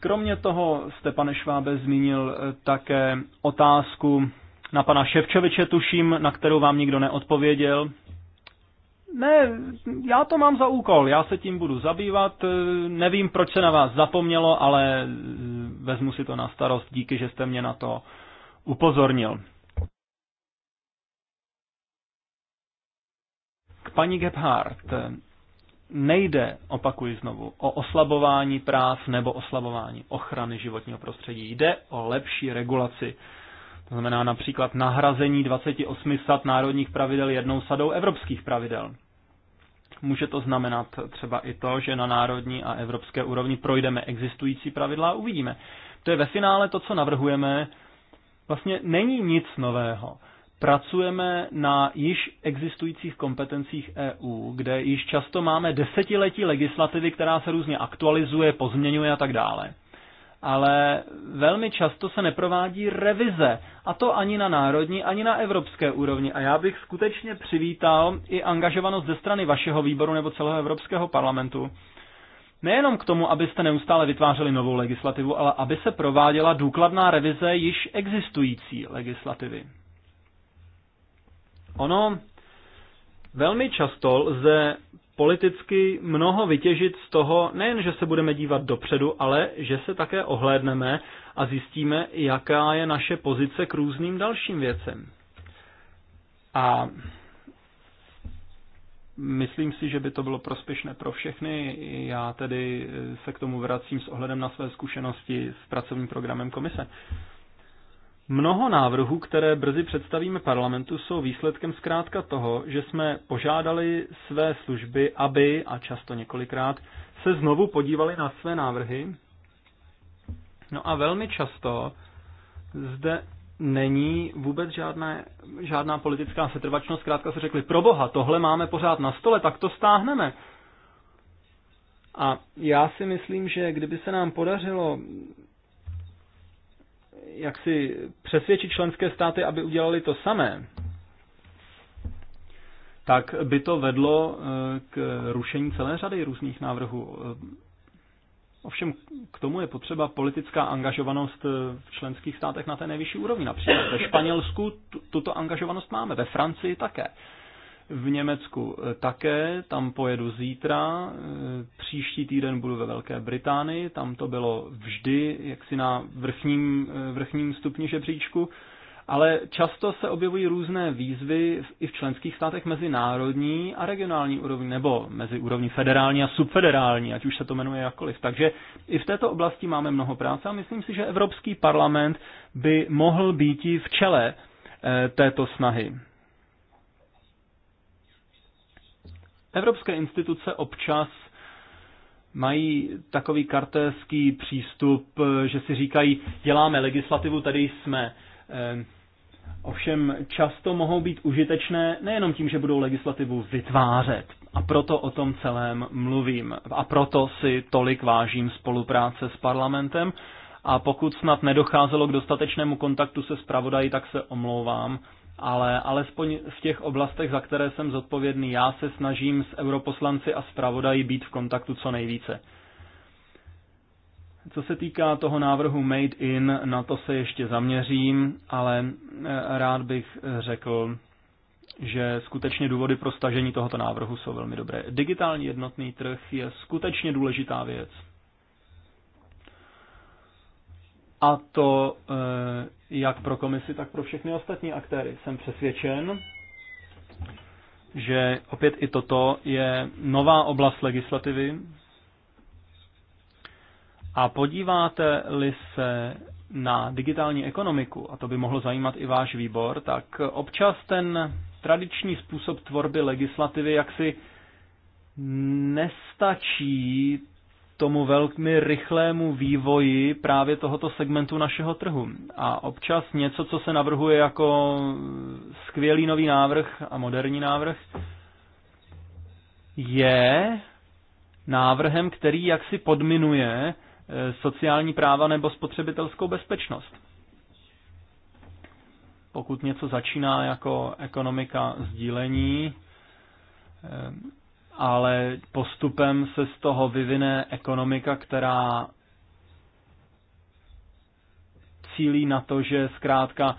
Kromě toho jste, pane Švábe, zmínil eh, také otázku na pana Ševčoviče, tuším, na kterou vám nikdo neodpověděl. Ne, já to mám za úkol, já se tím budu zabývat, eh, nevím, proč se na vás zapomnělo, ale eh, vezmu si to na starost, díky, že jste mě na to upozornil. K paní Gebhardt, nejde, opakuji znovu, o oslabování práv nebo oslabování ochrany životního prostředí. Jde o lepší regulaci. To znamená například nahrazení 28 sad národních pravidel jednou sadou evropských pravidel. Může to znamenat třeba i to, že na národní a evropské úrovni projdeme existující pravidla a uvidíme. To je ve finále to, co navrhujeme, vlastně není nic nového. Pracujeme na již existujících kompetencích EU, kde již často máme desetiletí legislativy, která se různě aktualizuje, pozměňuje a tak dále. Ale velmi často se neprovádí revize, a to ani na národní, ani na evropské úrovni. A já bych skutečně přivítal i angažovanost ze strany vašeho výboru nebo celého Evropského parlamentu, Nejenom k tomu, abyste neustále vytvářeli novou legislativu, ale aby se prováděla důkladná revize již existující legislativy. Ono velmi často lze politicky mnoho vytěžit z toho, nejen, že se budeme dívat dopředu, ale že se také ohlédneme a zjistíme, jaká je naše pozice k různým dalším věcem. A myslím si, že by to bylo prospěšné pro všechny. Já tedy se k tomu vracím s ohledem na své zkušenosti s pracovním programem komise. Mnoho návrhů, které brzy představíme parlamentu, jsou výsledkem zkrátka toho, že jsme požádali své služby, aby, a často několikrát, se znovu podívali na své návrhy. No a velmi často zde není vůbec žádné, žádná politická setrvačnost. Zkrátka se řekli, pro boha, tohle máme pořád na stole, tak to stáhneme. A já si myslím, že kdyby se nám podařilo jak si přesvědčit členské státy, aby udělali to samé, tak by to vedlo eh, k rušení celé řady různých návrhů. Eh, ovšem k tomu je potřeba politická angažovanost eh, v členských státech na té nejvyšší úrovni. Například ve Španělsku tuto angažovanost máme, ve Francii také v Německu eh, také, tam pojedu zítra, eh, příští týden budu ve Velké Británii, tam to bylo vždy jaksi na vrchním, eh, vrchním stupni žebříčku, ale často se objevují různé výzvy i v členských státech mezi národní a regionální úrovní, nebo mezi úrovní federální a subfederální, ať už se to jmenuje jakkoliv. Takže i v této oblasti máme mnoho práce a myslím si, že Evropský parlament by mohl být v čele této snahy. Evropské instituce občas mají takový kartéský přístup, že si říkají, děláme legislativu, tady jsme. Eh, ovšem často mohou být užitečné nejenom tím, že budou legislativu vytvářet. A proto o tom celém mluvím. A proto si tolik vážím spolupráce s parlamentem. A pokud snad nedocházelo k dostatečnému kontaktu se zpravodají, tak se omlouvám ale alespoň v těch oblastech, za které jsem zodpovědný, já se snažím s europoslanci a zpravodají být v kontaktu co nejvíce. Co se týká toho návrhu Made in, na to se ještě zaměřím, ale eh, rád bych eh, řekl, že skutečně důvody pro stažení tohoto návrhu jsou velmi dobré. Digitální jednotný trh je skutečně důležitá věc. A to eh, jak pro komisi, tak pro všechny ostatní aktéry. Jsem přesvědčen, že opět i toto je nová oblast legislativy. A podíváte-li se na digitální ekonomiku, a to by mohlo zajímat i váš výbor, tak občas ten tradiční způsob tvorby legislativy jaksi nestačí tomu velmi rychlému vývoji právě tohoto segmentu našeho trhu. A občas něco, co se navrhuje jako skvělý nový návrh a moderní návrh, je návrhem, který jaksi podminuje e, sociální práva nebo spotřebitelskou bezpečnost. Pokud něco začíná jako ekonomika sdílení, e, ale postupem se z toho vyvine ekonomika, která cílí na to, že zkrátka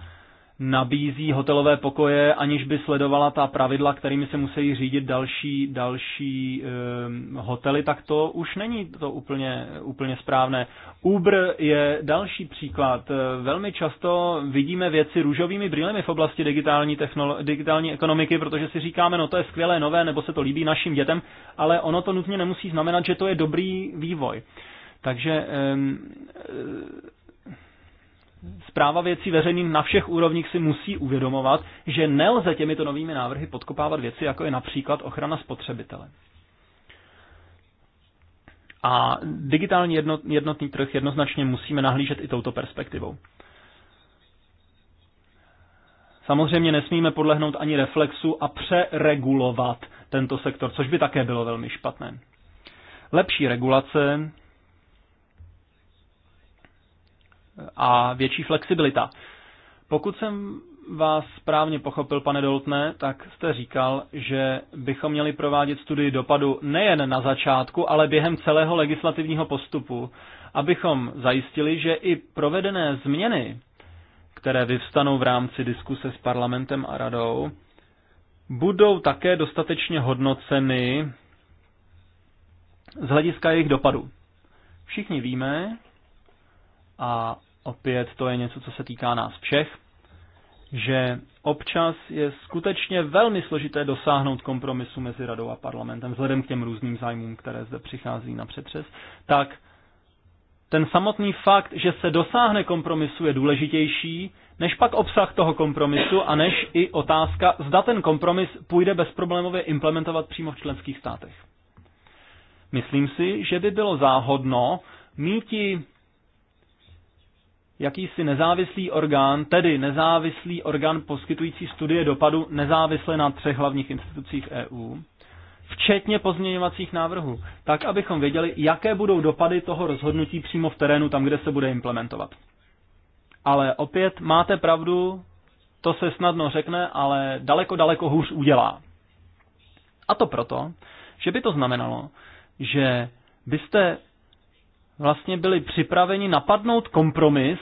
nabízí hotelové pokoje, aniž by sledovala ta pravidla, kterými se musí řídit další, další um, hotely, tak to už není to úplně, úplně správné. Uber je další příklad. Eh, velmi často vidíme věci růžovými brýlemi v oblasti digitální, technolo- digitální ekonomiky, protože si říkáme, no to je skvělé, nové, nebo se to líbí našim dětem, ale ono to nutně nemusí znamenat, že to je dobrý vývoj. Takže um, Zpráva věcí veřejných na všech úrovních si musí uvědomovat, že nelze těmito novými návrhy podkopávat věci, jako je například ochrana spotřebitele. A digitální jednotný trh jednoznačně musíme nahlížet i touto perspektivou. Samozřejmě nesmíme podlehnout ani reflexu a přeregulovat tento sektor, což by také bylo velmi špatné. Lepší regulace a větší flexibilita. Pokud jsem vás správně pochopil, pane Doltne, tak jste říkal, že bychom měli provádět studii dopadu nejen na začátku, ale během celého legislativního postupu, abychom zajistili, že i provedené změny, které vyvstanou v rámci diskuse s parlamentem a radou, budou také dostatečně hodnoceny z hlediska jejich dopadu. Všichni víme, a opět to je něco, co se týká nás všech, že občas je skutečně velmi složité dosáhnout kompromisu mezi radou a parlamentem, vzhledem k těm různým zájmům, které zde přichází na přetřes, tak ten samotný fakt, že se dosáhne kompromisu, je důležitější, než pak obsah toho kompromisu a než i otázka, zda ten kompromis půjde bezproblémově implementovat přímo v členských státech. Myslím si, že by bylo záhodno míti jakýsi nezávislý orgán, tedy nezávislý orgán poskytující studie dopadu nezávisle na třech hlavních institucích EU, včetně pozměňovacích návrhů, tak abychom věděli, jaké budou dopady toho rozhodnutí přímo v terénu, tam, kde se bude implementovat. Ale opět máte pravdu, to se snadno řekne, ale daleko, daleko hůř udělá. A to proto, že by to znamenalo, že byste vlastně byli připraveni napadnout kompromis,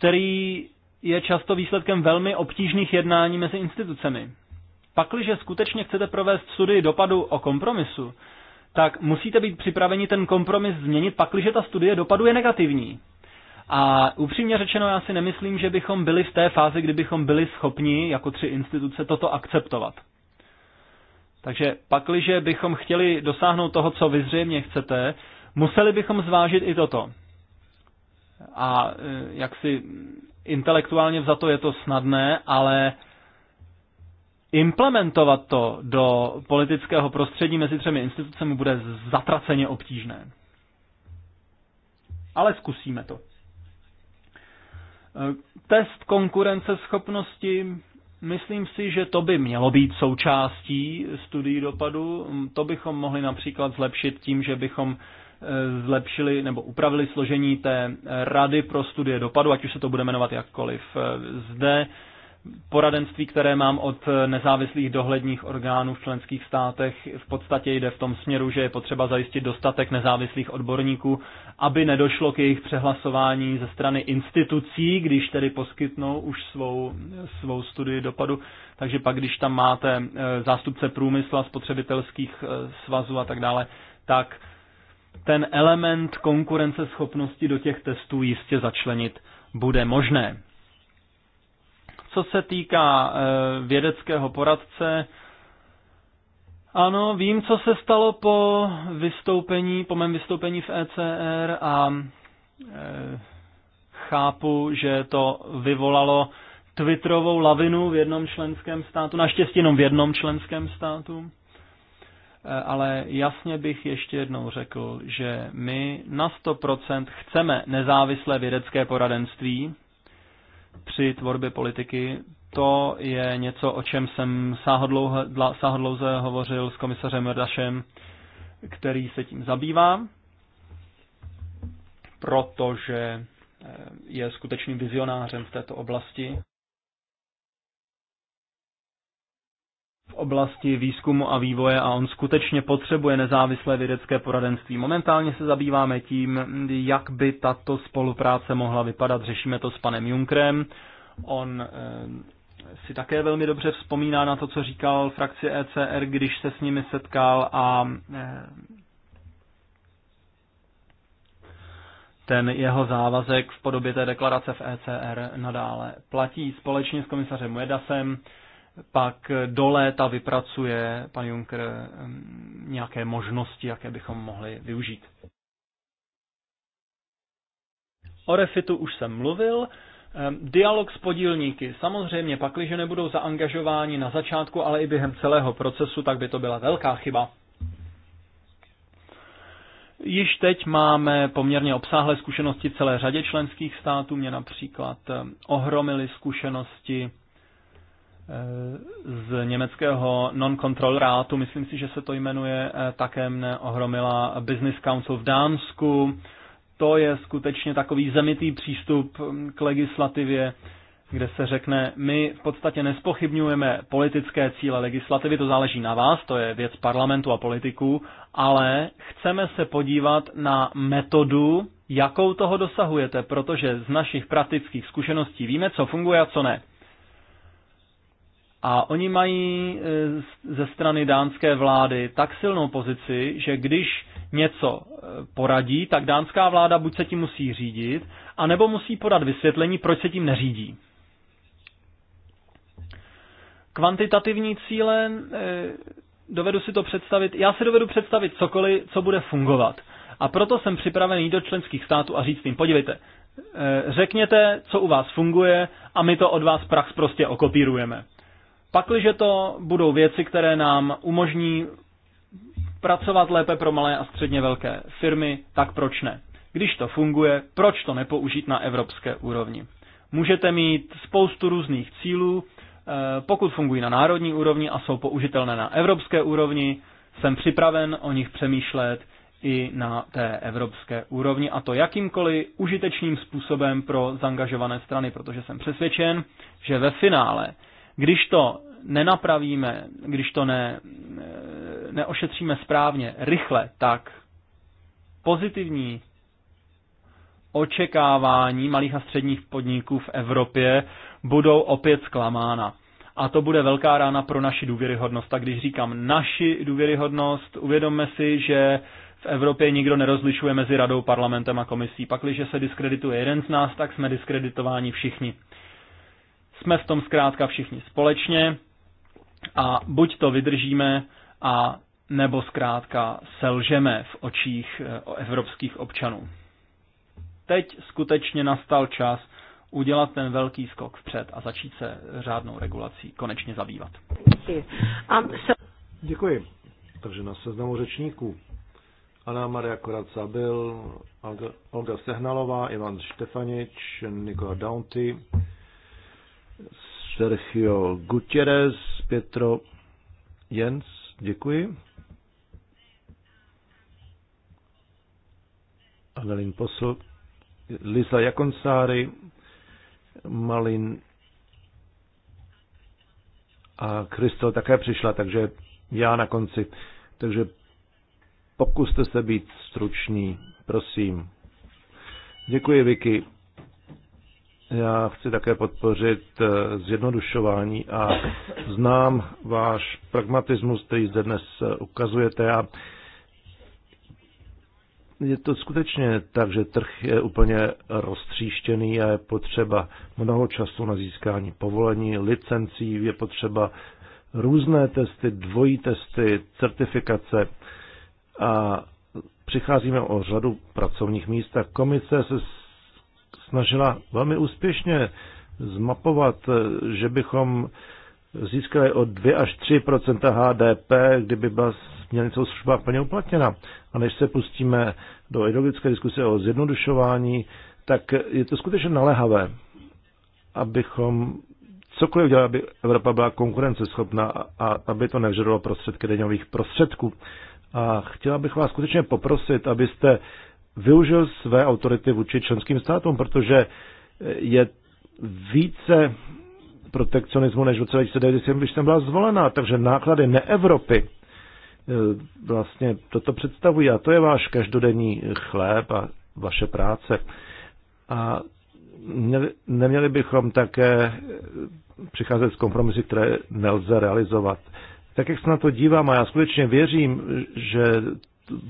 který je často výsledkem velmi obtížných jednání mezi institucemi. Pakliže skutečně chcete provést studii dopadu o kompromisu, tak musíte být připraveni ten kompromis změnit, pakliže ta studie dopadu je negativní. A upřímně řečeno, já si nemyslím, že bychom byli v té fázi, kdybychom byli schopni jako tři instituce toto akceptovat. Takže pakliže bychom chtěli dosáhnout toho, co vy zřejmě chcete, museli bychom zvážit i toto a e, jak si intelektuálně to je to snadné, ale implementovat to do politického prostředí mezi třemi institucemi bude zatraceně obtížné. Ale zkusíme to. E, test konkurenceschopnosti, myslím si, že to by mělo být součástí studií dopadu. To bychom mohli například zlepšit tím, že bychom zlepšili nebo upravili složení té rady pro studie dopadu, ať už se to bude jmenovat jakkoliv. Zde poradenství, které mám od nezávislých dohledních orgánů v členských státech, v podstatě jde v tom směru, že je potřeba zajistit dostatek nezávislých odborníků, aby nedošlo k jejich přehlasování ze strany institucí, když tedy poskytnou už svou, svou studii dopadu. Takže pak, když tam máte eh, zástupce průmyslu, a spotřebitelských eh, svazů a tak dále, tak ten element konkurenceschopnosti do těch testů jistě začlenit bude možné. Co se týká e, vědeckého poradce, ano, vím, co se stalo po vystoupení, po mém vystoupení v ECR a e, chápu, že to vyvolalo Twitterovou lavinu v jednom členském státu, naštěstí jenom v jednom členském státu. Eh, ale jasně bych ještě jednou řekl, že my na 100% chceme nezávislé vědecké poradenství při tvorbě politiky. To je něco, o čem jsem sáhodlouze hovořil s komisařem Rdašem, který se tím zabývá, protože eh, je skutečným vizionářem v této oblasti. v oblasti výzkumu a vývoje a on skutečně potřebuje nezávislé vědecké poradenství. Momentálně se zabýváme tím, jak by tato spolupráce mohla vypadat. Řešíme to s panem Junkrem. On eh, si také velmi dobře vzpomíná na to, co říkal frakci ECR, když se s nimi setkal a eh, ten jeho závazek v podobě té deklarace v ECR nadále platí. Společně s komisařem Uedasem pak do léta vypracuje pan Juncker nějaké možnosti, jaké bychom mohli využít. O refitu už jsem mluvil. Dialog s podílníky. Samozřejmě, pakliže nebudou zaangažováni na začátku, ale i během celého procesu, tak by to byla velká chyba. Již teď máme poměrně obsáhlé zkušenosti v celé řadě členských států. Mě například ohromily zkušenosti z německého non-control rátu, myslím si, že se to jmenuje, eh, také mne ohromila Business Council v Dánsku. To je skutečně takový zemitý přístup mm, k legislativě, kde se řekne, my v podstatě nespochybňujeme politické cíle legislativy, to záleží na vás, to je věc parlamentu a politiků, ale chceme se podívat na metodu, jakou toho dosahujete, protože z našich praktických zkušeností víme, co funguje a co ne. A oni mají e, ze strany dánské vlády tak silnou pozici, že když něco e, poradí, tak dánská vláda buď se tím musí řídit, anebo musí podat vysvětlení, proč se tím neřídí. Kvantitativní cíle, e, dovedu si to představit, já si dovedu představit cokoliv, co bude fungovat. A proto jsem připravený do členských států a říct jim, podívejte, řekněte, co u vás funguje a my to od vás prax prostě okopírujeme. Pakliže to budou věci, které nám umožní pracovat lépe pro malé a středně velké firmy, tak proč ne? Když to funguje, proč to nepoužít na evropské úrovni? Můžete mít spoustu různých cílů, eh, pokud fungují na národní úrovni a jsou použitelné na evropské úrovni, jsem připraven o nich přemýšlet i na té evropské úrovni a to jakýmkoliv užitečným způsobem pro zangažované strany, protože jsem přesvědčen, že ve finále když to nenapravíme, když to ne, neošetříme správně, rychle, tak pozitivní očekávání malých a středních podniků v Evropě budou opět zklamána. A to bude velká rána pro naši důvěryhodnost. A když říkám naši důvěryhodnost, uvědomme si, že v Evropě nikdo nerozlišuje mezi radou, parlamentem a komisí. Pakliže se diskredituje jeden z nás, tak jsme diskreditováni všichni. Jsme v tom zkrátka všichni společně a buď to vydržíme a nebo zkrátka selžeme v očích eh, evropských občanů. Teď skutečně nastal čas udělat ten velký skok vpřed a začít se řádnou regulací konečně zabývat. Um, Děkuji. Takže na seznamu řečníků. Anna Maria Koraca byl, Olga Sehnalová, Ivan Štefanič, Nikola Daunty, Sergio Gutierrez, Pietro Jens, děkuji. Annelin Posl, Lisa Jakonsáry, Malin a Kristel také přišla, takže já na konci. Takže pokuste se být struční, prosím. Děkuji, Vicky. Já chci také podpořit eh, zjednodušování a znám váš pragmatismus, který zde dnes eh, ukazujete a je to skutečně tak, že trh je úplně roztříštěný a je potřeba mnoho času na získání povolení, licencí, je potřeba různé testy, dvojí testy, certifikace a přicházíme o řadu pracovních míst a komise se snažila velmi úspěšně zmapovat, že bychom získali o 2 až 3 HDP, kdyby byla směrnice o službách plně uplatněna. A než se pustíme do ideologické diskuse o zjednodušování, tak je to skutečně naléhavé, abychom cokoliv udělali, aby Evropa byla konkurenceschopná a aby to nevžadovalo prostředky daňových prostředků. A chtěla bych vás skutečně poprosit, abyste využil své autority vůči členským státům, protože je více protekcionismu než v roce 2009, když jsem byla zvolená, takže náklady ne Evropy e, vlastně toto představují a to je váš každodenní chléb a vaše práce. A neměli bychom také přicházet s kompromisy, které nelze realizovat. Tak jak se na to dívám a já skutečně věřím, že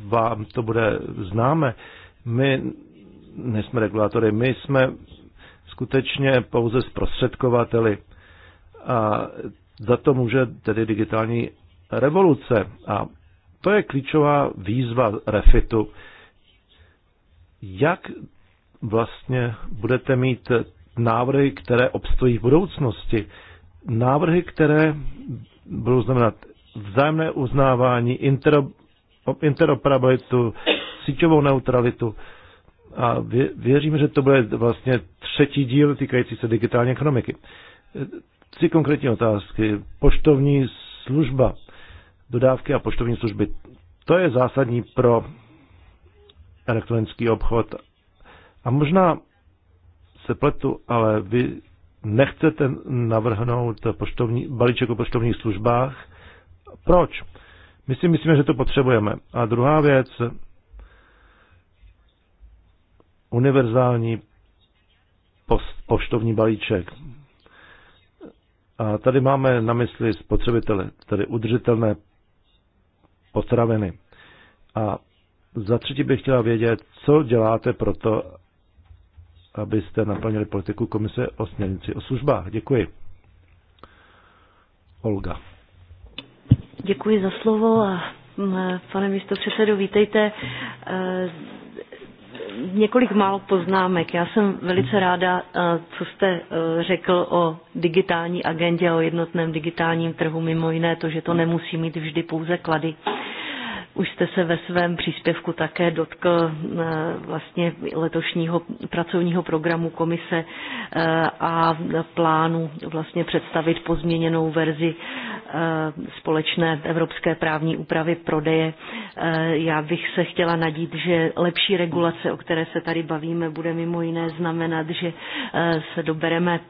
vám to bude známe. My nejsme regulátory, my jsme skutečně pouze zprostředkovateli a za to může tedy digitální revoluce. A to je klíčová výzva refitu. Jak vlastně budete mít návrhy, které obstojí v budoucnosti? Návrhy, které budou znamenat vzájemné uznávání, interoperabilitu, síťovou neutralitu. A věřím, že to bude vlastně třetí díl týkající se digitální ekonomiky. Tři konkrétní otázky. Poštovní služba, dodávky a poštovní služby. To je zásadní pro elektronický obchod. A možná se pletu, ale vy nechcete navrhnout poštovní, balíček o poštovních službách. Proč? My si myslíme, že to potřebujeme. A druhá věc, univerzální post, poštovní balíček. A tady máme na mysli spotřebitele, tedy udržitelné potraviny. A za třetí bych chtěla vědět, co děláte pro to, abyste naplnili politiku Komise o směrnici o službách. Děkuji. Olga. Děkuji za slovo a pane místo předsedu, vítejte. E, několik málo poznámek. Já jsem velice ráda, e, co jste e, řekl o digitální agendě, o jednotném digitálním trhu, mimo jiné to, že to nemusí mít vždy pouze klady už jste se ve svém příspěvku také dotkl eh, vlastně letošního pracovního programu komise eh, a plánu vlastně představit pozměněnou verzi eh, společné evropské právní úpravy prodeje. Já bych se chtěla nadít, že lepší regulace, o které se tady bavíme, bude mimo jiné znamenat, že se dobereme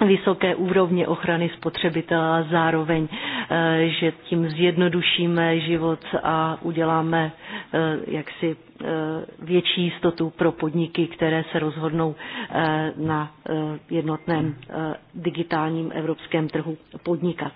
vysoké úrovně ochrany spotřebitela a zároveň, eh, že tím zjednodušíme život a uděláme eh, jaksi Eh, větší jistotu pro podniky, které se rozhodnou eh, na eh, jednotném digitálním evropském trhu podnikat.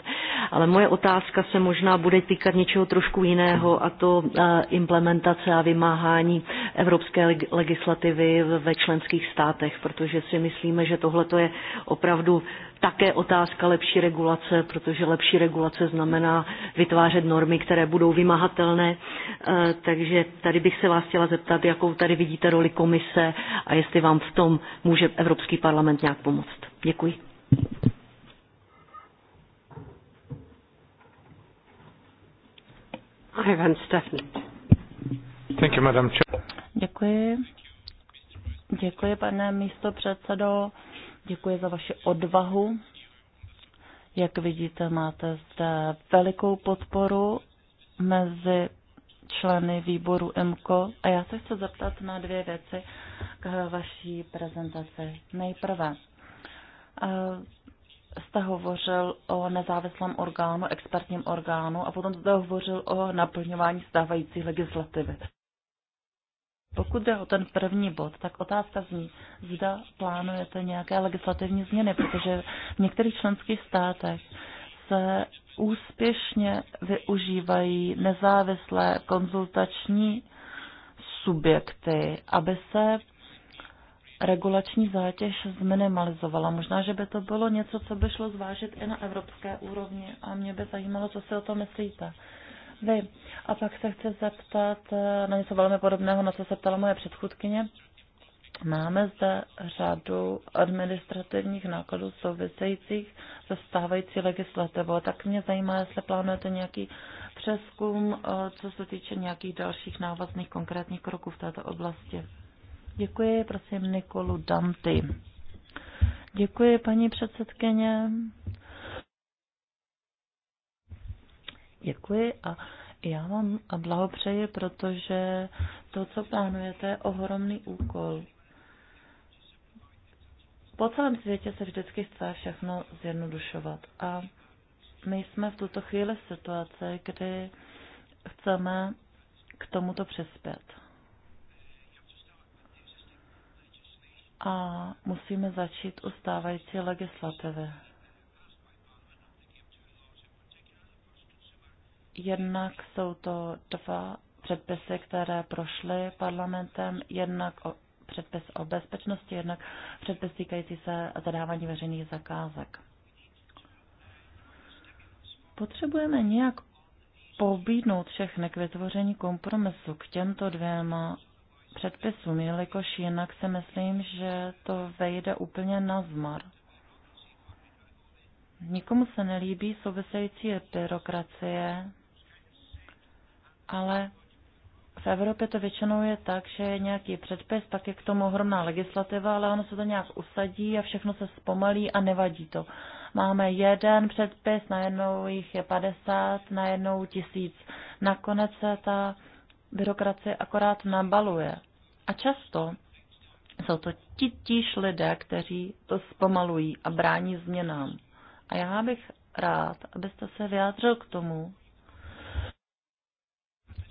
Ale moje otázka se možná bude týkat něčeho trošku jiného, a to implementace a vymáhání evropské legislativy ve členských státech, protože si myslíme, že tohle je opravdu také otázka lepší regulace, protože lepší regulace znamená vytvářet normy, které budou vymahatelné. Eh, takže tady bych se vás chtěla zeptat, jakou tady vidíte roli komise a jestli vám v tom může Evropský parlament nějak pomoct. Děkuji. Ivan Thank you, Madam Děkuji. Děkuji, pane místo předsedo. Děkuji za vaši odvahu. Jak vidíte, máte zde velikou podporu mezi členy výboru MKO. A já se chci zeptat na dvě věci k vaší prezentaci. Nejprve, eh, jste hovořil o nezávislém orgánu, expertním orgánu a potom jste hovořil o naplňování stávající legislativy. Pokud jde o ten první bod, tak otázka zní, zda plánujete nějaké legislativní změny, protože v některých členských státech se úspěšně využívají nezávislé konzultační subjekty, aby se regulační zátěž zminimalizovala. Možná, že by to bylo něco, co by šlo zvážit i na evropské úrovni a mě by zajímalo, co si o to myslíte vy. A pak se chci zeptat eh, na něco velmi podobného, na co se ptala moje předchůdkyně. Máme zde řadu administrativních nákladů souvisejících se stávající legislativou. Tak mě zajímá, jestli plánujete nějaký přeskum, eh, co se týče nějakých dalších návazných konkrétních kroků v této oblasti. Děkuji, prosím Nikolu Danty. Děkuji, paní předsedkyně. Děkuji a já vám blahopřeji, protože to, co plánujete, je ohromný úkol. Po celém světě se vždycky chce všechno zjednodušovat a my jsme v tuto chvíli v situaci, kdy chceme k tomuto přispět. A musíme začít u stávající legislativy. Jednak jsou to dva předpisy, které prošly parlamentem, jednak o předpis o bezpečnosti, jednak předpis týkající se zadávání veřejných zakázek. Potřebujeme nějak pobídnout všechny k vytvoření kompromisu k těmto dvěma předpisům, jelikož jinak si myslím, že to vejde úplně na zmar. Nikomu se nelíbí související byrokracie, ale v Evropě to většinou je tak, že je nějaký předpis, tak je k tomu ohromná legislativa, ale ono se to nějak usadí a všechno se zpomalí a nevadí to. Máme jeden předpis, najednou jich je 50, najednou tisíc. Nakonec se ta byrokracie akorát nabaluje. A často jsou to titíž lidé, kteří to zpomalují a brání změnám. A já bych rád, abyste se vyjádřil k tomu,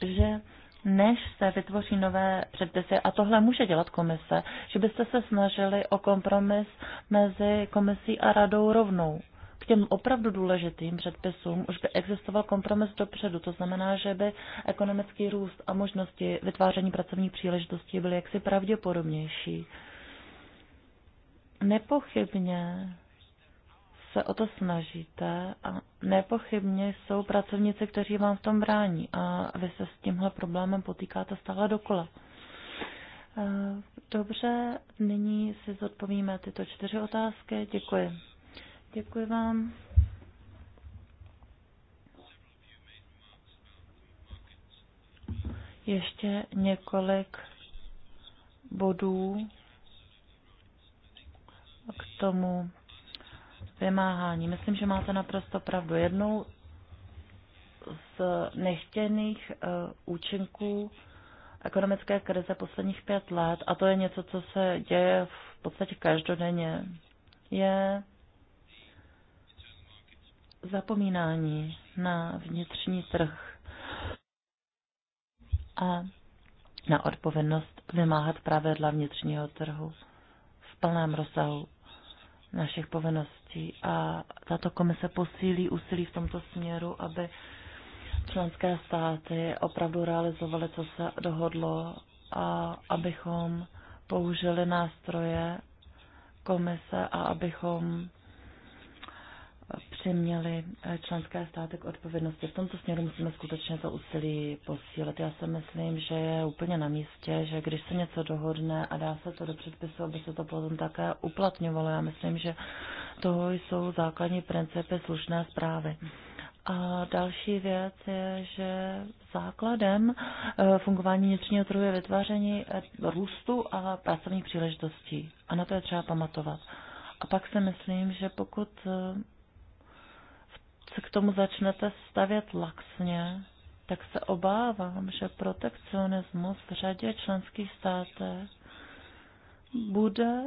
že než se vytvoří nové předpisy, a tohle může dělat komise, že byste se snažili o kompromis mezi komisí a radou rovnou. K těm opravdu důležitým předpisům už by existoval kompromis dopředu, to znamená, že by ekonomický růst a možnosti vytváření pracovních příležitostí byly jaksi pravděpodobnější. Nepochybně se o to snažíte a nepochybně jsou pracovníci, kteří vám v tom brání a vy se s tímhle problémem potýkáte stále dokola. Eh, dobře, nyní si zodpovíme tyto čtyři otázky. Děkuji. Děkuji vám. Ještě několik bodů k tomu vymáhání. Myslím, že máte naprosto pravdu. Jednou z nechtěných eh, účinků ekonomické krize posledních pět let, a to je něco, co se děje v podstatě každodenně, je zapomínání na vnitřní trh a na odpovědnost vymáhat pravidla vnitřního trhu v plném rozsahu našich povinností činností a tato komise posílí úsilí v tomto směru, aby členské státy opravdu realizovaly, co se dohodlo a abychom použili nástroje komise a abychom přiměli členské státy k odpovědnosti. V tomto směru musíme skutečně to úsilí posílit. Já si myslím, že je úplně na místě, že když se něco dohodne a dá se to do předpisu, aby se to potom také uplatňovalo. Já myslím, že to jsou základní principy slušné zprávy. A další věc je, že základem eh, fungování vnitřního trhu je vytváření eh, růstu a pracovních příležitostí. A na to je třeba pamatovat. A pak si myslím, že pokud eh, se k tomu začnete stavět laxně, tak se obávám, že protekcionismus v řadě členských států bude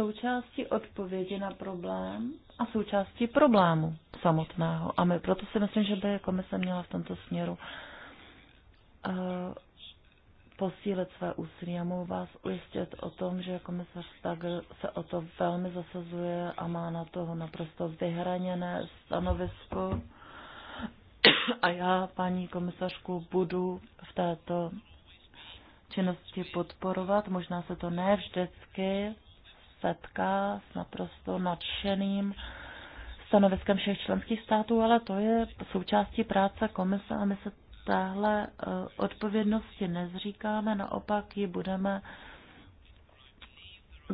součástí odpovědi na problém a součástí problému samotného. A my proto si myslím, že by komise měla v tomto směru uh, posílit své úsilí. A mohu vás ujistit o tom, že komisař Stagl se o to velmi zasazuje a má na toho naprosto vyhraněné stanovisko. A já, paní komisařku, budu v této činnosti podporovat. Možná se to ne vždycky setká s naprosto nadšeným stanoviskem všech členských států, ale to je součástí práce komise a my se téhle eh, odpovědnosti nezříkáme, naopak ji budeme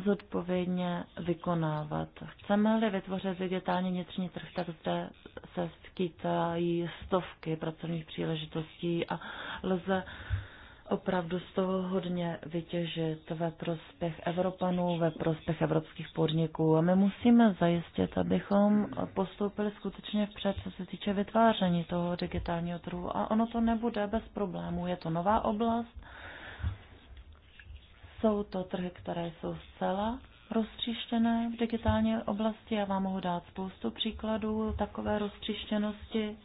zodpovědně vykonávat. Chceme-li vytvořit digitální vnitřní trh, tak zde se skýtají stovky pracovních příležitostí a lze opravdu z toho hodně vytěžit ve prospěch Evropanů, ve prospěch evropských podniků. A my musíme zajistit, abychom postoupili skutečně vpřed, co se týče vytváření toho digitálního trhu. A ono to nebude bez problémů. Je to nová oblast. Jsou to trhy, které jsou zcela roztříštěné v digitální oblasti. Já vám mohu dát spoustu příkladů takové roztříštěnosti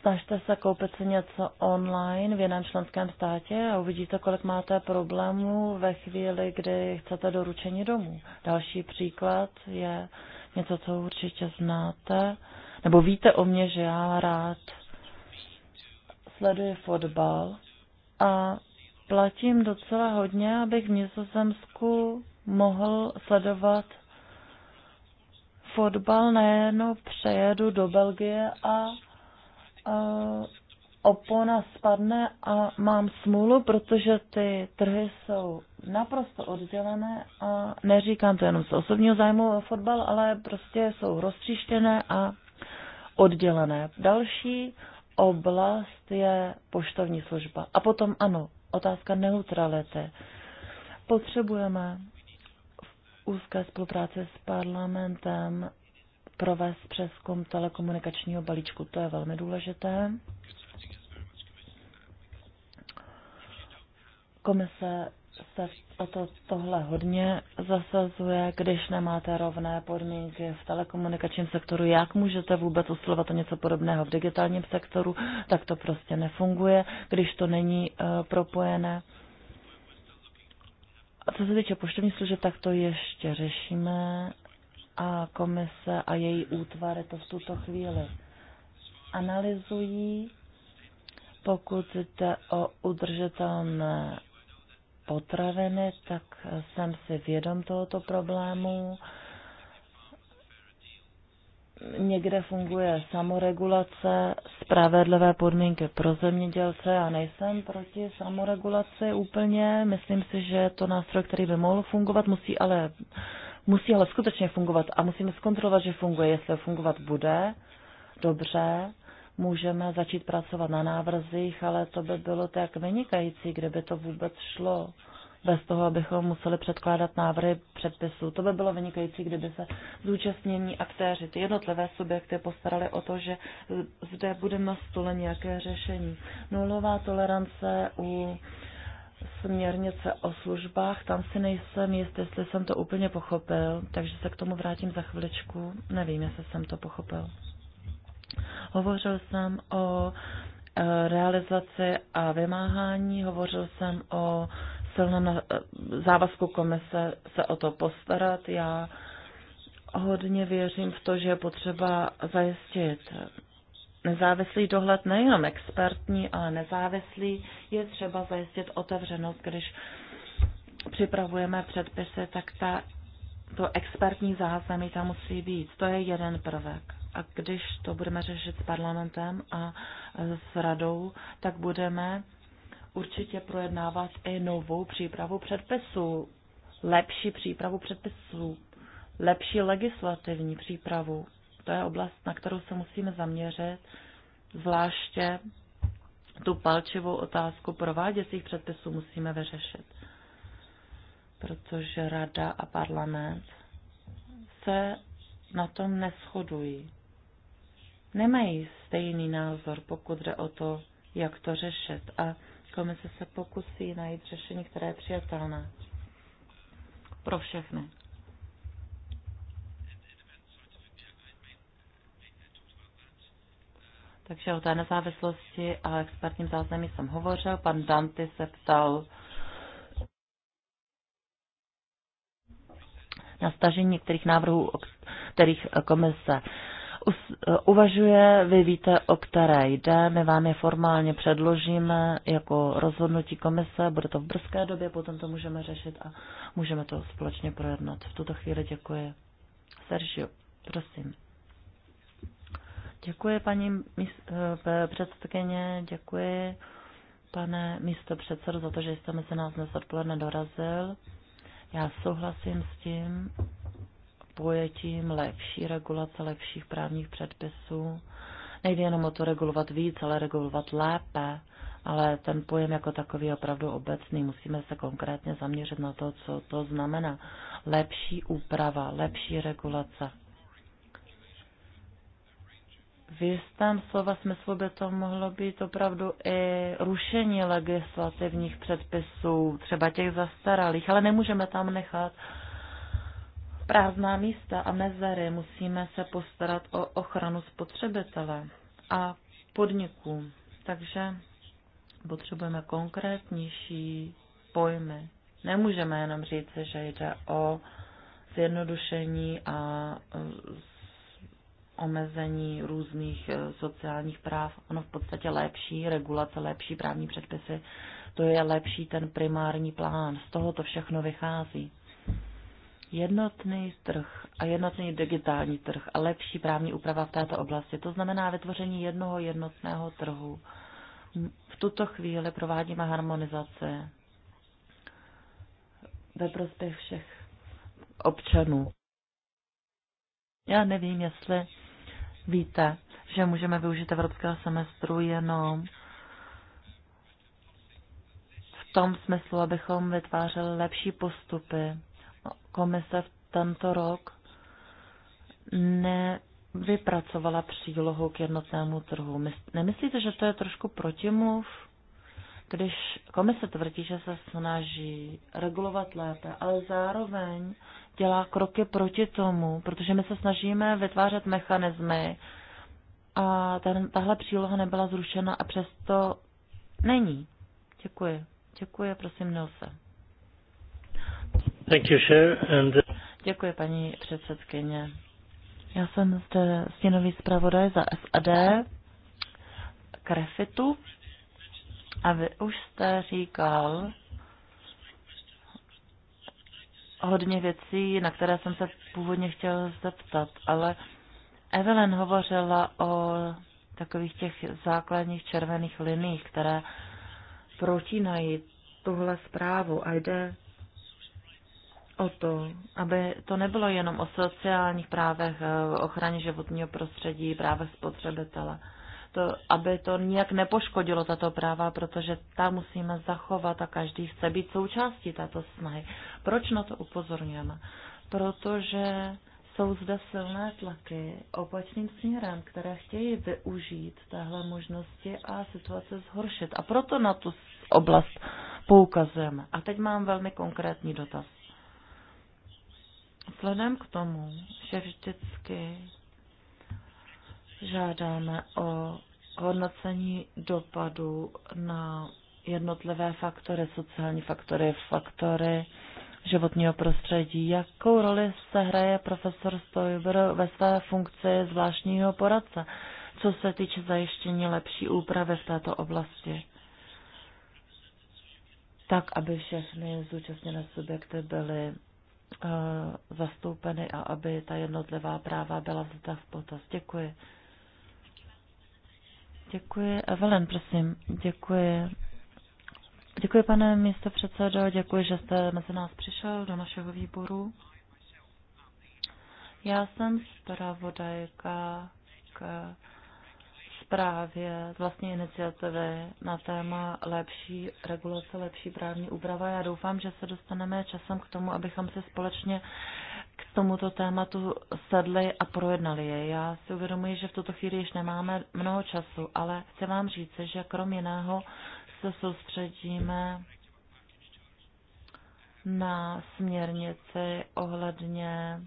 snažte se koupit si něco online v jiném členském státě a uvidíte, kolik máte problémů ve chvíli, kdy chcete doručení domů. Další příklad je něco, co určitě znáte, nebo víte o mě, že já rád sleduji fotbal a platím docela hodně, abych v Nizozemsku mohl sledovat fotbal, nejenom přejedu do Belgie a Eh, opona spadne a mám smůlu, protože ty trhy jsou naprosto oddělené a neříkám to jenom z osobního zájmu fotbal, ale prostě jsou roztříštěné a oddělené. Další oblast je poštovní služba. A potom ano, otázka neutrality. Potřebujeme v úzké spolupráci s parlamentem provést přeskum telekomunikačního balíčku. To je velmi důležité. Komise se o to, tohle hodně zasazuje, když nemáte rovné podmínky v telekomunikačním sektoru. Jak můžete vůbec usilovat o něco podobného v digitálním sektoru, tak to prostě nefunguje, když to není uh, propojené. A co se týče poštovní služeb, tak to ještě řešíme a komise a její útvar to v tuto chvíli analyzují, pokud jde o udržitelné potraviny, tak jsem si vědom tohoto problému. Někde funguje samoregulace, spravedlivé podmínky pro zemědělce. Já nejsem proti samoregulaci úplně. Myslím si, že je to nástroj, který by mohl fungovat, musí ale Musí ale skutečně fungovat a musíme zkontrolovat, že funguje. Jestli fungovat bude, dobře, můžeme začít pracovat na návrzích, ale to by bylo tak vynikající, kdyby to vůbec šlo bez toho, abychom museli předkládat návrhy předpisů. To by bylo vynikající, kdyby se zúčastnění aktéři, ty jednotlivé subjekty postarali o to, že zde bude na stole nějaké řešení. Nulová tolerance u směrnice o službách, tam si nejsem jistý, jestli jsem to úplně pochopil, takže se k tomu vrátím za chviličku. Nevím, jestli jsem to pochopil. Hovořil jsem o eh, realizaci a vymáhání, hovořil jsem o silném eh, závazku komise se o to postarat. Já hodně věřím v to, že je potřeba zajistit nezávislý dohled, nejenom expertní, ale nezávislý, je třeba zajistit otevřenost, když připravujeme předpisy, tak ta, to expertní zázemí tam musí být. To je jeden prvek. A když to budeme řešit s parlamentem a s radou, tak budeme určitě projednávat i novou přípravu předpisů, lepší přípravu předpisů, lepší legislativní přípravu. To je oblast, na kterou se musíme zaměřit, zvláště tu palčivou otázku prováděcích předpisů musíme vyřešit. Protože rada a parlament se na tom neschodují. Nemají stejný názor, pokud jde o to, jak to řešit. A komise se pokusí najít řešení, které je přijatelné pro všechny. Takže o té nezávislosti a expertním záznamí jsem hovořil. Pan Danty se ptal na stažení některých návrhů, o kterých komise uvažuje. Vy víte, o které jde. My vám je formálně předložíme jako rozhodnutí komise. Bude to v brzké době, potom to můžeme řešit a můžeme to společně projednat. V tuto chvíli děkuji. Sergio, prosím. Děkuji, paní eh, předsedkyně, děkuji, pane místo předsedo, za to, že jste mezi nás dnes odpoledne dorazil. Já souhlasím s tím pojetím lepší regulace, lepších právních předpisů. Nejde jenom o to regulovat víc, ale regulovat lépe, ale ten pojem jako takový je opravdu obecný. Musíme se konkrétně zaměřit na to, co to znamená. Lepší úprava, lepší regulace v jistém slova smyslu by to mohlo být opravdu i rušení legislativních předpisů, třeba těch zastaralých, ale nemůžeme tam nechat prázdná místa a mezery. Musíme se postarat o ochranu spotřebitele a podniků. Takže potřebujeme konkrétnější pojmy. Nemůžeme jenom říct, že jde o zjednodušení a omezení různých eh, sociálních práv, ono v podstatě lepší regulace, lepší právní předpisy, to je lepší ten primární plán. Z toho to všechno vychází. Jednotný trh a jednotný digitální trh a lepší právní úprava v této oblasti, to znamená vytvoření jednoho jednotného trhu. V tuto chvíli provádíme harmonizace ve prospěch všech občanů. Já nevím, jestli Víte, že můžeme využít evropského semestru jenom v tom smyslu, abychom vytvářeli lepší postupy. Komise v tento rok nevypracovala přílohu k jednotnému trhu. Nemyslíte, že to je trošku protimluv? Když komise tvrdí, že se snaží regulovat lépe, ale zároveň dělá kroky proti tomu, protože my se snažíme vytvářet mechanismy a ten, tahle příloha nebyla zrušena a přesto není. Děkuji. Děkuji, prosím, Nilse. Thank you, sir, and... Uh, Děkuji, paní předsedkyně. Já jsem zde stěnový zpravodaj za SAD k refitu a vy už jste říkal, hodně věcí, na které jsem se původně chtěl zeptat, ale Evelyn hovořila o takových těch základních červených liních, které protínají tuhle zprávu a jde o to, aby to nebylo jenom o sociálních právech, eh, ochraně životního prostředí, právech spotřebitele aby to nijak nepoškodilo tato práva, protože ta musíme zachovat a každý chce být součástí této snahy. Proč na to upozorňujeme? Protože jsou zde silné tlaky opačným směrem, které chtějí využít téhle možnosti a situace zhoršit. A proto na tu oblast poukazujeme. A teď mám velmi konkrétní dotaz. Vzhledem k tomu, že vždycky žádáme o hodnocení dopadu na jednotlivé faktory, sociální faktory, faktory životního prostředí. Jakou roli se hraje profesor Stojber ve své funkci zvláštního poradce, co se týče zajištění lepší úpravy v této oblasti? Tak, aby všechny zúčastněné subjekty byly uh, zastoupeny a aby ta jednotlivá práva byla vzata v potaz. Děkuji. Děkuji. Evelyn, prosím. Děkuji. Děkuji, pane místo předsedo. Děkuji, že jste mezi nás přišel do našeho výboru. Já jsem zpravodajka k zprávě z vlastní iniciativy na téma lepší regulace, lepší právní úprava. Já doufám, že se dostaneme časem k tomu, abychom se společně tomuto tématu sedli a projednali je. Já si uvědomuji, že v tuto chvíli již nemáme mnoho času, ale chci vám říct, že krom jiného se soustředíme na směrnici ohledně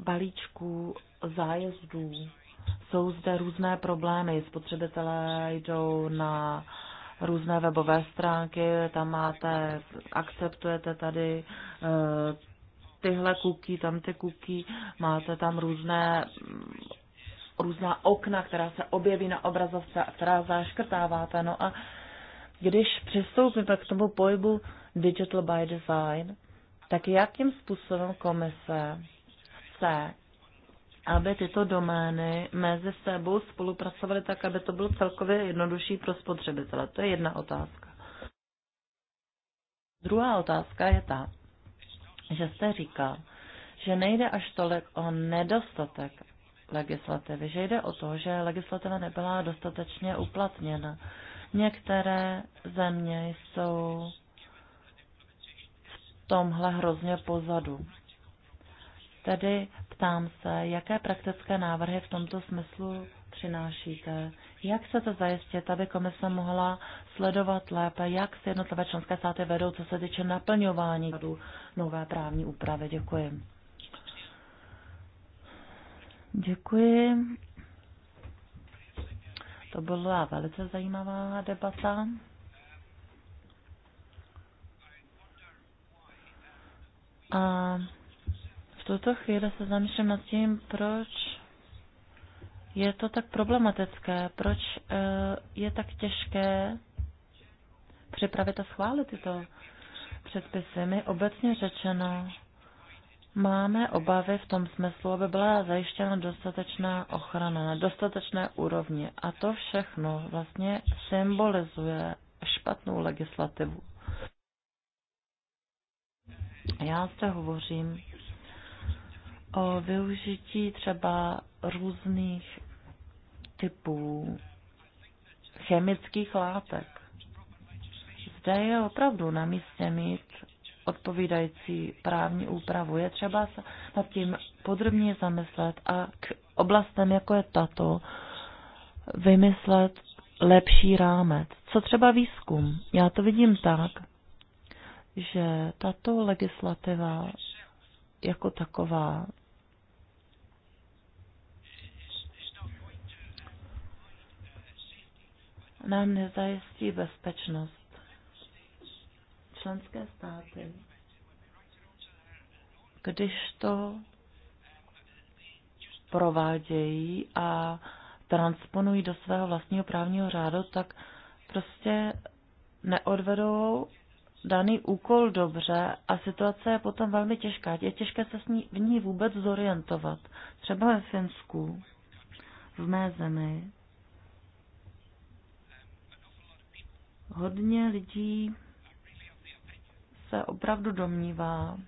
balíčků zájezdů. Jsou zde různé problémy. Spotřebitelé jdou na různé webové stránky, tam máte, akceptujete tady eh, tyhle kuky, tam ty kuky, máte tam různé mm, různá okna, která se objeví na obrazovce a která zaškrtáváte. No a když přistoupíme k tomu pojmu Digital by Design, tak jakým způsobem komise chce, aby tyto domény mezi sebou spolupracovaly tak, aby to bylo celkově jednodušší pro spotřebitele? To je jedna otázka. Druhá otázka je ta, že jste říkal, že nejde až tolik o nedostatek legislativy, že jde o to, že legislativa nebyla dostatečně uplatněna. Některé země jsou v tomhle hrozně pozadu. Tedy ptám se, jaké praktické návrhy v tomto smyslu přinášíte, jak se to zajistit, aby komise mohla sledovat lépe, jak se jednotlivé členské státy vedou, co se týče naplňování nové právní úpravy? Děkuji. Děkuji. To byla velice zajímavá debata. A v tuto chvíli se zamýšlím nad tím, proč je to tak problematické? Proč eh, je tak těžké připravit a schválit tyto předpisy? My obecně řečeno máme obavy v tom smyslu, aby byla zajištěna dostatečná ochrana na dostatečné úrovni. A to všechno vlastně symbolizuje špatnou legislativu. Já zde hovořím o využití třeba různých typů chemických látek. Zde je opravdu na místě mít odpovídající právní úpravu. Je třeba se nad tím podrobně zamyslet a k oblastem, jako je tato, vymyslet lepší rámec. Co třeba výzkum? Já to vidím tak, že tato legislativa jako taková nám nezajistí bezpečnost. Členské státy, když to provádějí a transponují do svého vlastního právního řádu, tak prostě neodvedou daný úkol dobře a situace je potom velmi těžká. Je těžké se v ní vůbec zorientovat. Třeba ve Finsku, v mé zemi, Hodně lidí se opravdu domnívá,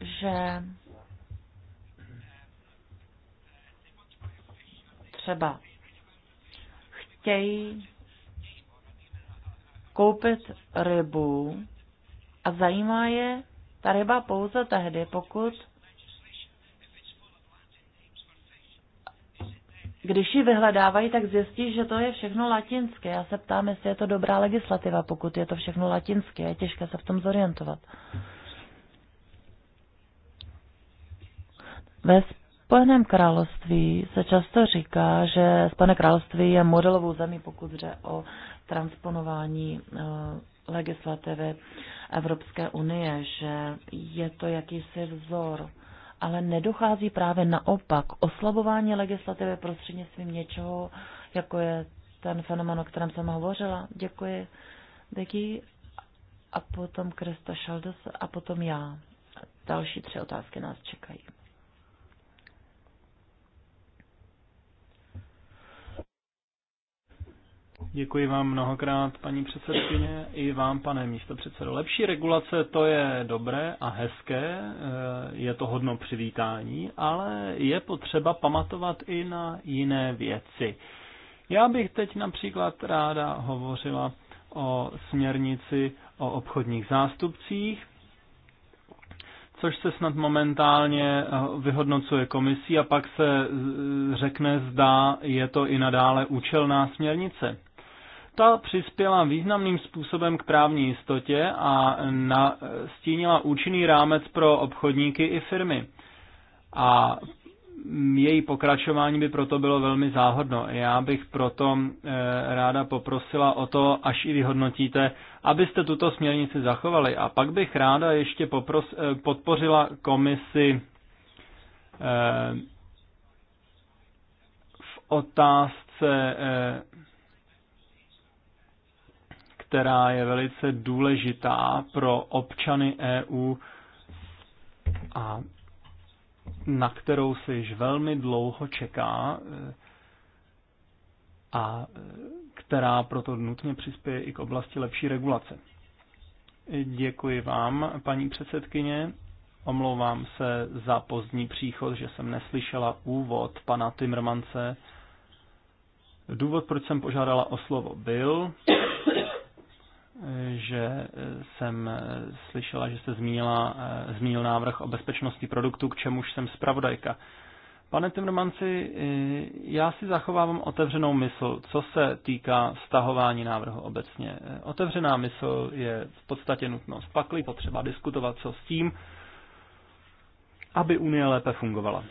že třeba chtějí koupit rybu a zajímá je ta ryba pouze tehdy, pokud Když ji vyhledávají, tak zjistí, že to je všechno latinské. Já se ptám, jestli je to dobrá legislativa, pokud je to všechno latinské. Je těžké se v tom zorientovat. Ve Spojeném království se často říká, že Spojené království je modelovou zemí, pokud jde o transponování eh, legislativy Evropské unie, že je to jakýsi vzor ale nedochází právě naopak oslabování legislativy prostřednictvím něčeho, jako je ten fenomen, o kterém jsem hovořila. Děkuji. Děkuji. A potom Krista Šaldos a potom já. Další tři otázky nás čekají. Děkuji vám mnohokrát, paní předsedkyně, i vám, pane předsedo. Lepší regulace, to je dobré a hezké, eh, je to hodno přivítání, ale je potřeba pamatovat i na jiné věci. Já bych teď například ráda hovořila o směrnici o obchodních zástupcích, což se snad momentálně eh, vyhodnocuje komisí a pak se řekne, zda je to i nadále účelná směrnice. Ta přispěla významným způsobem k právní jistotě a nastínila účinný rámec pro obchodníky i firmy. A její pokračování by proto bylo velmi záhodno. Já bych proto eh, ráda poprosila o to, až i vyhodnotíte, abyste tuto směrnici zachovali. A pak bych ráda ještě popros, eh, podpořila komisi eh, v otázce která je velice důležitá pro občany EU a na kterou se již velmi dlouho čeká eh, a eh, která proto nutně přispěje i k oblasti lepší regulace. Děkuji vám, paní předsedkyně. Omlouvám se za pozdní příchod, že jsem neslyšela úvod pana Timrmance. Důvod, proč jsem požádala o slovo, byl, že jsem slyšela, že jste zmínila, zmínil návrh o bezpečnosti produktu, k čemuž jsem zpravodajka. Pane Timmermanci, já si zachovávám otevřenou mysl, co se týká stahování návrhu obecně. Otevřená mysl je v podstatě nutnost. Pakli potřeba diskutovat, co s tím, aby Unie lépe fungovala.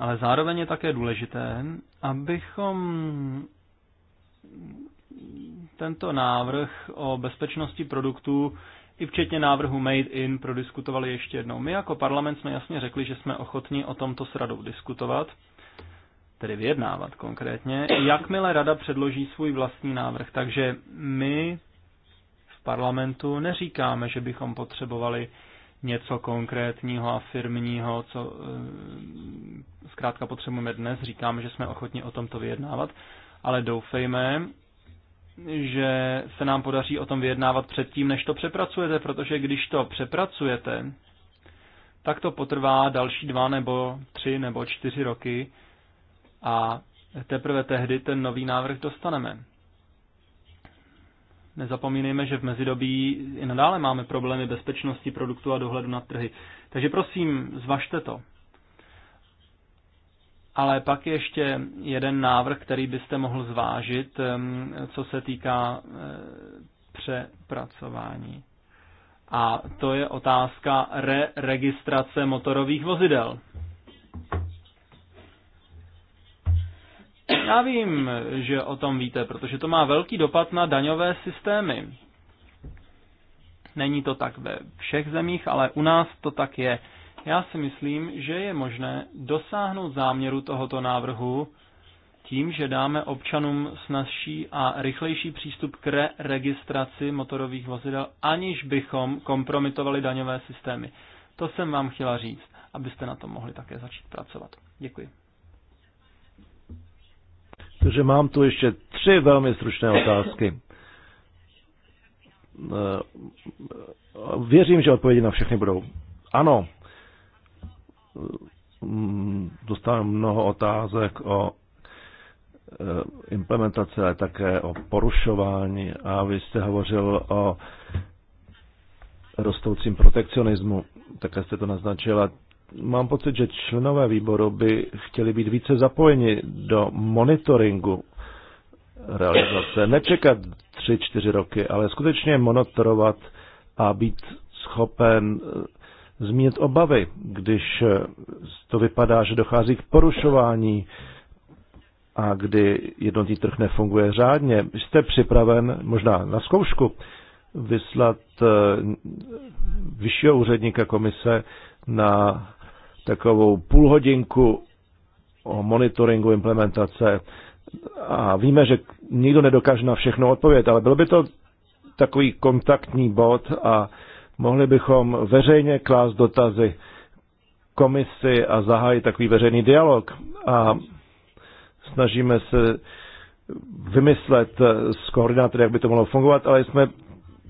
Ale zároveň je také důležité, abychom tento návrh o bezpečnosti produktů i včetně návrhu Made in prodiskutovali ještě jednou. My jako parlament jsme jasně řekli, že jsme ochotni o tomto s radou diskutovat, tedy vyjednávat konkrétně, jakmile rada předloží svůj vlastní návrh. Takže my v parlamentu neříkáme, že bychom potřebovali něco konkrétního a firmního, co eh, zkrátka potřebujeme dnes. Říkáme, že jsme ochotni o tomto vyjednávat, ale doufejme, že se nám podaří o tom vyjednávat předtím, než to přepracujete, protože když to přepracujete, tak to potrvá další dva nebo tři nebo čtyři roky a teprve tehdy ten nový návrh dostaneme. Nezapomínejme, že v mezidobí i nadále máme problémy bezpečnosti produktu a dohledu na trhy. Takže prosím, zvažte to. Ale pak ještě jeden návrh, který byste mohl zvážit, co se týká eh, přepracování. A to je otázka re-registrace motorových vozidel. Já vím, že o tom víte, protože to má velký dopad na daňové systémy. Není to tak ve všech zemích, ale u nás to tak je. Já si myslím, že je možné dosáhnout záměru tohoto návrhu tím, že dáme občanům snazší a rychlejší přístup k re registraci motorových vozidel, aniž bychom kompromitovali daňové systémy. To jsem vám chtěla říct, abyste na tom mohli také začít pracovat. Děkuji. Takže mám tu ještě tři velmi stručné otázky. Věřím, že odpovědi na všechny budou. Ano, Mm, dostávám mnoho otázek o eh, implementaci, ale také o porušování. A vy jste hovořil o rostoucím protekcionismu, také jste to naznačila. Mám pocit, že členové výboru by chtěli být více zapojeni do monitoringu realizace. Nečekat tři, čtyři roky, ale skutečně monitorovat a být schopen eh, zmínit obavy, když eh, to vypadá, že dochází k porušování a kdy jednotný trh nefunguje řádně. Jste připraven možná na zkoušku vyslat eh, vyššího úředníka komise na takovou půlhodinku o monitoringu implementace a víme, že nikdo nedokáže na všechno odpovědět, ale bylo by to takový kontaktní bod a Mohli bychom veřejně klást dotazy komisi a zahájit takový veřejný dialog. A snažíme se vymyslet s koordinátory, jak by to mohlo fungovat, ale jsme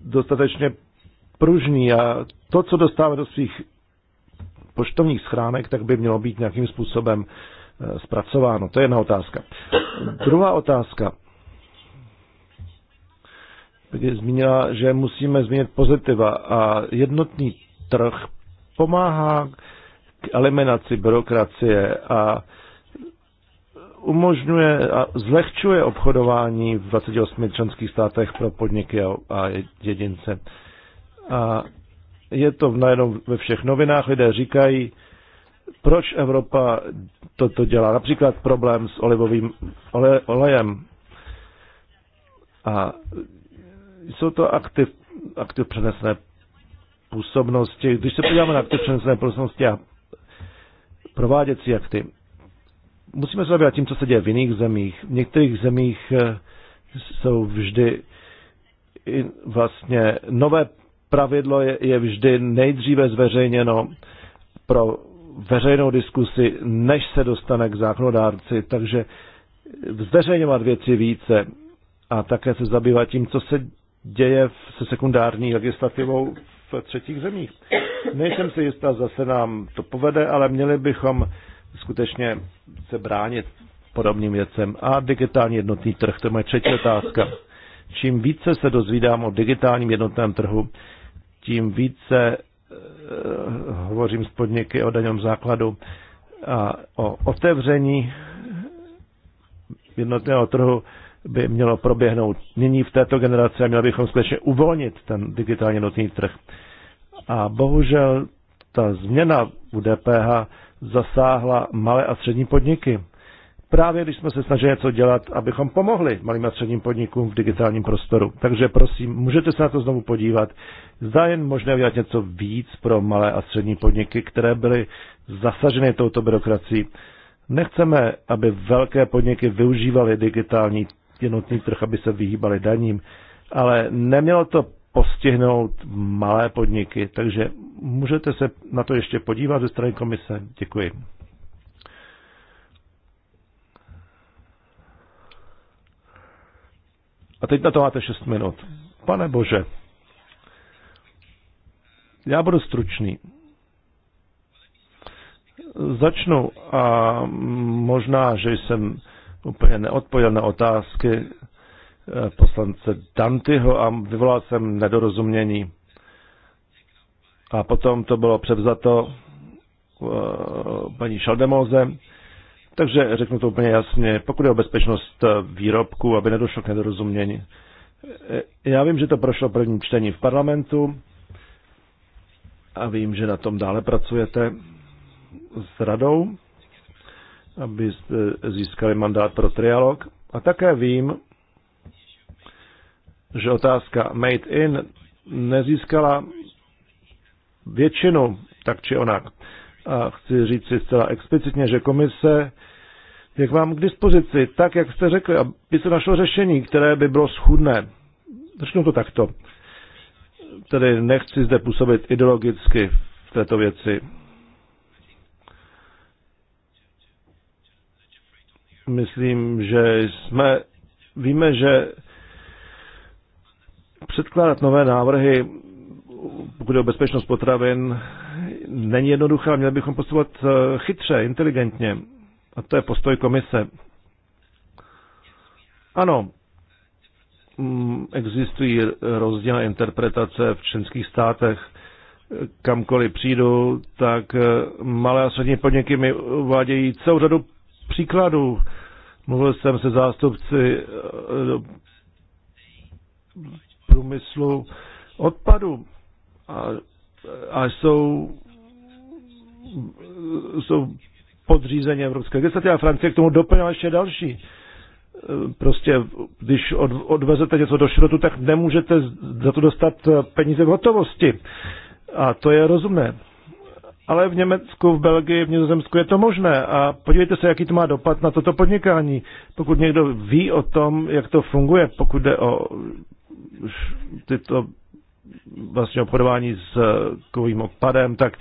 dostatečně pružní a to, co dostáváme do svých poštovních schránek, tak by mělo být nějakým způsobem eh, zpracováno. To je jedna otázka. Druhá otázka zmínila, že musíme změnit pozitiva a jednotný trh pomáhá k eliminaci byrokracie a umožňuje a zlehčuje obchodování v 28 členských státech pro podniky a jedince. A je to najednou ve všech novinách, lidé říkají, proč Evropa toto dělá. Například problém s olivovým olejem. A jsou to aktiv, aktiv přenesené působnosti. Když se podíváme na aktiv přenesené působnosti a prováděcí akty, musíme se zabývat tím, co se děje v jiných zemích. V některých zemích eh, jsou vždy vlastně nové pravidlo je, je vždy nejdříve zveřejněno pro veřejnou diskusi, než se dostane k zákonodárci, takže zveřejňovat věci více a také se zabývat tím, co se děje se sekundární legislativou v třetích zemích. Nejsem si jistá, zase nám to povede, ale měli bychom skutečně se bránit podobným věcem. A digitální jednotný trh, to je moje třetí otázka. Čím více se dozvídám o digitálním jednotném trhu, tím více eh, hovořím s podniky o daňovém základu a o otevření jednotného trhu by mělo proběhnout nyní v této generaci a měli bychom skutečně uvolnit ten digitálně nutný trh. A bohužel ta změna u DPH zasáhla malé a střední podniky. Právě když jsme se snažili něco dělat, abychom pomohli malým a středním podnikům v digitálním prostoru. Takže prosím, můžete se na to znovu podívat. Zda jen možné udělat něco víc pro malé a střední podniky, které byly zasaženy touto byrokracií. Nechceme, aby velké podniky využívaly digitální jednotný prostě trh, aby se vyhýbali daním. Ale nemělo to postihnout malé podniky, takže můžete se na to ještě podívat ze strany komise. Děkuji. A teď na to máte 6 minut. Pane Bože, já budu stručný. Začnu a možná, že jsem úplně neodpověděl na otázky eh, poslance Dantyho a vyvolal jsem nedorozumění. A potom to bylo převzato eh, paní Šaldemoze. Takže řeknu to úplně jasně, pokud je o bezpečnost eh, výrobku, aby nedošlo k nedorozumění. Já vím, že to prošlo prvním čtení v parlamentu a vím, že na tom dále pracujete s radou aby získali mandát pro trialog. A také vím, že otázka made in nezískala většinu, tak či onak. A chci říct si zcela explicitně, že komise je k vám k dispozici, tak jak jste řekli, aby se našlo řešení, které by bylo schudné. Začnu to takto. Tedy nechci zde působit ideologicky v této věci. Myslím, že jsme, víme, že předkládat nové návrhy, pokud je o bezpečnost potravin, není jednoduché, ale měli bychom postupovat eh, chytře, inteligentně. A to je postoj komise. Ano, mm, existují rozdílné interpretace v členských státech. Kamkoliv přijdu, tak eh, malé a střední podniky mi uvádějí celou řadu příkladů. Mluvil jsem se zástupci eh, průmyslu odpadu a, a jsou, jsou podřízení Evropské legislativy a Francie k tomu doplnila ještě další. Eh, prostě, když od, odvezete něco do šrotu, tak nemůžete za to dostat eh, peníze v hotovosti. A to je rozumné ale v Německu, v Belgii, v Nizozemsku je to možné. A podívejte se, jaký to má dopad na toto podnikání. Pokud někdo ví o tom, jak to funguje, pokud jde o tyto vlastně obchodování s kovým odpadem, tak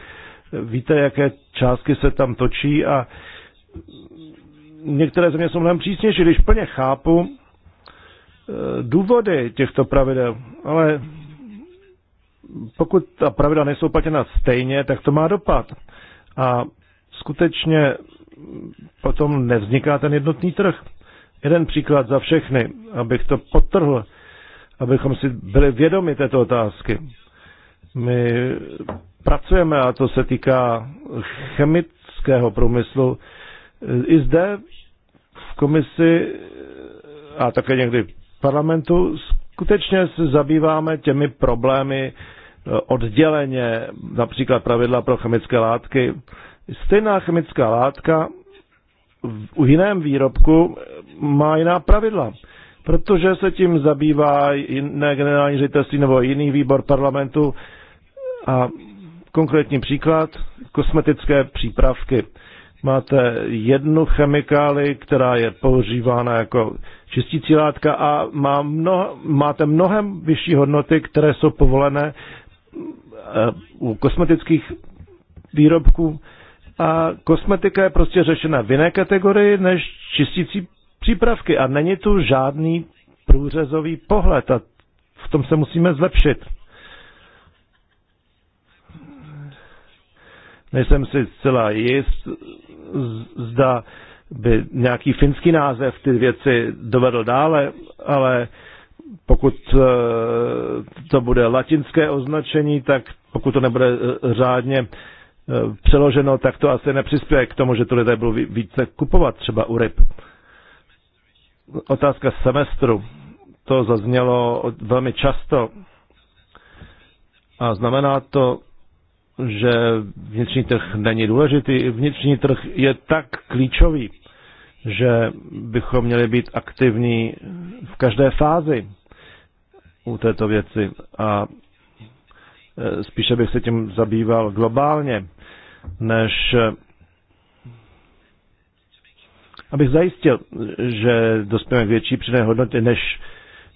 víte, jaké částky se tam točí a některé země jsou mnohem přísnější, když plně chápu eh, důvody těchto pravidel, ale pokud ta pravidla nejsou platěna stejně, tak to má dopad. A skutečně potom nevzniká ten jednotný trh. Jeden příklad za všechny, abych to potrhl, abychom si byli vědomi této otázky. My pracujeme, a to se týká chemického průmyslu, i zde v komisi a také někdy v parlamentu skutečně se zabýváme těmi problémy odděleně, například pravidla pro chemické látky. Stejná chemická látka u jiném výrobku má jiná pravidla, protože se tím zabývá jiné generální ředitelství nebo jiný výbor parlamentu a konkrétní příklad, kosmetické přípravky. Máte jednu chemikáli, která je používána jako čistící látka a má mnoho, máte mnohem vyšší hodnoty, které jsou povolené Eh, u kosmetických výrobků. A kosmetika je prostě řešena v jiné kategorii než čistící přípravky a není tu žádný průřezový pohled a v tom se musíme zlepšit. Nejsem si zcela jist, zda by nějaký finský název ty věci dovedl dále, ale pokud eh, to bude latinské označení, tak pokud to nebude eh, řádně eh, přeloženo, tak to asi nepřispěje k tomu, že to lidé budou více kupovat třeba u ryb. Otázka semestru. To zaznělo velmi často a znamená to, že vnitřní trh není důležitý. Vnitřní trh je tak klíčový, že bychom měli být aktivní v každé fázi u této věci a e, spíše bych se tím zabýval globálně, než e, abych zajistil, že dospěme k větší přidané hodnotě, než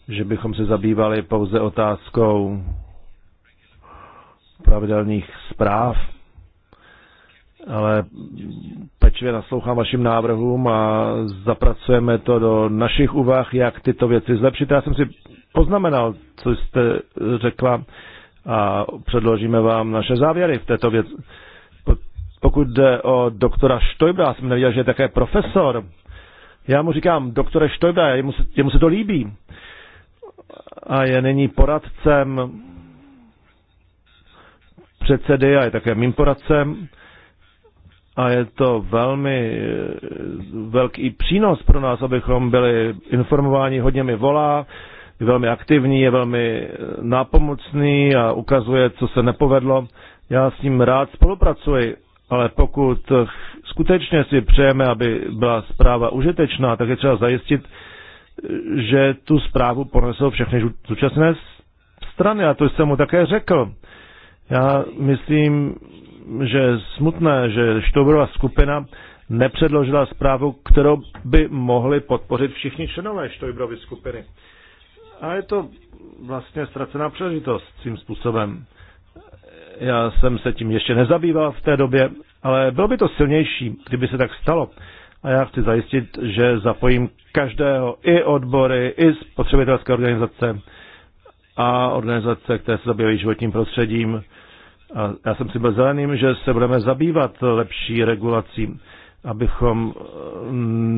že bychom se zabývali pouze otázkou pravidelných zpráv. Ale pečlivě naslouchám vašim návrhům a zapracujeme to do našich úvah, jak tyto věci zlepšit. Já jsem si poznamenal, co jste řekla a předložíme vám naše závěry v této věci. Pokud jde o doktora Štojbra, jsem nevěděl, že je také profesor. Já mu říkám, doktore Štojbra, jemu, se, jemu se to líbí. A je není poradcem předsedy a je také mým poradcem. A je to velmi velký přínos pro nás, abychom byli informováni, hodně mi volá, je velmi aktivní, je velmi eh, nápomocný a ukazuje, co se nepovedlo. Já s ním rád spolupracuji, ale pokud eh, skutečně si přejeme, aby byla zpráva užitečná, tak je třeba zajistit, eh, že tu zprávu ponesou všechny zúčastněné strany. A to jsem mu také řekl. Já myslím, že je smutné, že Štobrová skupina nepředložila zprávu, kterou by mohli podpořit všichni členové Štojbrovy skupiny. A je to vlastně ztracená příležitost Tím způsobem. Já jsem se tím ještě nezabýval v té době, ale bylo by to silnější, kdyby se tak stalo. A já chci zajistit, že zapojím každého, i odbory, i spotřebitelské organizace a organizace, které se zabývají životním prostředím. A já jsem si byl zeleným, že se budeme zabývat lepší regulací, abychom eh,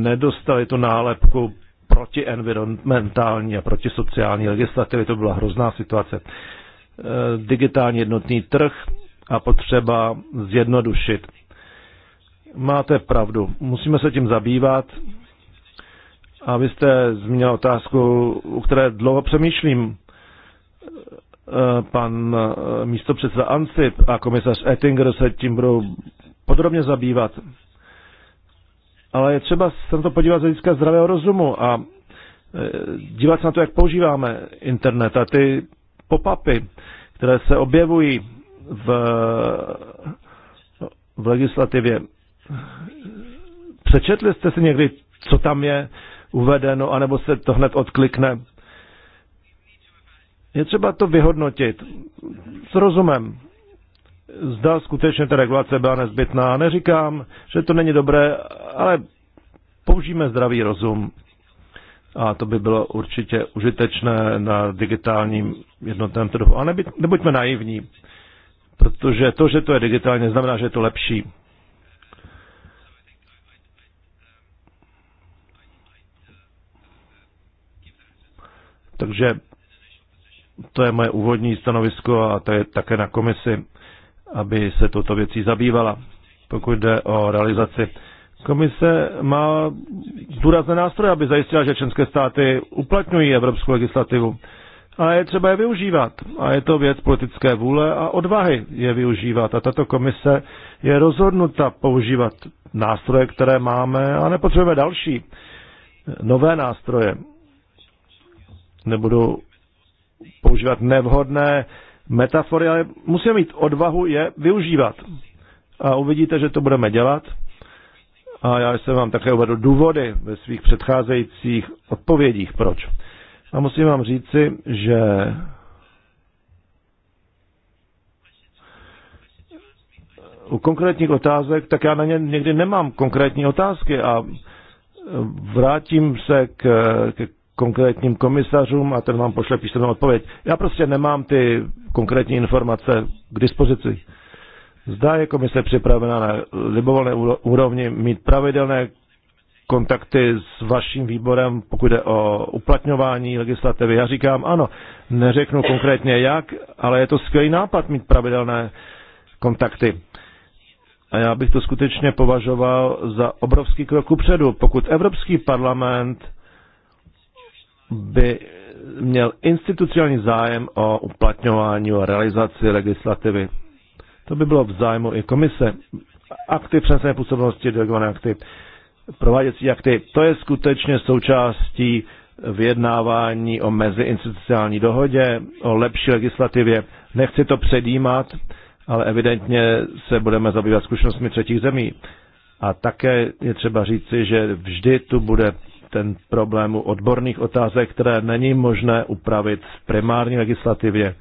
nedostali tu nálepku proti environmentální a proti sociální legislativy. To byla hrozná situace. E, digitální jednotný trh a potřeba zjednodušit. Máte pravdu. Musíme se tím zabývat. A vy jste zmínil otázku, u které dlouho přemýšlím. E, pan e, místopředseda Ansip a komisař Ettinger se tím budou podrobně zabývat ale je třeba se na to podívat z hlediska zdravého rozumu a e, dívat se na to, jak používáme internet a ty popapy, které se objevují v, v legislativě. Přečetli jste si někdy, co tam je uvedeno, anebo se to hned odklikne? Je třeba to vyhodnotit s rozumem zda skutečně ta regulace byla nezbytná. Neříkám, že to není dobré, ale použijeme zdravý rozum. A to by bylo určitě užitečné na digitálním jednotném trhu. A neby, nebuďme naivní, protože to, že to je digitálně, znamená, že je to lepší. Takže to je moje úvodní stanovisko a to je také na komisi aby se toto věcí zabývala. Pokud jde o realizaci, komise má důrazné nástroje, aby zajistila, že členské státy uplatňují evropskou legislativu. A je třeba je využívat. A je to věc politické vůle a odvahy je využívat. A tato komise je rozhodnuta používat nástroje, které máme a nepotřebujeme další. Nové nástroje. Nebudou používat nevhodné metafory, ale musíme mít odvahu je využívat. A uvidíte, že to budeme dělat. A já jsem vám také uvedl důvody ve svých předcházejících odpovědích, proč. A musím vám říci, že u konkrétních otázek, tak já na ně někdy nemám konkrétní otázky a vrátím se k, k konkrétním komisařům a ten vám pošle písemnou odpověď. Já prostě nemám ty konkrétní informace k dispozici. Zdá je komise připravena na libovolné úrovni mít pravidelné kontakty s vaším výborem, pokud jde o uplatňování legislativy. Já říkám ano, neřeknu konkrétně jak, ale je to skvělý nápad mít pravidelné kontakty. A já bych to skutečně považoval za obrovský krok upředu. Pokud Evropský parlament by měl institucionální zájem o uplatňování, a realizaci legislativy. To by bylo v zájmu i komise. Akty přenesené působnosti, delegované akty, prováděcí akty, to je skutečně součástí vyjednávání o meziinstitucionální dohodě, o lepší legislativě. Nechci to předjímat, ale evidentně se budeme zabývat zkušenostmi třetích zemí. A také je třeba říci, že vždy tu bude ten problém odborných otázek, které není možné upravit v primární legislativě.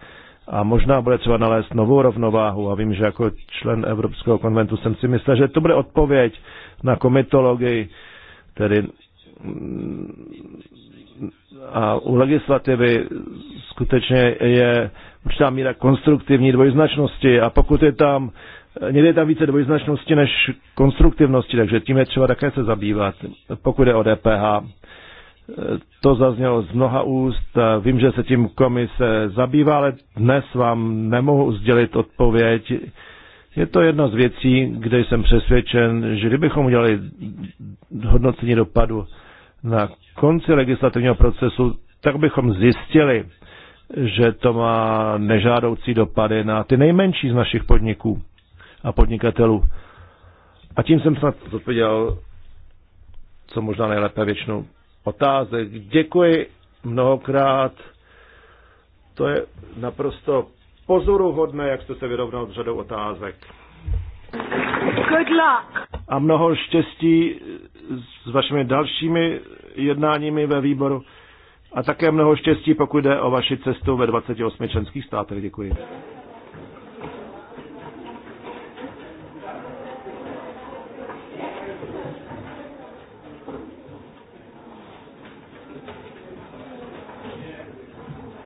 A možná bude třeba nalézt novou rovnováhu. A vím, že jako člen Evropského konventu jsem si myslel, že to bude odpověď na komitologii, tedy a u legislativy skutečně je určitá míra konstruktivní dvojznačnosti a pokud je tam někdy je tam více dvojznačnosti než konstruktivnosti, takže tím je třeba také se zabývat, pokud je o DPH. To zaznělo z mnoha úst, vím, že se tím komise zabývá, ale dnes vám nemohu sdělit odpověď. Je to jedna z věcí, kde jsem přesvědčen, že kdybychom udělali hodnocení dopadu na konci legislativního procesu, tak bychom zjistili, že to má nežádoucí dopady na ty nejmenší z našich podniků a podnikatelů. A tím jsem snad odpověděl co možná nejlépe většinou otázek. Děkuji mnohokrát. To je naprosto pozoruhodné, jak jste se vyrovnal s řadou otázek. Good luck. A mnoho štěstí s vašimi dalšími jednáními ve výboru a také mnoho štěstí, pokud jde o vaši cestu ve 28 členských státech. Děkuji.